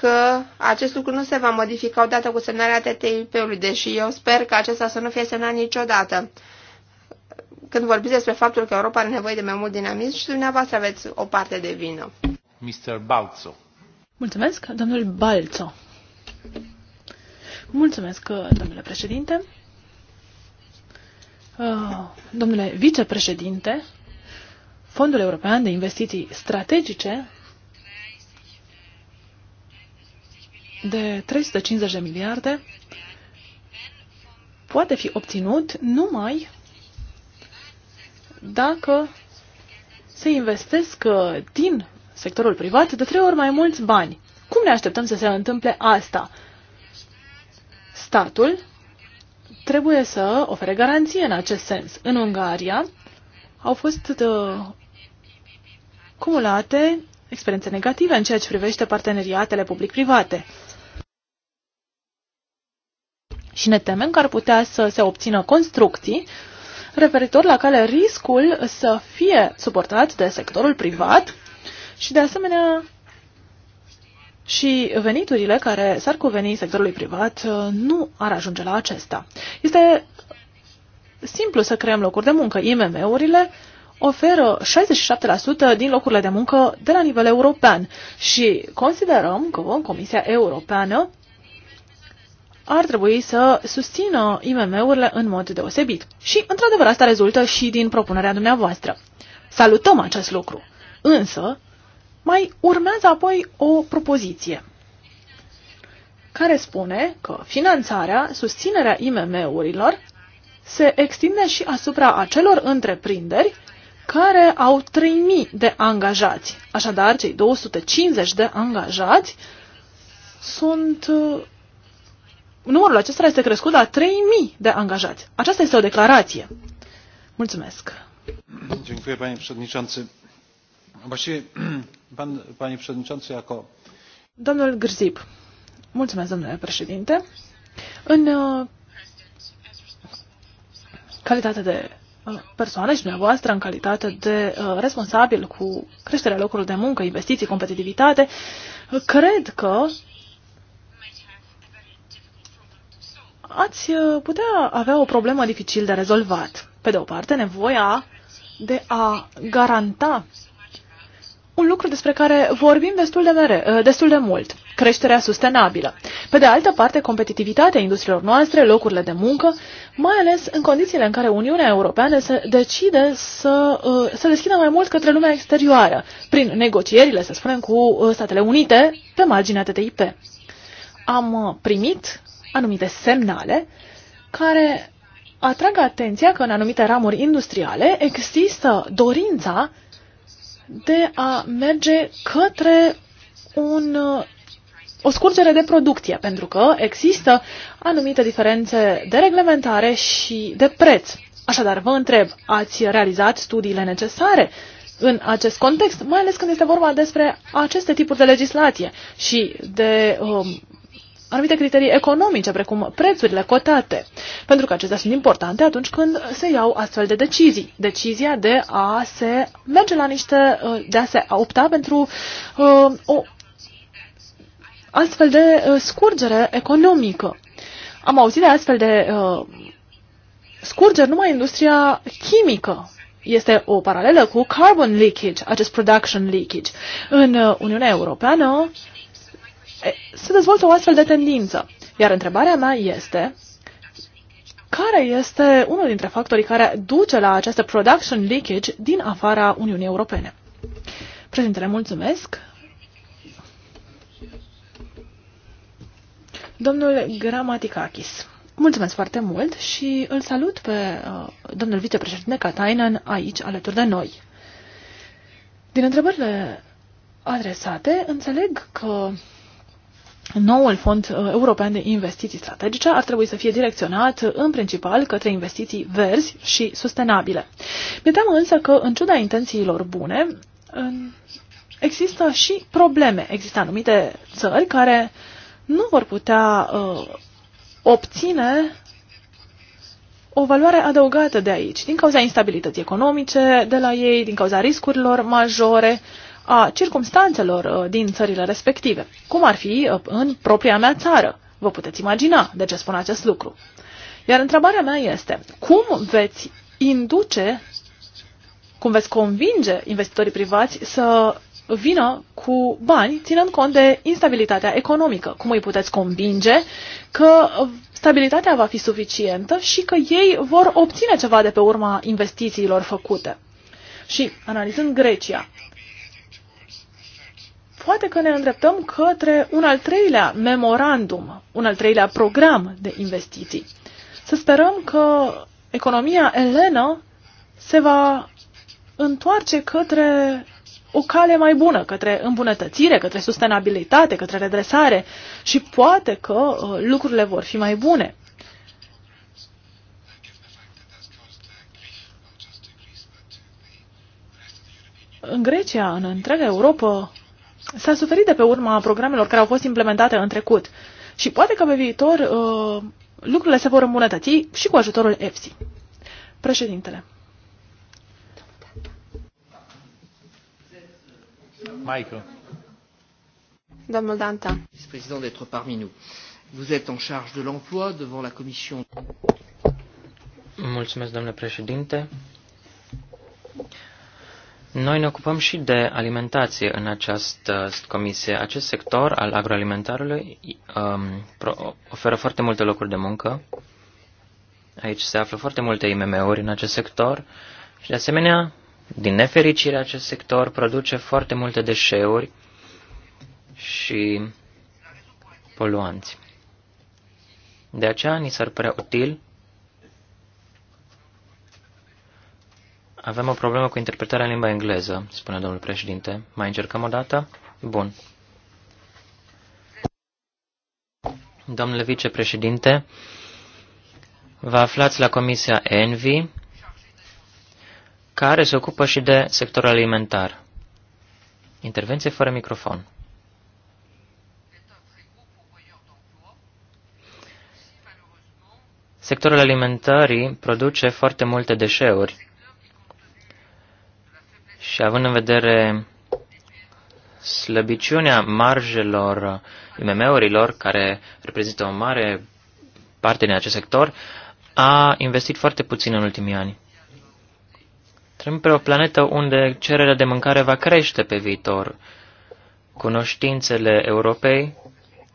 că acest lucru nu se va modifica odată cu semnarea TTIP-ului, deși eu sper că acesta să nu fie semnat niciodată. Când vorbiți despre faptul că Europa are nevoie de mai mult dinamism și dumneavoastră aveți o parte de vină. Mr. Balzo. Mulțumesc, domnul Balzo. Mulțumesc, domnule președinte. Uh, domnule vicepreședinte, Fondul European de Investiții Strategice de 350 de miliarde poate fi obținut numai dacă se investesc uh, din sectorul privat de trei ori mai mulți bani. Cum ne așteptăm să se întâmple asta? Statul trebuie să ofere garanție în acest sens. În Ungaria au fost uh, cumulate experiențe negative în ceea ce privește parteneriatele public-private și ne temem că ar putea să se obțină construcții referitor la care riscul să fie suportat de sectorul privat și de asemenea și veniturile care s-ar cuveni sectorului privat uh, nu ar ajunge la acesta. Este simplu să creăm locuri de muncă. IMM-urile oferă 67% din locurile de muncă de la nivel european și considerăm că Comisia Europeană ar trebui să susțină IMM-urile în mod deosebit. Și, într-adevăr, asta rezultă și din propunerea dumneavoastră. Salutăm acest lucru. Însă, mai urmează apoi o propoziție care spune că finanțarea, susținerea IMM-urilor se extinde și asupra acelor întreprinderi care au 3.000 de angajați. Așadar, cei 250 de angajați sunt numărul acesta este crescut la 3.000 de angajați. Aceasta este o declarație. Mulțumesc. Dziękuję panie przewodniczący. Właściwie pan, panie przewodniczący, jako... Domnul Grzib. Mulțumesc, domnule președinte. În uh, calitate de uh, persoană și dumneavoastră în calitate de uh, responsabil cu creșterea locurilor de muncă, investiții, competitivitate, cred că ați uh, putea avea o problemă dificil de rezolvat. Pe de o parte, nevoia de a garanta un lucru despre care vorbim destul de, mere, uh, destul de mult, creșterea sustenabilă. Pe de altă parte, competitivitatea industriilor noastre, locurile de muncă, mai ales în condițiile în care Uniunea Europeană se decide să uh, se deschidă mai mult către lumea exterioară, prin negocierile, să spunem, cu Statele Unite pe marginea TTIP. Am primit anumite semnale care atrag atenția că în anumite ramuri industriale există dorința de a merge către un, o scurgere de producție, pentru că există anumite diferențe de reglementare și de preț. Așadar, vă întreb, ați realizat studiile necesare în acest context, mai ales când este vorba despre aceste tipuri de legislație și de um, anumite criterii economice, precum prețurile cotate, pentru că acestea sunt importante atunci când se iau astfel de decizii. Decizia de a se merge la niște, uh, de a se opta pentru uh, o astfel de uh, scurgere economică. Am auzit de astfel de uh, scurgeri numai industria chimică. Este o paralelă cu carbon leakage, acest production leakage. În uh, Uniunea Europeană se dezvoltă o astfel de tendință. Iar întrebarea mea este care este unul dintre factorii care duce la această production leakage din afara Uniunii Europene? Președintele, mulțumesc. Domnul Gramaticakis. Mulțumesc foarte mult și îl salut pe uh, domnul vicepreședinte Katainen aici alături de noi. Din întrebările adresate, înțeleg că noul fond uh, european de investiții strategice ar trebui să fie direcționat uh, în principal către investiții verzi și sustenabile. Mi teamă însă că, în ciuda intențiilor bune, există și probleme. Există anumite țări care nu vor putea uh, obține o valoare adăugată de aici, din cauza instabilității economice de la ei, din cauza riscurilor majore uh, a circumstanțelor uh, din țările respective, cum ar fi uh, în propria mea țară. Vă puteți imagina de ce spun acest lucru. Iar întrebarea mea este, cum veți induce, cum veți convinge investitorii privați să vină cu bani, ținând cont de instabilitatea economică? Cum îi puteți convinge că stabilitatea va fi suficientă și că ei vor obține ceva de pe urma investițiilor făcute? Și, analizând Grecia, poate că ne îndreptăm către un al treilea memorandum, un al treilea program de investiții. Să sperăm că economia elenă se va întoarce către o cale mai bună, către îmbunătățire, către sustenabilitate, către redresare și poate că uh, lucrurile vor fi mai bune. În Grecia, în întreaga Europa, s-a suferit de pe urma programelor care au fost implementate în trecut. Și poate că pe viitor uh, lucrurile se vor îmbunătăți și cu ajutorul EFSI. Președintele. Michael. Domnul Danta. Vice-président d'être parmi nous. Vous êtes en charge de l'emploi devant la commission. Mulțumesc, domnule președinte. Noi ne ocupăm și de alimentație în această comisie. Acest sector al agroalimentarului um, oferă foarte multe locuri de muncă. Aici se află foarte multe IMM-uri în acest sector și, de asemenea, din nefericire, acest sector produce foarte multe deșeuri și poluanți. De aceea, ni s-ar părea util Avem o problemă cu interpretarea în limba engleză, spune domnul președinte. Mai încercăm o dată? Bun. Domnule vicepreședinte, vă aflați la Comisia ENVI, care se ocupă și de sectorul alimentar. Intervenție fără microfon. Sectorul alimentării produce foarte multe deșeuri și având în vedere slăbiciunea marjelor IMM-urilor, care reprezintă o mare parte din acest sector, a investit foarte puțin în ultimii ani. Trăim pe o planetă unde cererea de mâncare va crește pe viitor. Cunoștințele Europei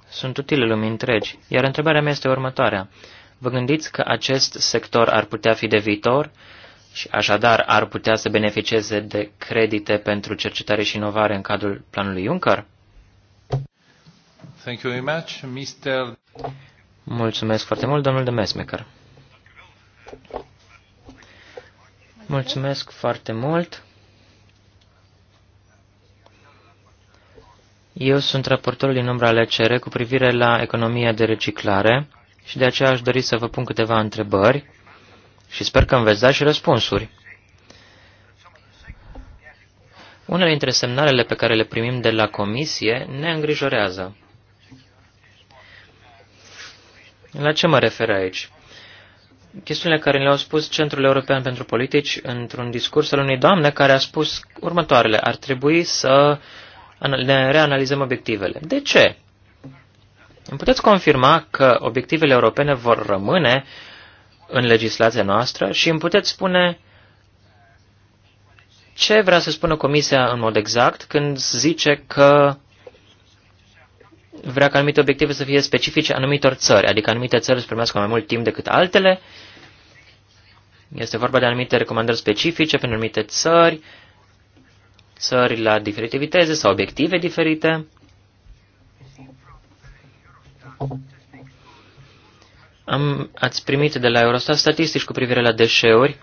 sunt utile lumii întregi, iar întrebarea mea este următoarea. Vă gândiți că acest sector ar putea fi de viitor? și așadar ar putea să beneficieze de credite pentru cercetare și inovare în cadrul planului Juncker? Thank you very much, Mr. Mulțumesc foarte mult, domnul de Mesmecker. Mulțumesc foarte mult. Eu sunt raportorul din umbra LCR cu privire la economia de reciclare și de aceea aș dori să vă pun câteva întrebări și sper că îmi veți da și răspunsuri. Unele dintre semnalele pe care le primim de la comisie ne îngrijorează. La ce mă refer aici? Chestiunile care le-au spus Centrul European pentru Politici într-un discurs al unei doamne care a spus următoarele. Ar trebui să ne reanalizăm obiectivele. De ce? Îmi puteți confirma că obiectivele europene vor rămâne uh, în legislația noastră și îmi puteți spune ce vrea să spună Comisia în mod exact când zice că vrea ca anumite obiective să fie specifice anumitor țări, adică anumite țări să primească mai mult timp decât altele. Este vorba de anumite recomandări specifice pentru anumite țări, țări la diferite viteze sau obiective diferite. Am, ați primit de la Eurostat statistici cu privire la deșeuri.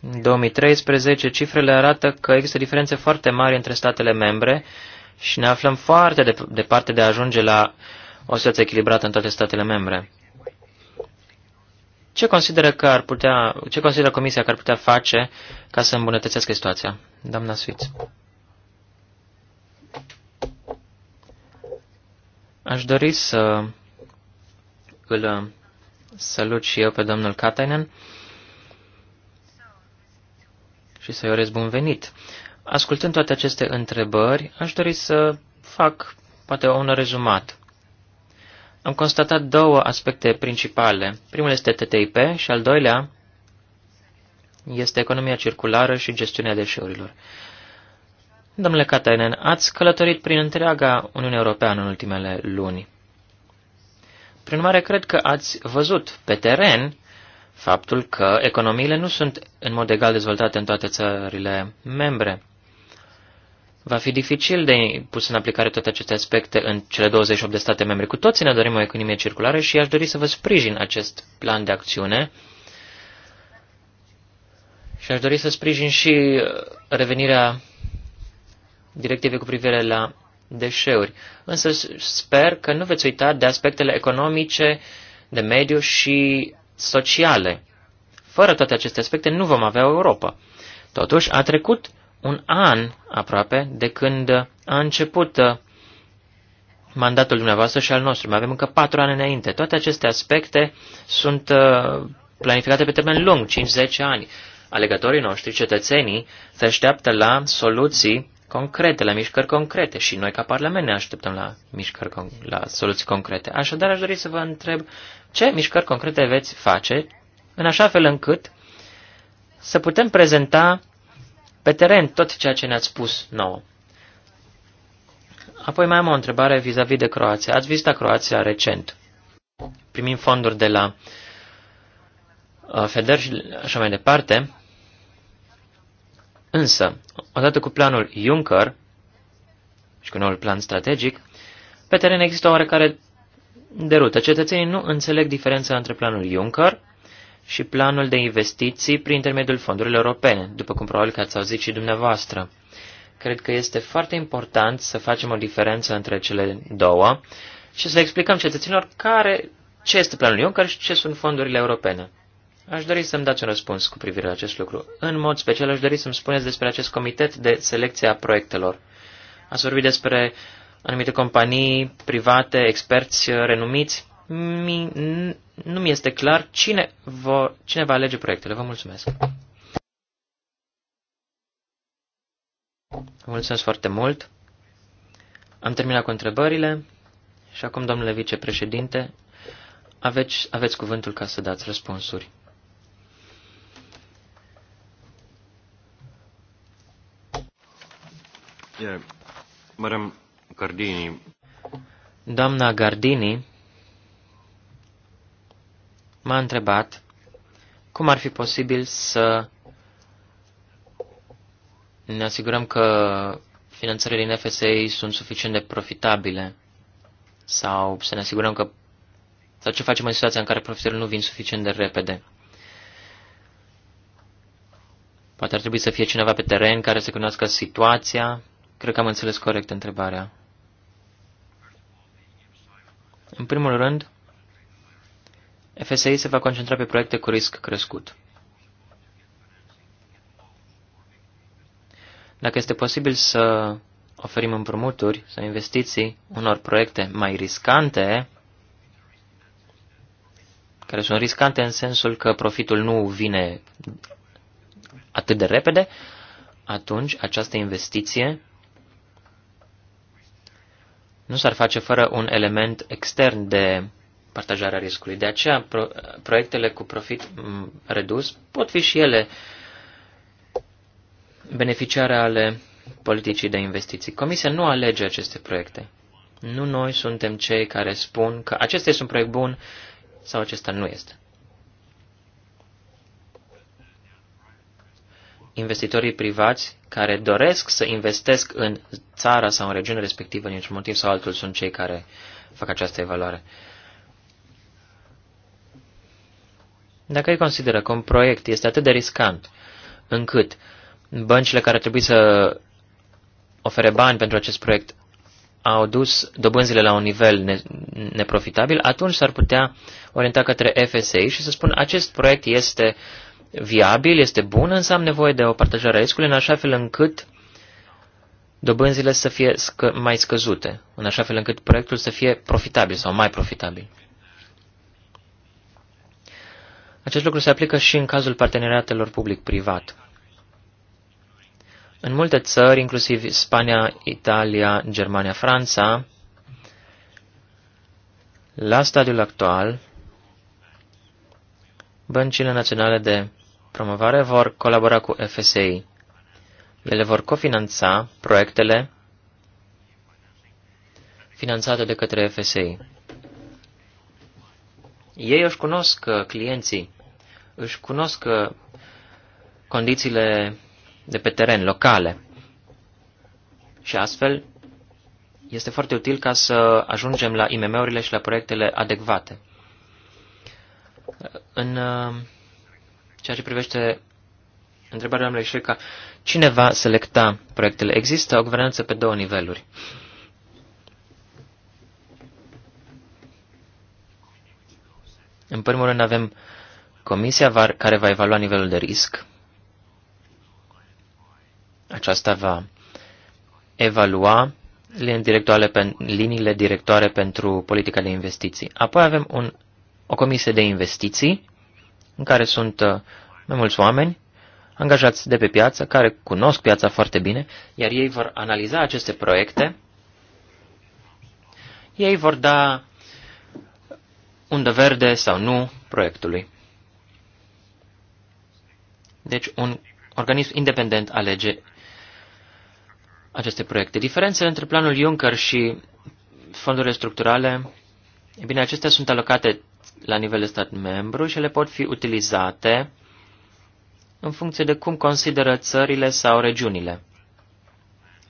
În 2013 cifrele arată că există diferențe foarte mari între statele membre și ne aflăm foarte de, departe de a ajunge la o situație echilibrată în toate statele membre. Ce consideră, că ar putea, ce consideră Comisia că ar putea face ca să îmbunătățească situația? Doamna Suiț. Aș dori să îl uh, salut și eu pe domnul Katainen și să-i urez bun venit. Ascultând toate aceste întrebări, aș dori să fac poate un rezumat. Am constatat două aspecte principale. Primul este TTIP și al doilea este economia circulară și gestiunea deșeurilor. Domnule Katainen, ați călătorit prin întreaga Uniune Europeană în ultimele luni. Prin urmare, cred că ați văzut pe teren faptul că economiile nu sunt în mod egal dezvoltate în toate țările membre. Va fi dificil de pus în aplicare toate aceste aspecte în cele 28 de state membre. Cu toții ne dorim o economie circulară și aș dori să vă sprijin acest plan de acțiune și aș dori să sprijin și revenirea directivei cu privire la deșeuri. Însă sper că nu veți uita de aspectele economice, de mediu și sociale. Fără toate aceste aspecte nu vom avea Europa. Totuși, a trecut un an aproape de când a început uh, mandatul dumneavoastră și al nostru. Mai avem încă patru ani înainte. Toate aceste aspecte sunt uh, planificate pe termen lung, 5-10 ani. Alegătorii noștri, cetățenii, se așteaptă la soluții concrete, la mișcări concrete și noi ca Parlament ne așteptăm la, mișcări, la soluții concrete. Așadar, aș dori să vă întreb ce mișcări concrete veți face în așa fel încât să putem prezenta pe teren tot ceea ce ne-ați spus nouă. Apoi mai am o întrebare vis-a-vis -vis de Croația. Ați vizitat Croația recent. Primim fonduri de la uh, FEDER și așa mai departe. Însă, odată cu planul Juncker și cu noul plan strategic, pe teren există oarecare derută. Cetățenii nu înțeleg diferența între planul Juncker și planul de investiții prin intermediul fondurilor europene, după cum probabil că ați auzit și dumneavoastră. Cred că este foarte important să facem o diferență între cele două și să explicăm cetățenilor care, ce este planul Juncker și ce sunt fondurile europene. Aș dori să-mi dați un răspuns cu privire la acest lucru. În mod special, aș dori să-mi spuneți despre acest comitet de selecție a proiectelor. Ați vorbit despre anumite companii private, experți uh, renumiți. Mi, nu mi este clar cine, vo, cine va alege proiectele. Vă mulțumesc. Vă mulțumesc foarte mult. Am terminat cu întrebările și acum, domnule vicepreședinte, aveți, aveți cuvântul ca să dați răspunsuri. Madam Gardini. Doamna Gardini m-a întrebat cum ar fi posibil să ne asigurăm că finanțările din FSA sunt suficient de profitabile sau să ne asigurăm că sau ce facem în situația în care profitările nu vin suficient de repede. Poate ar trebui să fie cineva pe teren care să cunoască situația, Cred că am înțeles corect întrebarea. În primul rând, FSI se va concentra pe proiecte cu risc crescut. Dacă este posibil să oferim împrumuturi sau investiții unor proiecte mai riscante, care sunt riscante în sensul că profitul nu vine atât de repede, atunci această investiție nu s-ar face fără un element extern de partajarea riscului. De aceea, pro, proiectele cu profit redus pot fi și ele beneficiare ale politicii de investiții. Comisia nu alege aceste proiecte. Nu noi suntem cei care spun că acesta este un proiect bun sau acesta nu este. investitorii privați care doresc să investesc în țara sau în regiunea respectivă, dintr-un motiv sau altul, sunt cei care fac această evaluare. Dacă ei consideră că un proiect este atât de riscant încât băncile care trebuie să ofere bani pentru acest proiect au dus dobânzile la un nivel ne neprofitabil, atunci s-ar putea orienta către FSA și să spun acest proiect este viabil, este bun, însă am nevoie de o partajare a riscului în așa fel încât dobânzile să fie scă- mai scăzute, în așa fel încât proiectul să fie profitabil sau mai profitabil. Acest lucru se aplică și în cazul parteneriatelor public-privat. În multe țări, inclusiv Spania, Italia, Germania, Franța, la stadiul actual, Băncile naționale de promovare vor colabora cu FSI. Ele vor cofinanța proiectele finanțate de către FSI. Ei își cunosc clienții, își cunosc condițiile de pe teren, locale. Și astfel este foarte util ca să ajungem la IMM-urile și la proiectele adecvate. În uh, ceea ce privește întrebarea doamnei Șeca, cine va selecta proiectele? Există o guvernanță pe două niveluri. În primul rând avem comisia care va evalua nivelul de risc. Aceasta va evalua liniile directoare, liniile directoare pentru politica de investiții. Apoi avem un o comisie de investiții în care sunt uh, mai mulți oameni angajați de pe piață, care cunosc piața foarte bine, iar ei vor analiza aceste proiecte, ei vor da undă verde sau nu proiectului. Deci un organism independent alege aceste proiecte. Diferențele între planul Juncker și fondurile structurale, e bine, acestea sunt alocate la nivel de stat membru și ele pot fi utilizate în funcție de cum consideră țările sau regiunile.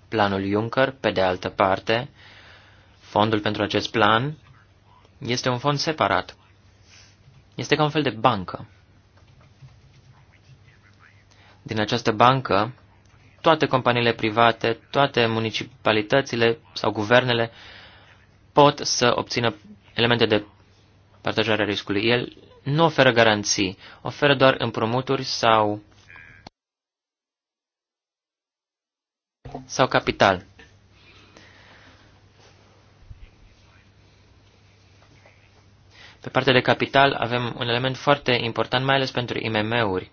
Planul Juncker, pe de altă parte, fondul pentru acest plan, este un fond separat. Este ca un fel de bancă. Din această bancă, toate companiile private, toate municipalitățile sau guvernele pot să obțină elemente de partajarea riscului. El nu oferă garanții, oferă doar împrumuturi sau, sau capital. Pe partea de capital avem un element foarte important, mai ales pentru IMM-uri.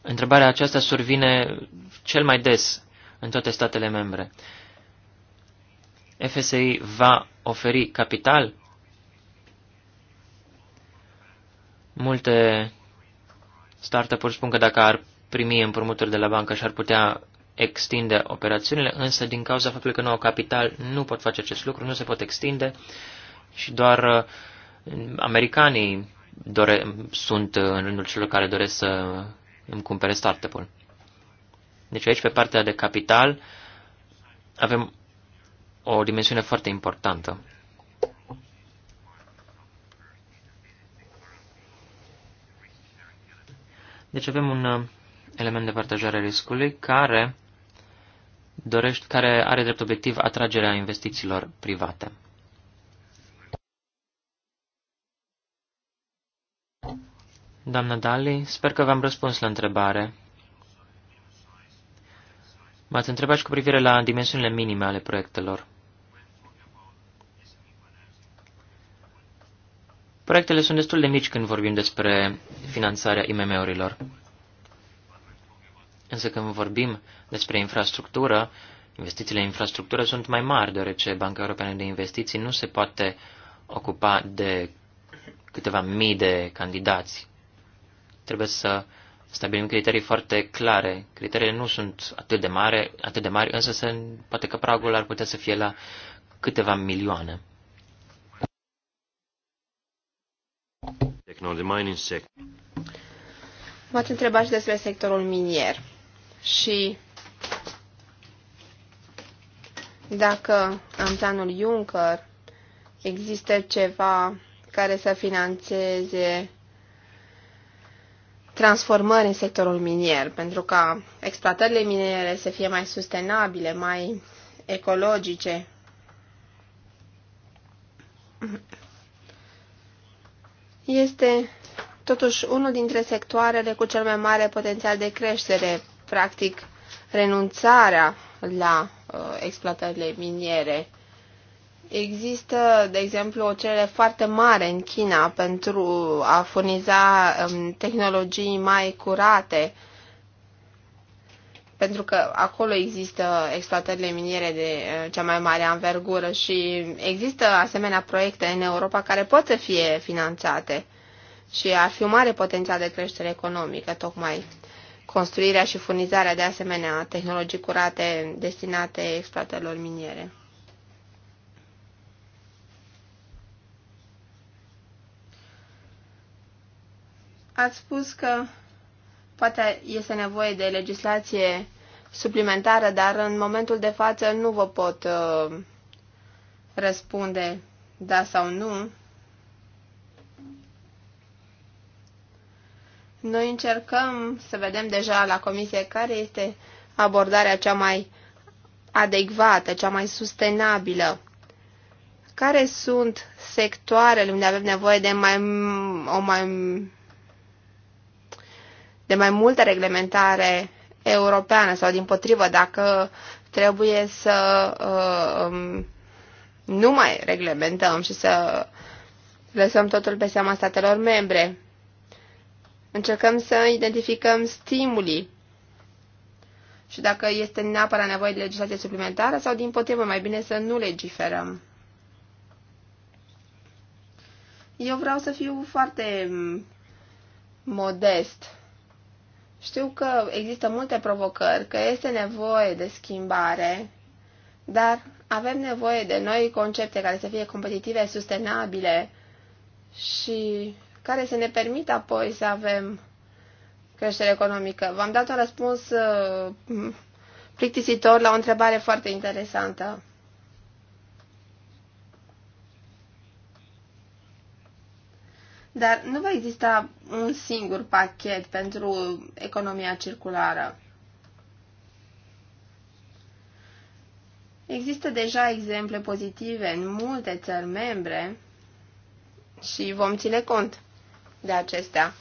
Întrebarea aceasta survine cel mai des în toate statele membre. FSI va oferi capital. Multe startup-uri spun că dacă ar primi împrumuturi de la bancă și ar putea extinde operațiunile, însă din cauza faptului că nu au capital, nu pot face acest lucru, nu se pot extinde și doar uh, americanii dore, sunt uh, în rândul celor care doresc să îmi cumpere startup-ul. Deci aici, pe partea de capital, avem o dimensiune foarte importantă. Deci avem un uh, element de partajare a riscului care, dorește, care are drept obiectiv atragerea investițiilor private. Doamna Dali, sper că v-am răspuns la întrebare. M-ați întrebat și cu privire la dimensiunile minime ale proiectelor. Proiectele sunt destul de mici când vorbim despre finanțarea IMM-urilor. Însă când vorbim despre infrastructură, investițiile în infrastructură sunt mai mari, deoarece Banca Europeană de Investiții nu se poate ocupa de câteva mii de candidați. Trebuie să stabilim criterii foarte clare. Criteriile nu sunt atât de, mare, atât de mari, însă se, poate că pragul ar putea să fie la câteva milioane. M-ați întrebat și despre sectorul minier și dacă în planul Juncker există ceva care să financeze transformări în sectorul minier, pentru ca exploatările miniere să fie mai sustenabile, mai ecologice. Este totuși unul dintre sectoarele cu cel mai mare potențial de creștere, practic renunțarea la uh, exploatările miniere Există, de exemplu, o cerere foarte mare în China pentru a furniza um, tehnologii mai curate, pentru că acolo există exploatările miniere de uh, cea mai mare anvergură și există asemenea proiecte în Europa care pot să fie finanțate și ar fi un mare potențial de creștere economică, tocmai construirea și furnizarea de asemenea tehnologii curate destinate exploatărilor miniere. Ați spus că poate este nevoie de legislație suplimentară, dar în momentul de față nu vă pot uh, răspunde da sau nu. Noi încercăm să vedem deja la comisie care este abordarea cea mai adecvată, cea mai sustenabilă. Care sunt sectoarele unde avem nevoie de mai, o mai de mai multă reglementare europeană sau din potrivă dacă trebuie să uh, um, nu mai reglementăm și să lăsăm totul pe seama statelor membre. Încercăm să identificăm stimulii și dacă este neapărat nevoie de legislație suplimentară sau din potrivă mai bine să nu legiferăm. Eu vreau să fiu foarte modest știu că există multe provocări, că este nevoie de schimbare, dar avem nevoie de noi concepte care să fie competitive, sustenabile și care să ne permită apoi să avem creștere economică. V-am dat un răspuns uh, plictisitor la o întrebare foarte interesantă. Dar nu va exista un singur pachet pentru economia circulară. Există deja exemple pozitive în multe țări membre și vom ține cont de acestea.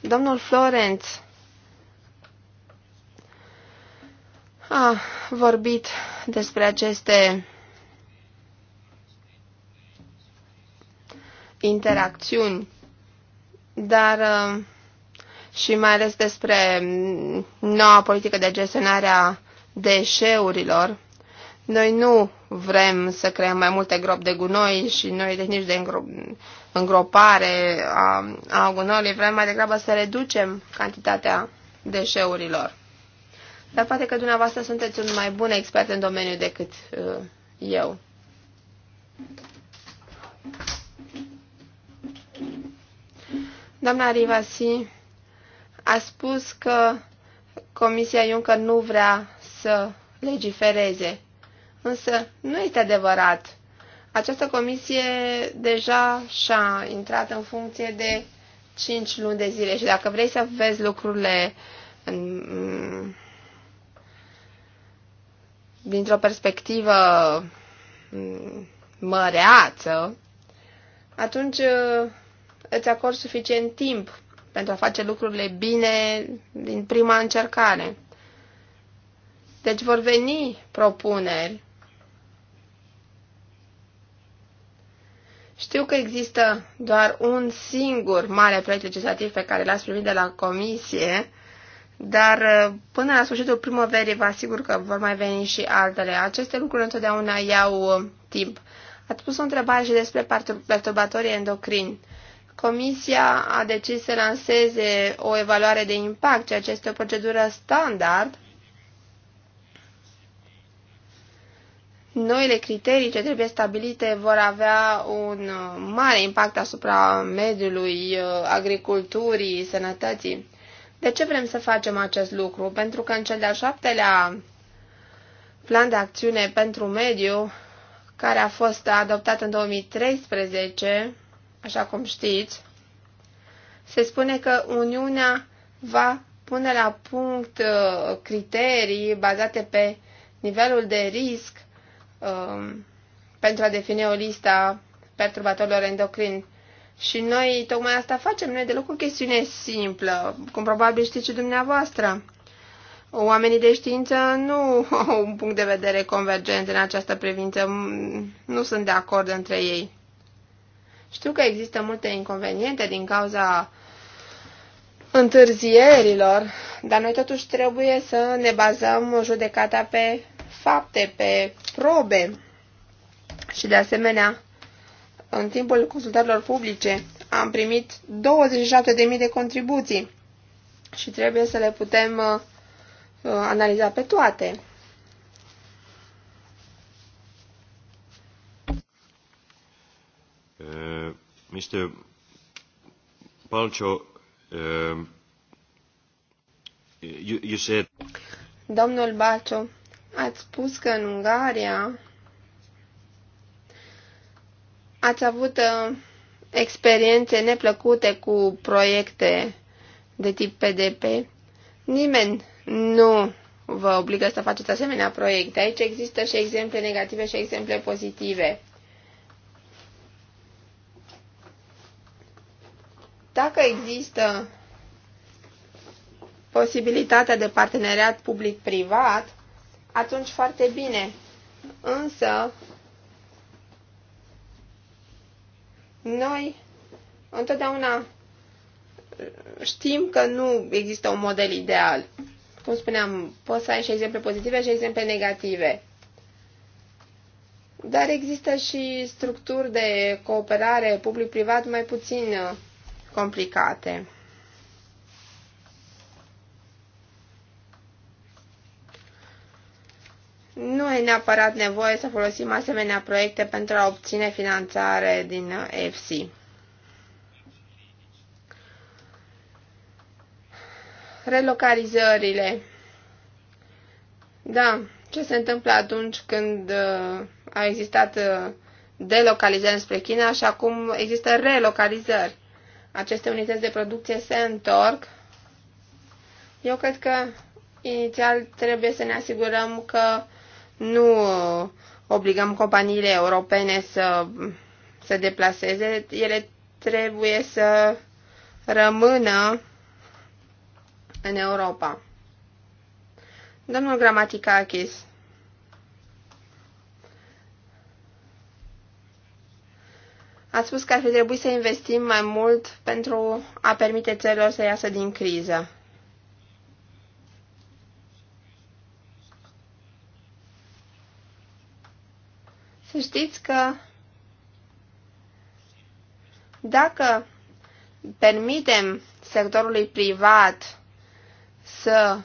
Domnul Florenț a vorbit despre aceste interacțiuni, dar uh, și mai ales despre mm, noua politică de gestionare a deșeurilor. Noi nu vrem să creăm mai multe gropi de gunoi și noi de nici de îngropare a, a gunoiului, vrem mai degrabă să reducem cantitatea deșeurilor. Dar poate că dumneavoastră sunteți un mai bun expert în domeniu decât uh, eu. Doamna Rivasi a spus că Comisia Juncker nu vrea să legifereze, însă nu este adevărat. Această comisie deja și-a intrat în funcție de 5 luni de zile și dacă vrei să vezi lucrurile în, dintr-o perspectivă mm, măreață, atunci îți acord suficient timp pentru a face lucrurile bine din prima încercare. Deci vor veni propuneri. Știu că există doar un singur mare proiect legislativ pe care l-ați primit de la comisie, dar uh, până la sfârșitul primăverii vă asigur că vor mai veni și altele. Aceste lucruri întotdeauna iau uh, timp. Ați pus o întrebare și despre perturbatorii endocrini. Comisia a decis să lanseze o evaluare de impact, ceea ce este o procedură standard. Noile criterii ce trebuie stabilite vor avea un mare impact asupra mediului, uh, agriculturii, sănătății. De ce vrem să facem acest lucru? Pentru că în cel de-al șaptelea plan de acțiune pentru mediu, care a fost adoptat în 2013, așa cum știți, se spune că Uniunea va pune la punct uh, criterii bazate pe nivelul de risc um, pentru a defini o listă perturbatorilor endocrin. Și noi tocmai asta facem, noi deloc o chestiune simplă, cum probabil știți și dumneavoastră. Oamenii de știință nu au un punct de vedere convergent în această privință, mm, nu sunt de acord între ei. Știu că există multe inconveniente din cauza întârzierilor, dar noi totuși trebuie să ne bazăm judecata pe fapte, pe probe și de asemenea în timpul consultărilor publice am primit 27.000 de contribuții și trebuie să le putem uh, analiza pe toate. Mr. Palcio, uh, um, you, you said... Domnul Balcio, ați spus că în Ungaria ați avut uh, experiențe neplăcute cu proiecte de tip PDP. Nimeni nu vă obligă să faceți asemenea proiecte. Aici există și exemple negative și exemple pozitive. Dacă există posibilitatea de parteneriat public-privat, atunci foarte bine. Însă, noi întotdeauna știm că nu există un model ideal. Cum spuneam, poți să ai și exemple pozitive și exemple negative. Dar există și structuri de cooperare public-privat mai puțin complicate. Nu e neapărat nevoie să folosim asemenea proiecte pentru a obține finanțare din FC. Relocalizările. Da, ce se întâmplă atunci când uh, existat uh, delocalizări spre China și acum există relocalizări aceste unități de producție se întorc, eu cred că inițial trebuie să ne asigurăm că nu obligăm companiile europene să se deplaseze, ele trebuie să rămână în Europa. Domnul Gramaticakis, Ați spus că ar fi trebuit să investim mai mult pentru a permite țărilor să iasă din criză. Să știți că dacă permitem sectorului privat să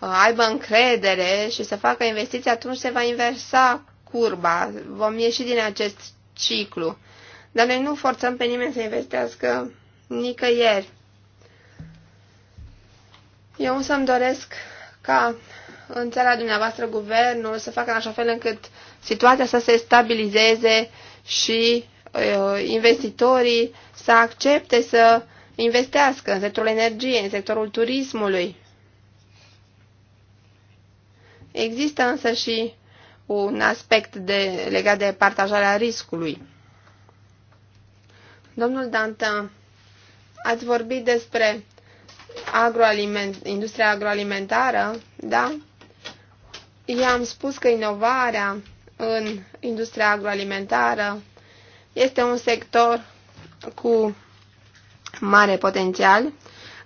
uh, aibă încredere și să facă investiții, atunci se va inversa curba, vom ieși din acest ciclu dar noi nu forțăm pe nimeni să investească nicăieri. Eu însă îmi doresc ca în țara dumneavoastră guvernul să facă în așa fel încât situația să se stabilizeze și uh, investitorii să accepte să investească în sectorul energiei, în sectorul turismului. Există însă și un aspect de, legat de partajarea riscului. Domnul Danta ați vorbit despre agroaliment, industria agroalimentară, da? I-am spus că inovarea în industria agroalimentară este un sector cu mare potențial,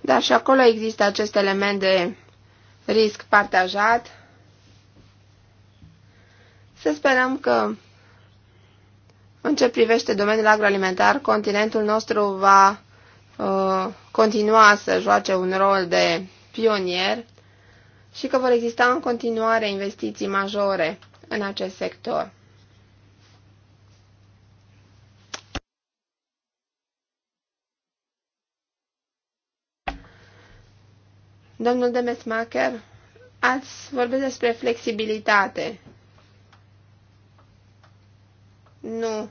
dar și acolo există acest element de risc partajat. Să sperăm că în ce privește domeniul agroalimentar, continentul nostru va uh, continua să joace un rol de pionier și că vor exista în continuare investiții majore în acest sector. Domnul Demesmacher, ați vorbit despre flexibilitate nu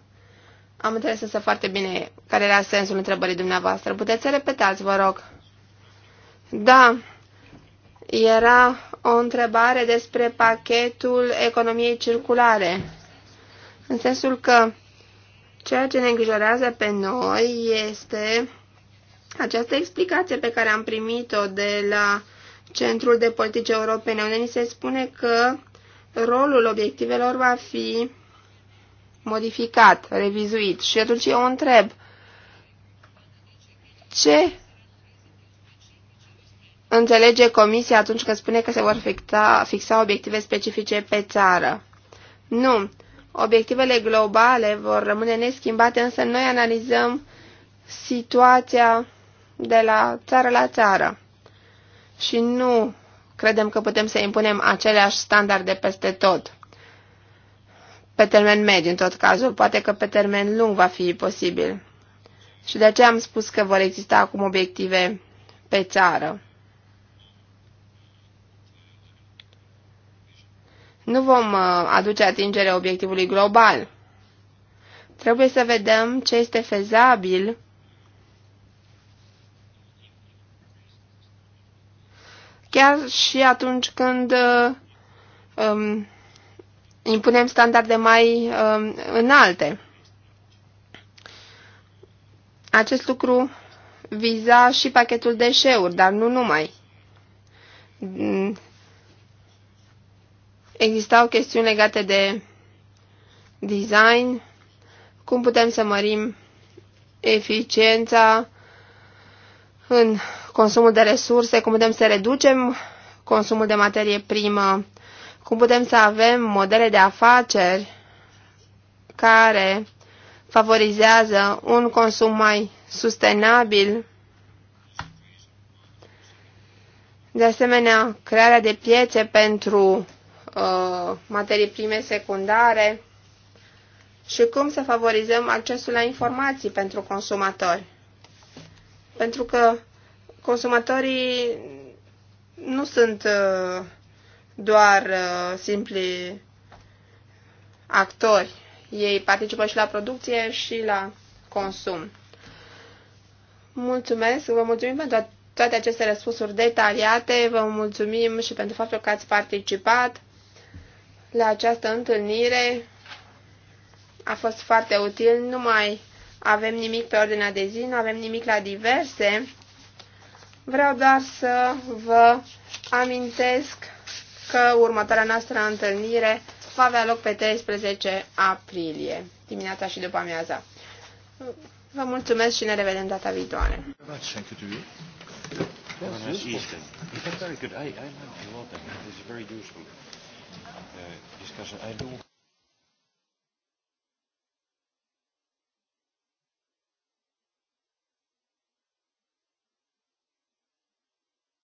am înțeles însă foarte bine care era sensul întrebării dumneavoastră. Puteți să repetați, vă rog. Da, era o întrebare despre pachetul economiei circulare. În sensul că ceea ce ne îngrijorează pe noi este această explicație pe care am primit-o de la Centrul de Politici Europene, unde ni se spune că rolul obiectivelor va fi modificat, revizuit. Și atunci eu întreb, ce înțelege Comisia atunci când spune că se vor fixa, fixa obiective specifice pe țară? Nu. Obiectivele globale vor rămâne neschimbate, însă noi analizăm situația de la țară la țară. Și nu credem că putem să impunem aceleași standarde peste tot pe termen mediu, în tot cazul, poate că pe termen lung va fi posibil. Și de aceea am spus că vor exista acum obiective pe țară. Nu vom uh, aduce atingere obiectivului global. Trebuie să vedem ce este fezabil chiar și atunci când uh, um, impunem standarde mai uh, înalte. Acest lucru viza și pachetul deșeuri, dar nu numai. Mm. Existau chestiuni legate de design, cum putem să mărim eficiența în consumul de resurse, cum putem să reducem consumul de materie primă, cum putem să avem modele de afaceri care favorizează un consum mai sustenabil? De asemenea, crearea de piețe pentru uh, materii prime secundare și cum să favorizăm accesul la informații pentru consumatori. Pentru că consumatorii nu sunt uh, doar uh, simpli actori. Ei participă și la producție și la consum. Mulțumesc, vă mulțumim pentru toate aceste răspunsuri detaliate, vă mulțumim și pentru faptul că ați participat la această întâlnire. A fost foarte util, nu mai avem nimic pe ordinea de zi, nu avem nimic la diverse. Vreau doar să vă amintesc că următoarea noastră întâlnire va avea loc pe 13 aprilie, dimineața și după amiaza. Vă mulțumesc și ne revedem data viitoare. Uh, discussion. I do